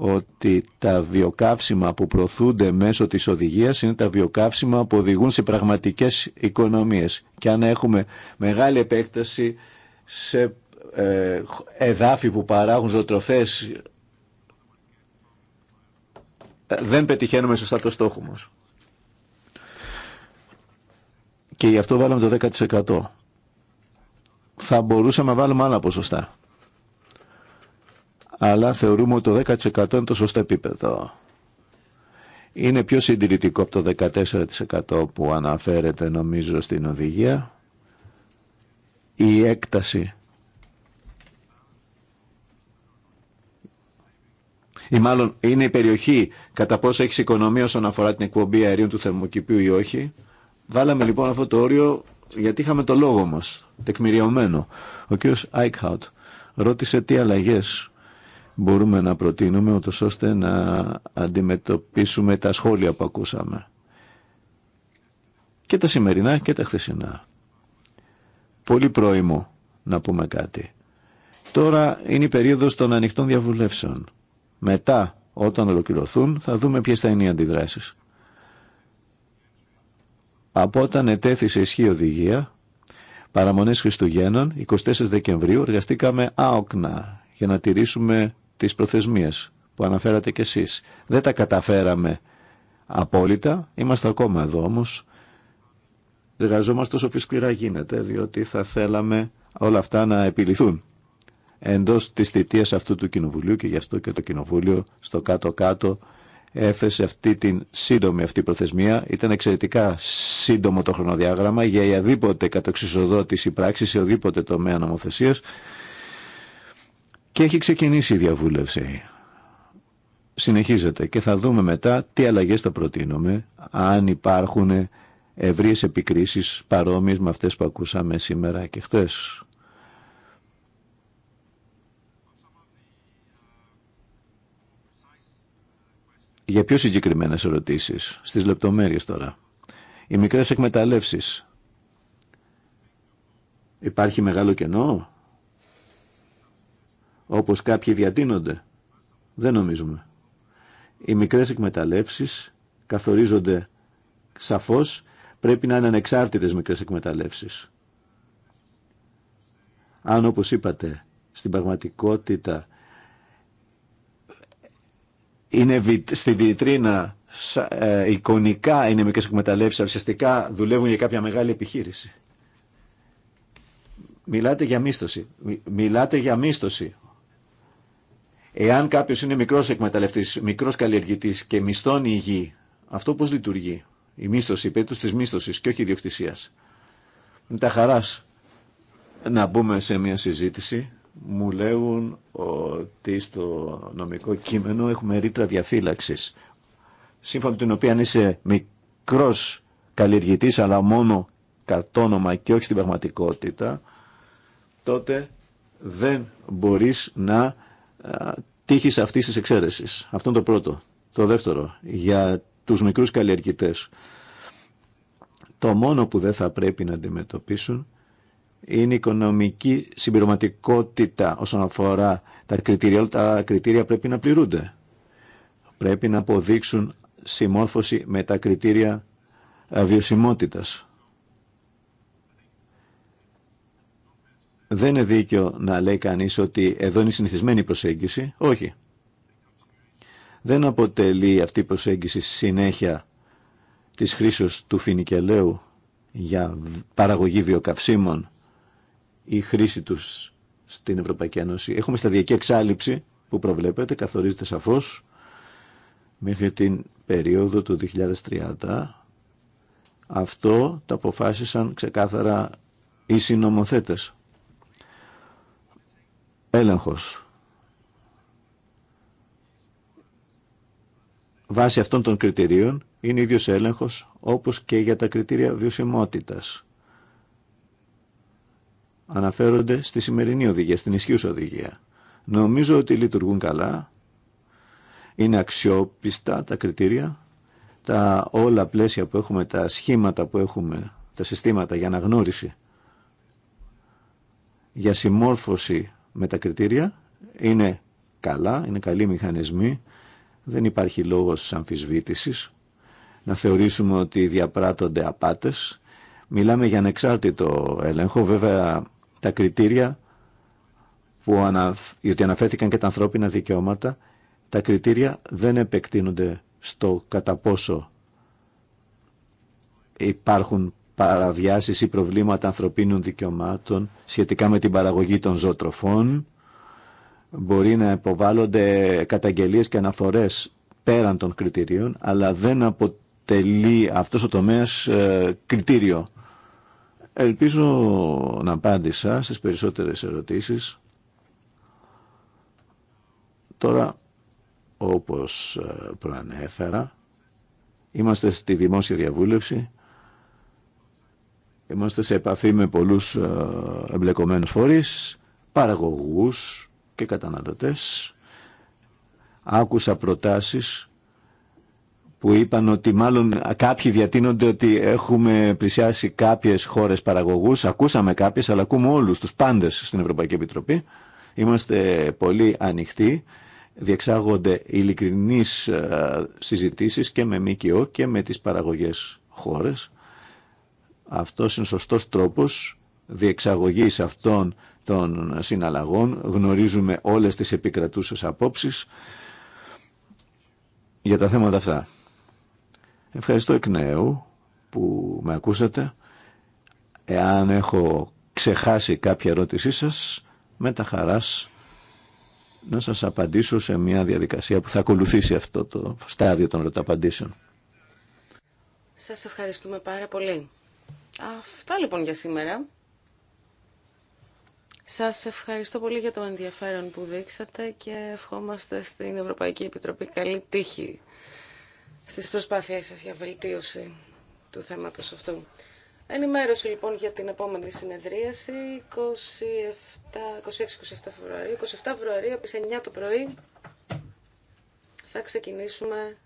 ότι τα βιοκαύσιμα που προωθούνται μέσω της οδηγίας είναι τα βιοκαύσιμα που οδηγούν σε πραγματικές οικονομίες. Και αν έχουμε μεγάλη επέκταση σε ε, εδάφη που παράγουν ζωοτροφές, δεν πετυχαίνουμε σωστά το στόχο μας. Και γι' αυτό βάλαμε το 10%. Θα μπορούσαμε να βάλουμε άλλα ποσοστά αλλά θεωρούμε ότι το 10% είναι το σωστό επίπεδο. Είναι πιο συντηρητικό από το 14% που αναφέρεται νομίζω στην οδηγία. Η έκταση ή μάλλον είναι η περιοχή κατά πόσο έχει οικονομία όσον αφορά την εκπομπή αερίων του θερμοκηπίου ή όχι. Βάλαμε λοιπόν αυτό το όριο γιατί είχαμε το λόγο μας, τεκμηριωμένο. Ο κύριος Άικχαουτ ρώτησε τι αλλαγές μπορούμε να προτείνουμε ούτως ώστε να αντιμετωπίσουμε τα σχόλια που ακούσαμε. Και τα σημερινά και τα χθεσινά. Πολύ πρόημο να πούμε κάτι. Τώρα είναι η περίοδος των ανοιχτών διαβουλεύσεων. Μετά, όταν ολοκληρωθούν, θα δούμε ποιες θα είναι οι αντιδράσεις. Από όταν ετέθησε ισχύ οδηγία, παραμονές Χριστουγέννων, 24 Δεκεμβρίου, εργαστήκαμε άοκνα για να τηρήσουμε τις προθεσμίες που αναφέρατε κι εσείς. Δεν τα καταφέραμε απόλυτα, είμαστε ακόμα εδώ όμως. Εργαζόμαστε όσο πιο σκληρά γίνεται, διότι θα θέλαμε όλα αυτά να επιληθούν εντός της θητείας αυτού του Κοινοβουλίου και γι' αυτό και το Κοινοβούλιο στο κάτω-κάτω έθεσε αυτή την σύντομη αυτή προθεσμία. Ήταν εξαιρετικά σύντομο το χρονοδιάγραμμα για οποιαδήποτε κατοξισοδότηση πράξη σε οδήποτε τομέα νομοθεσίας και έχει ξεκινήσει η διαβούλευση. Συνεχίζεται και θα δούμε μετά τι αλλαγές θα προτείνουμε, αν υπάρχουν ευρείες επικρίσεις παρόμοιες με αυτές που ακούσαμε σήμερα και χτες. Για πιο συγκεκριμένες ερωτήσεις, στις λεπτομέρειες τώρα. Οι μικρές εκμεταλλεύσεις. Υπάρχει μεγάλο κενό όπως κάποιοι διατείνονται. Δεν νομίζουμε. Οι μικρές εκμεταλλεύσεις καθορίζονται σαφώς, πρέπει να είναι ανεξάρτητες μικρές εκμεταλλεύσεις. Αν όπως είπατε, στην πραγματικότητα είναι στη βιτρίνα ε, εικονικά είναι μικρές εκμεταλλεύσεις, ουσιαστικά δουλεύουν για κάποια μεγάλη επιχείρηση. Μιλάτε για μίσθωση. Μιλάτε για μίστοση. Εάν κάποιο είναι μικρό εκμεταλλευτή, μικρό καλλιεργητή και μισθώνει η γη, αυτό πώ λειτουργεί. Η μίσθωση, η περίπτωση τη μίσθωση και όχι διοκτησία. Με τα χαρά να μπούμε σε μια συζήτηση. Μου λέγουν ότι στο νομικό κείμενο έχουμε ρήτρα διαφύλαξη. Σύμφωνα με την οποία αν είσαι μικρό καλλιεργητή, αλλά μόνο κατόνομα και όχι στην πραγματικότητα, τότε δεν μπορείς να ε, τύχη αυτή τη εξαίρεση. Αυτό είναι το πρώτο. Το δεύτερο, για τους μικρούς καλλιεργητές. Το μόνο που δεν θα πρέπει να αντιμετωπίσουν είναι η οικονομική συμπληρωματικότητα όσον αφορά τα κριτήρια. Όλα Τα κριτήρια πρέπει να πληρούνται. Πρέπει να αποδείξουν συμμόρφωση με τα κριτήρια ε, βιωσιμότητας. Δεν είναι δίκιο να λέει κανείς ότι εδώ είναι η συνηθισμένη προσέγγιση. Όχι. Δεν αποτελεί αυτή η προσέγγιση συνέχεια της χρήσης του φινικελαίου για παραγωγή βιοκαυσίμων ή χρήση τους στην Ευρωπαϊκή Ένωση. Έχουμε σταδιακή εξάλληψη που προβλέπεται, καθορίζεται σαφώς μέχρι την περίοδο του 2030. Αυτό τα αποφάσισαν ξεκάθαρα οι συνομοθέτες έλεγχος. Βάσει αυτών των κριτηρίων είναι ίδιος έλεγχος όπως και για τα κριτήρια βιωσιμότητας. Αναφέρονται στη σημερινή οδηγία, στην ισχύουσα οδηγία. Νομίζω ότι λειτουργούν καλά, είναι αξιόπιστα τα κριτήρια, τα όλα πλαίσια που έχουμε, τα σχήματα που έχουμε, τα συστήματα για αναγνώριση, για συμμόρφωση με τα κριτήρια. Είναι καλά, είναι καλοί μηχανισμοί. Δεν υπάρχει λόγος αμφισβήτησης. Να θεωρήσουμε ότι διαπράττονται απάτες. Μιλάμε για ανεξάρτητο έλεγχο. Βέβαια τα κριτήρια που ανα γιατί αναφέρθηκαν και τα ανθρώπινα δικαιώματα, τα κριτήρια δεν επεκτείνονται στο κατά πόσο υπάρχουν παραβιάσεις ή προβλήματα ανθρωπίνων δικαιωμάτων σχετικά με την παραγωγή των ζωοτροφών. Μπορεί να υποβάλλονται καταγγελίες και αναφορές πέραν των κριτηρίων, αλλά δεν αποτελεί αυτό ο τομέας ε, κριτήριο. Ελπίζω να απάντησα στι περισσότερε ερωτήσεις. Τώρα, όπως ε, προανέφερα, είμαστε στη δημόσια διαβούλευση Είμαστε σε επαφή με πολλούς ε, εμπλεκομένους φορείς, παραγωγούς και καταναλωτές. Άκουσα προτάσεις που είπαν ότι μάλλον κάποιοι διατείνονται ότι έχουμε πλησιάσει κάποιες χώρες παραγωγούς. Ακούσαμε κάποιες, αλλά ακούμε όλους τους πάντες στην Ευρωπαϊκή Επιτροπή. Είμαστε πολύ ανοιχτοί. Διεξάγονται ειλικρινείς ε, συζητήσεις και με ΜΚΟ και με τις παραγωγές χώρες αυτός είναι σωστός τρόπος διεξαγωγής αυτών των συναλλαγών. Γνωρίζουμε όλες τις επικρατούσες απόψεις για τα θέματα αυτά. Ευχαριστώ εκ νέου που με ακούσατε. Εάν έχω ξεχάσει κάποια ερώτησή σας, με τα χαράς να σας απαντήσω σε μια διαδικασία που θα ακολουθήσει αυτό το στάδιο των ρωταπαντήσεων. Σας ευχαριστούμε πάρα πολύ. Αυτά λοιπόν για σήμερα. Σας ευχαριστώ πολύ για το ενδιαφέρον που δείξατε και ευχόμαστε στην Ευρωπαϊκή Επιτροπή καλή τύχη στις προσπάθειές σας για βελτίωση του θέματος αυτού. Ενημέρωση λοιπόν για την επόμενη συνεδρίαση 26-27 Φεβρουαρίου. 27 Φεβρουαρίου από 9 το πρωί θα ξεκινήσουμε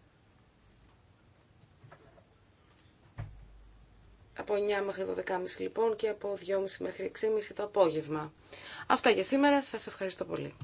από 9 μέχρι 12.30 λοιπόν και από 2.30 μέχρι 6.30 το απόγευμα. Αυτά για σήμερα. Σας ευχαριστώ πολύ.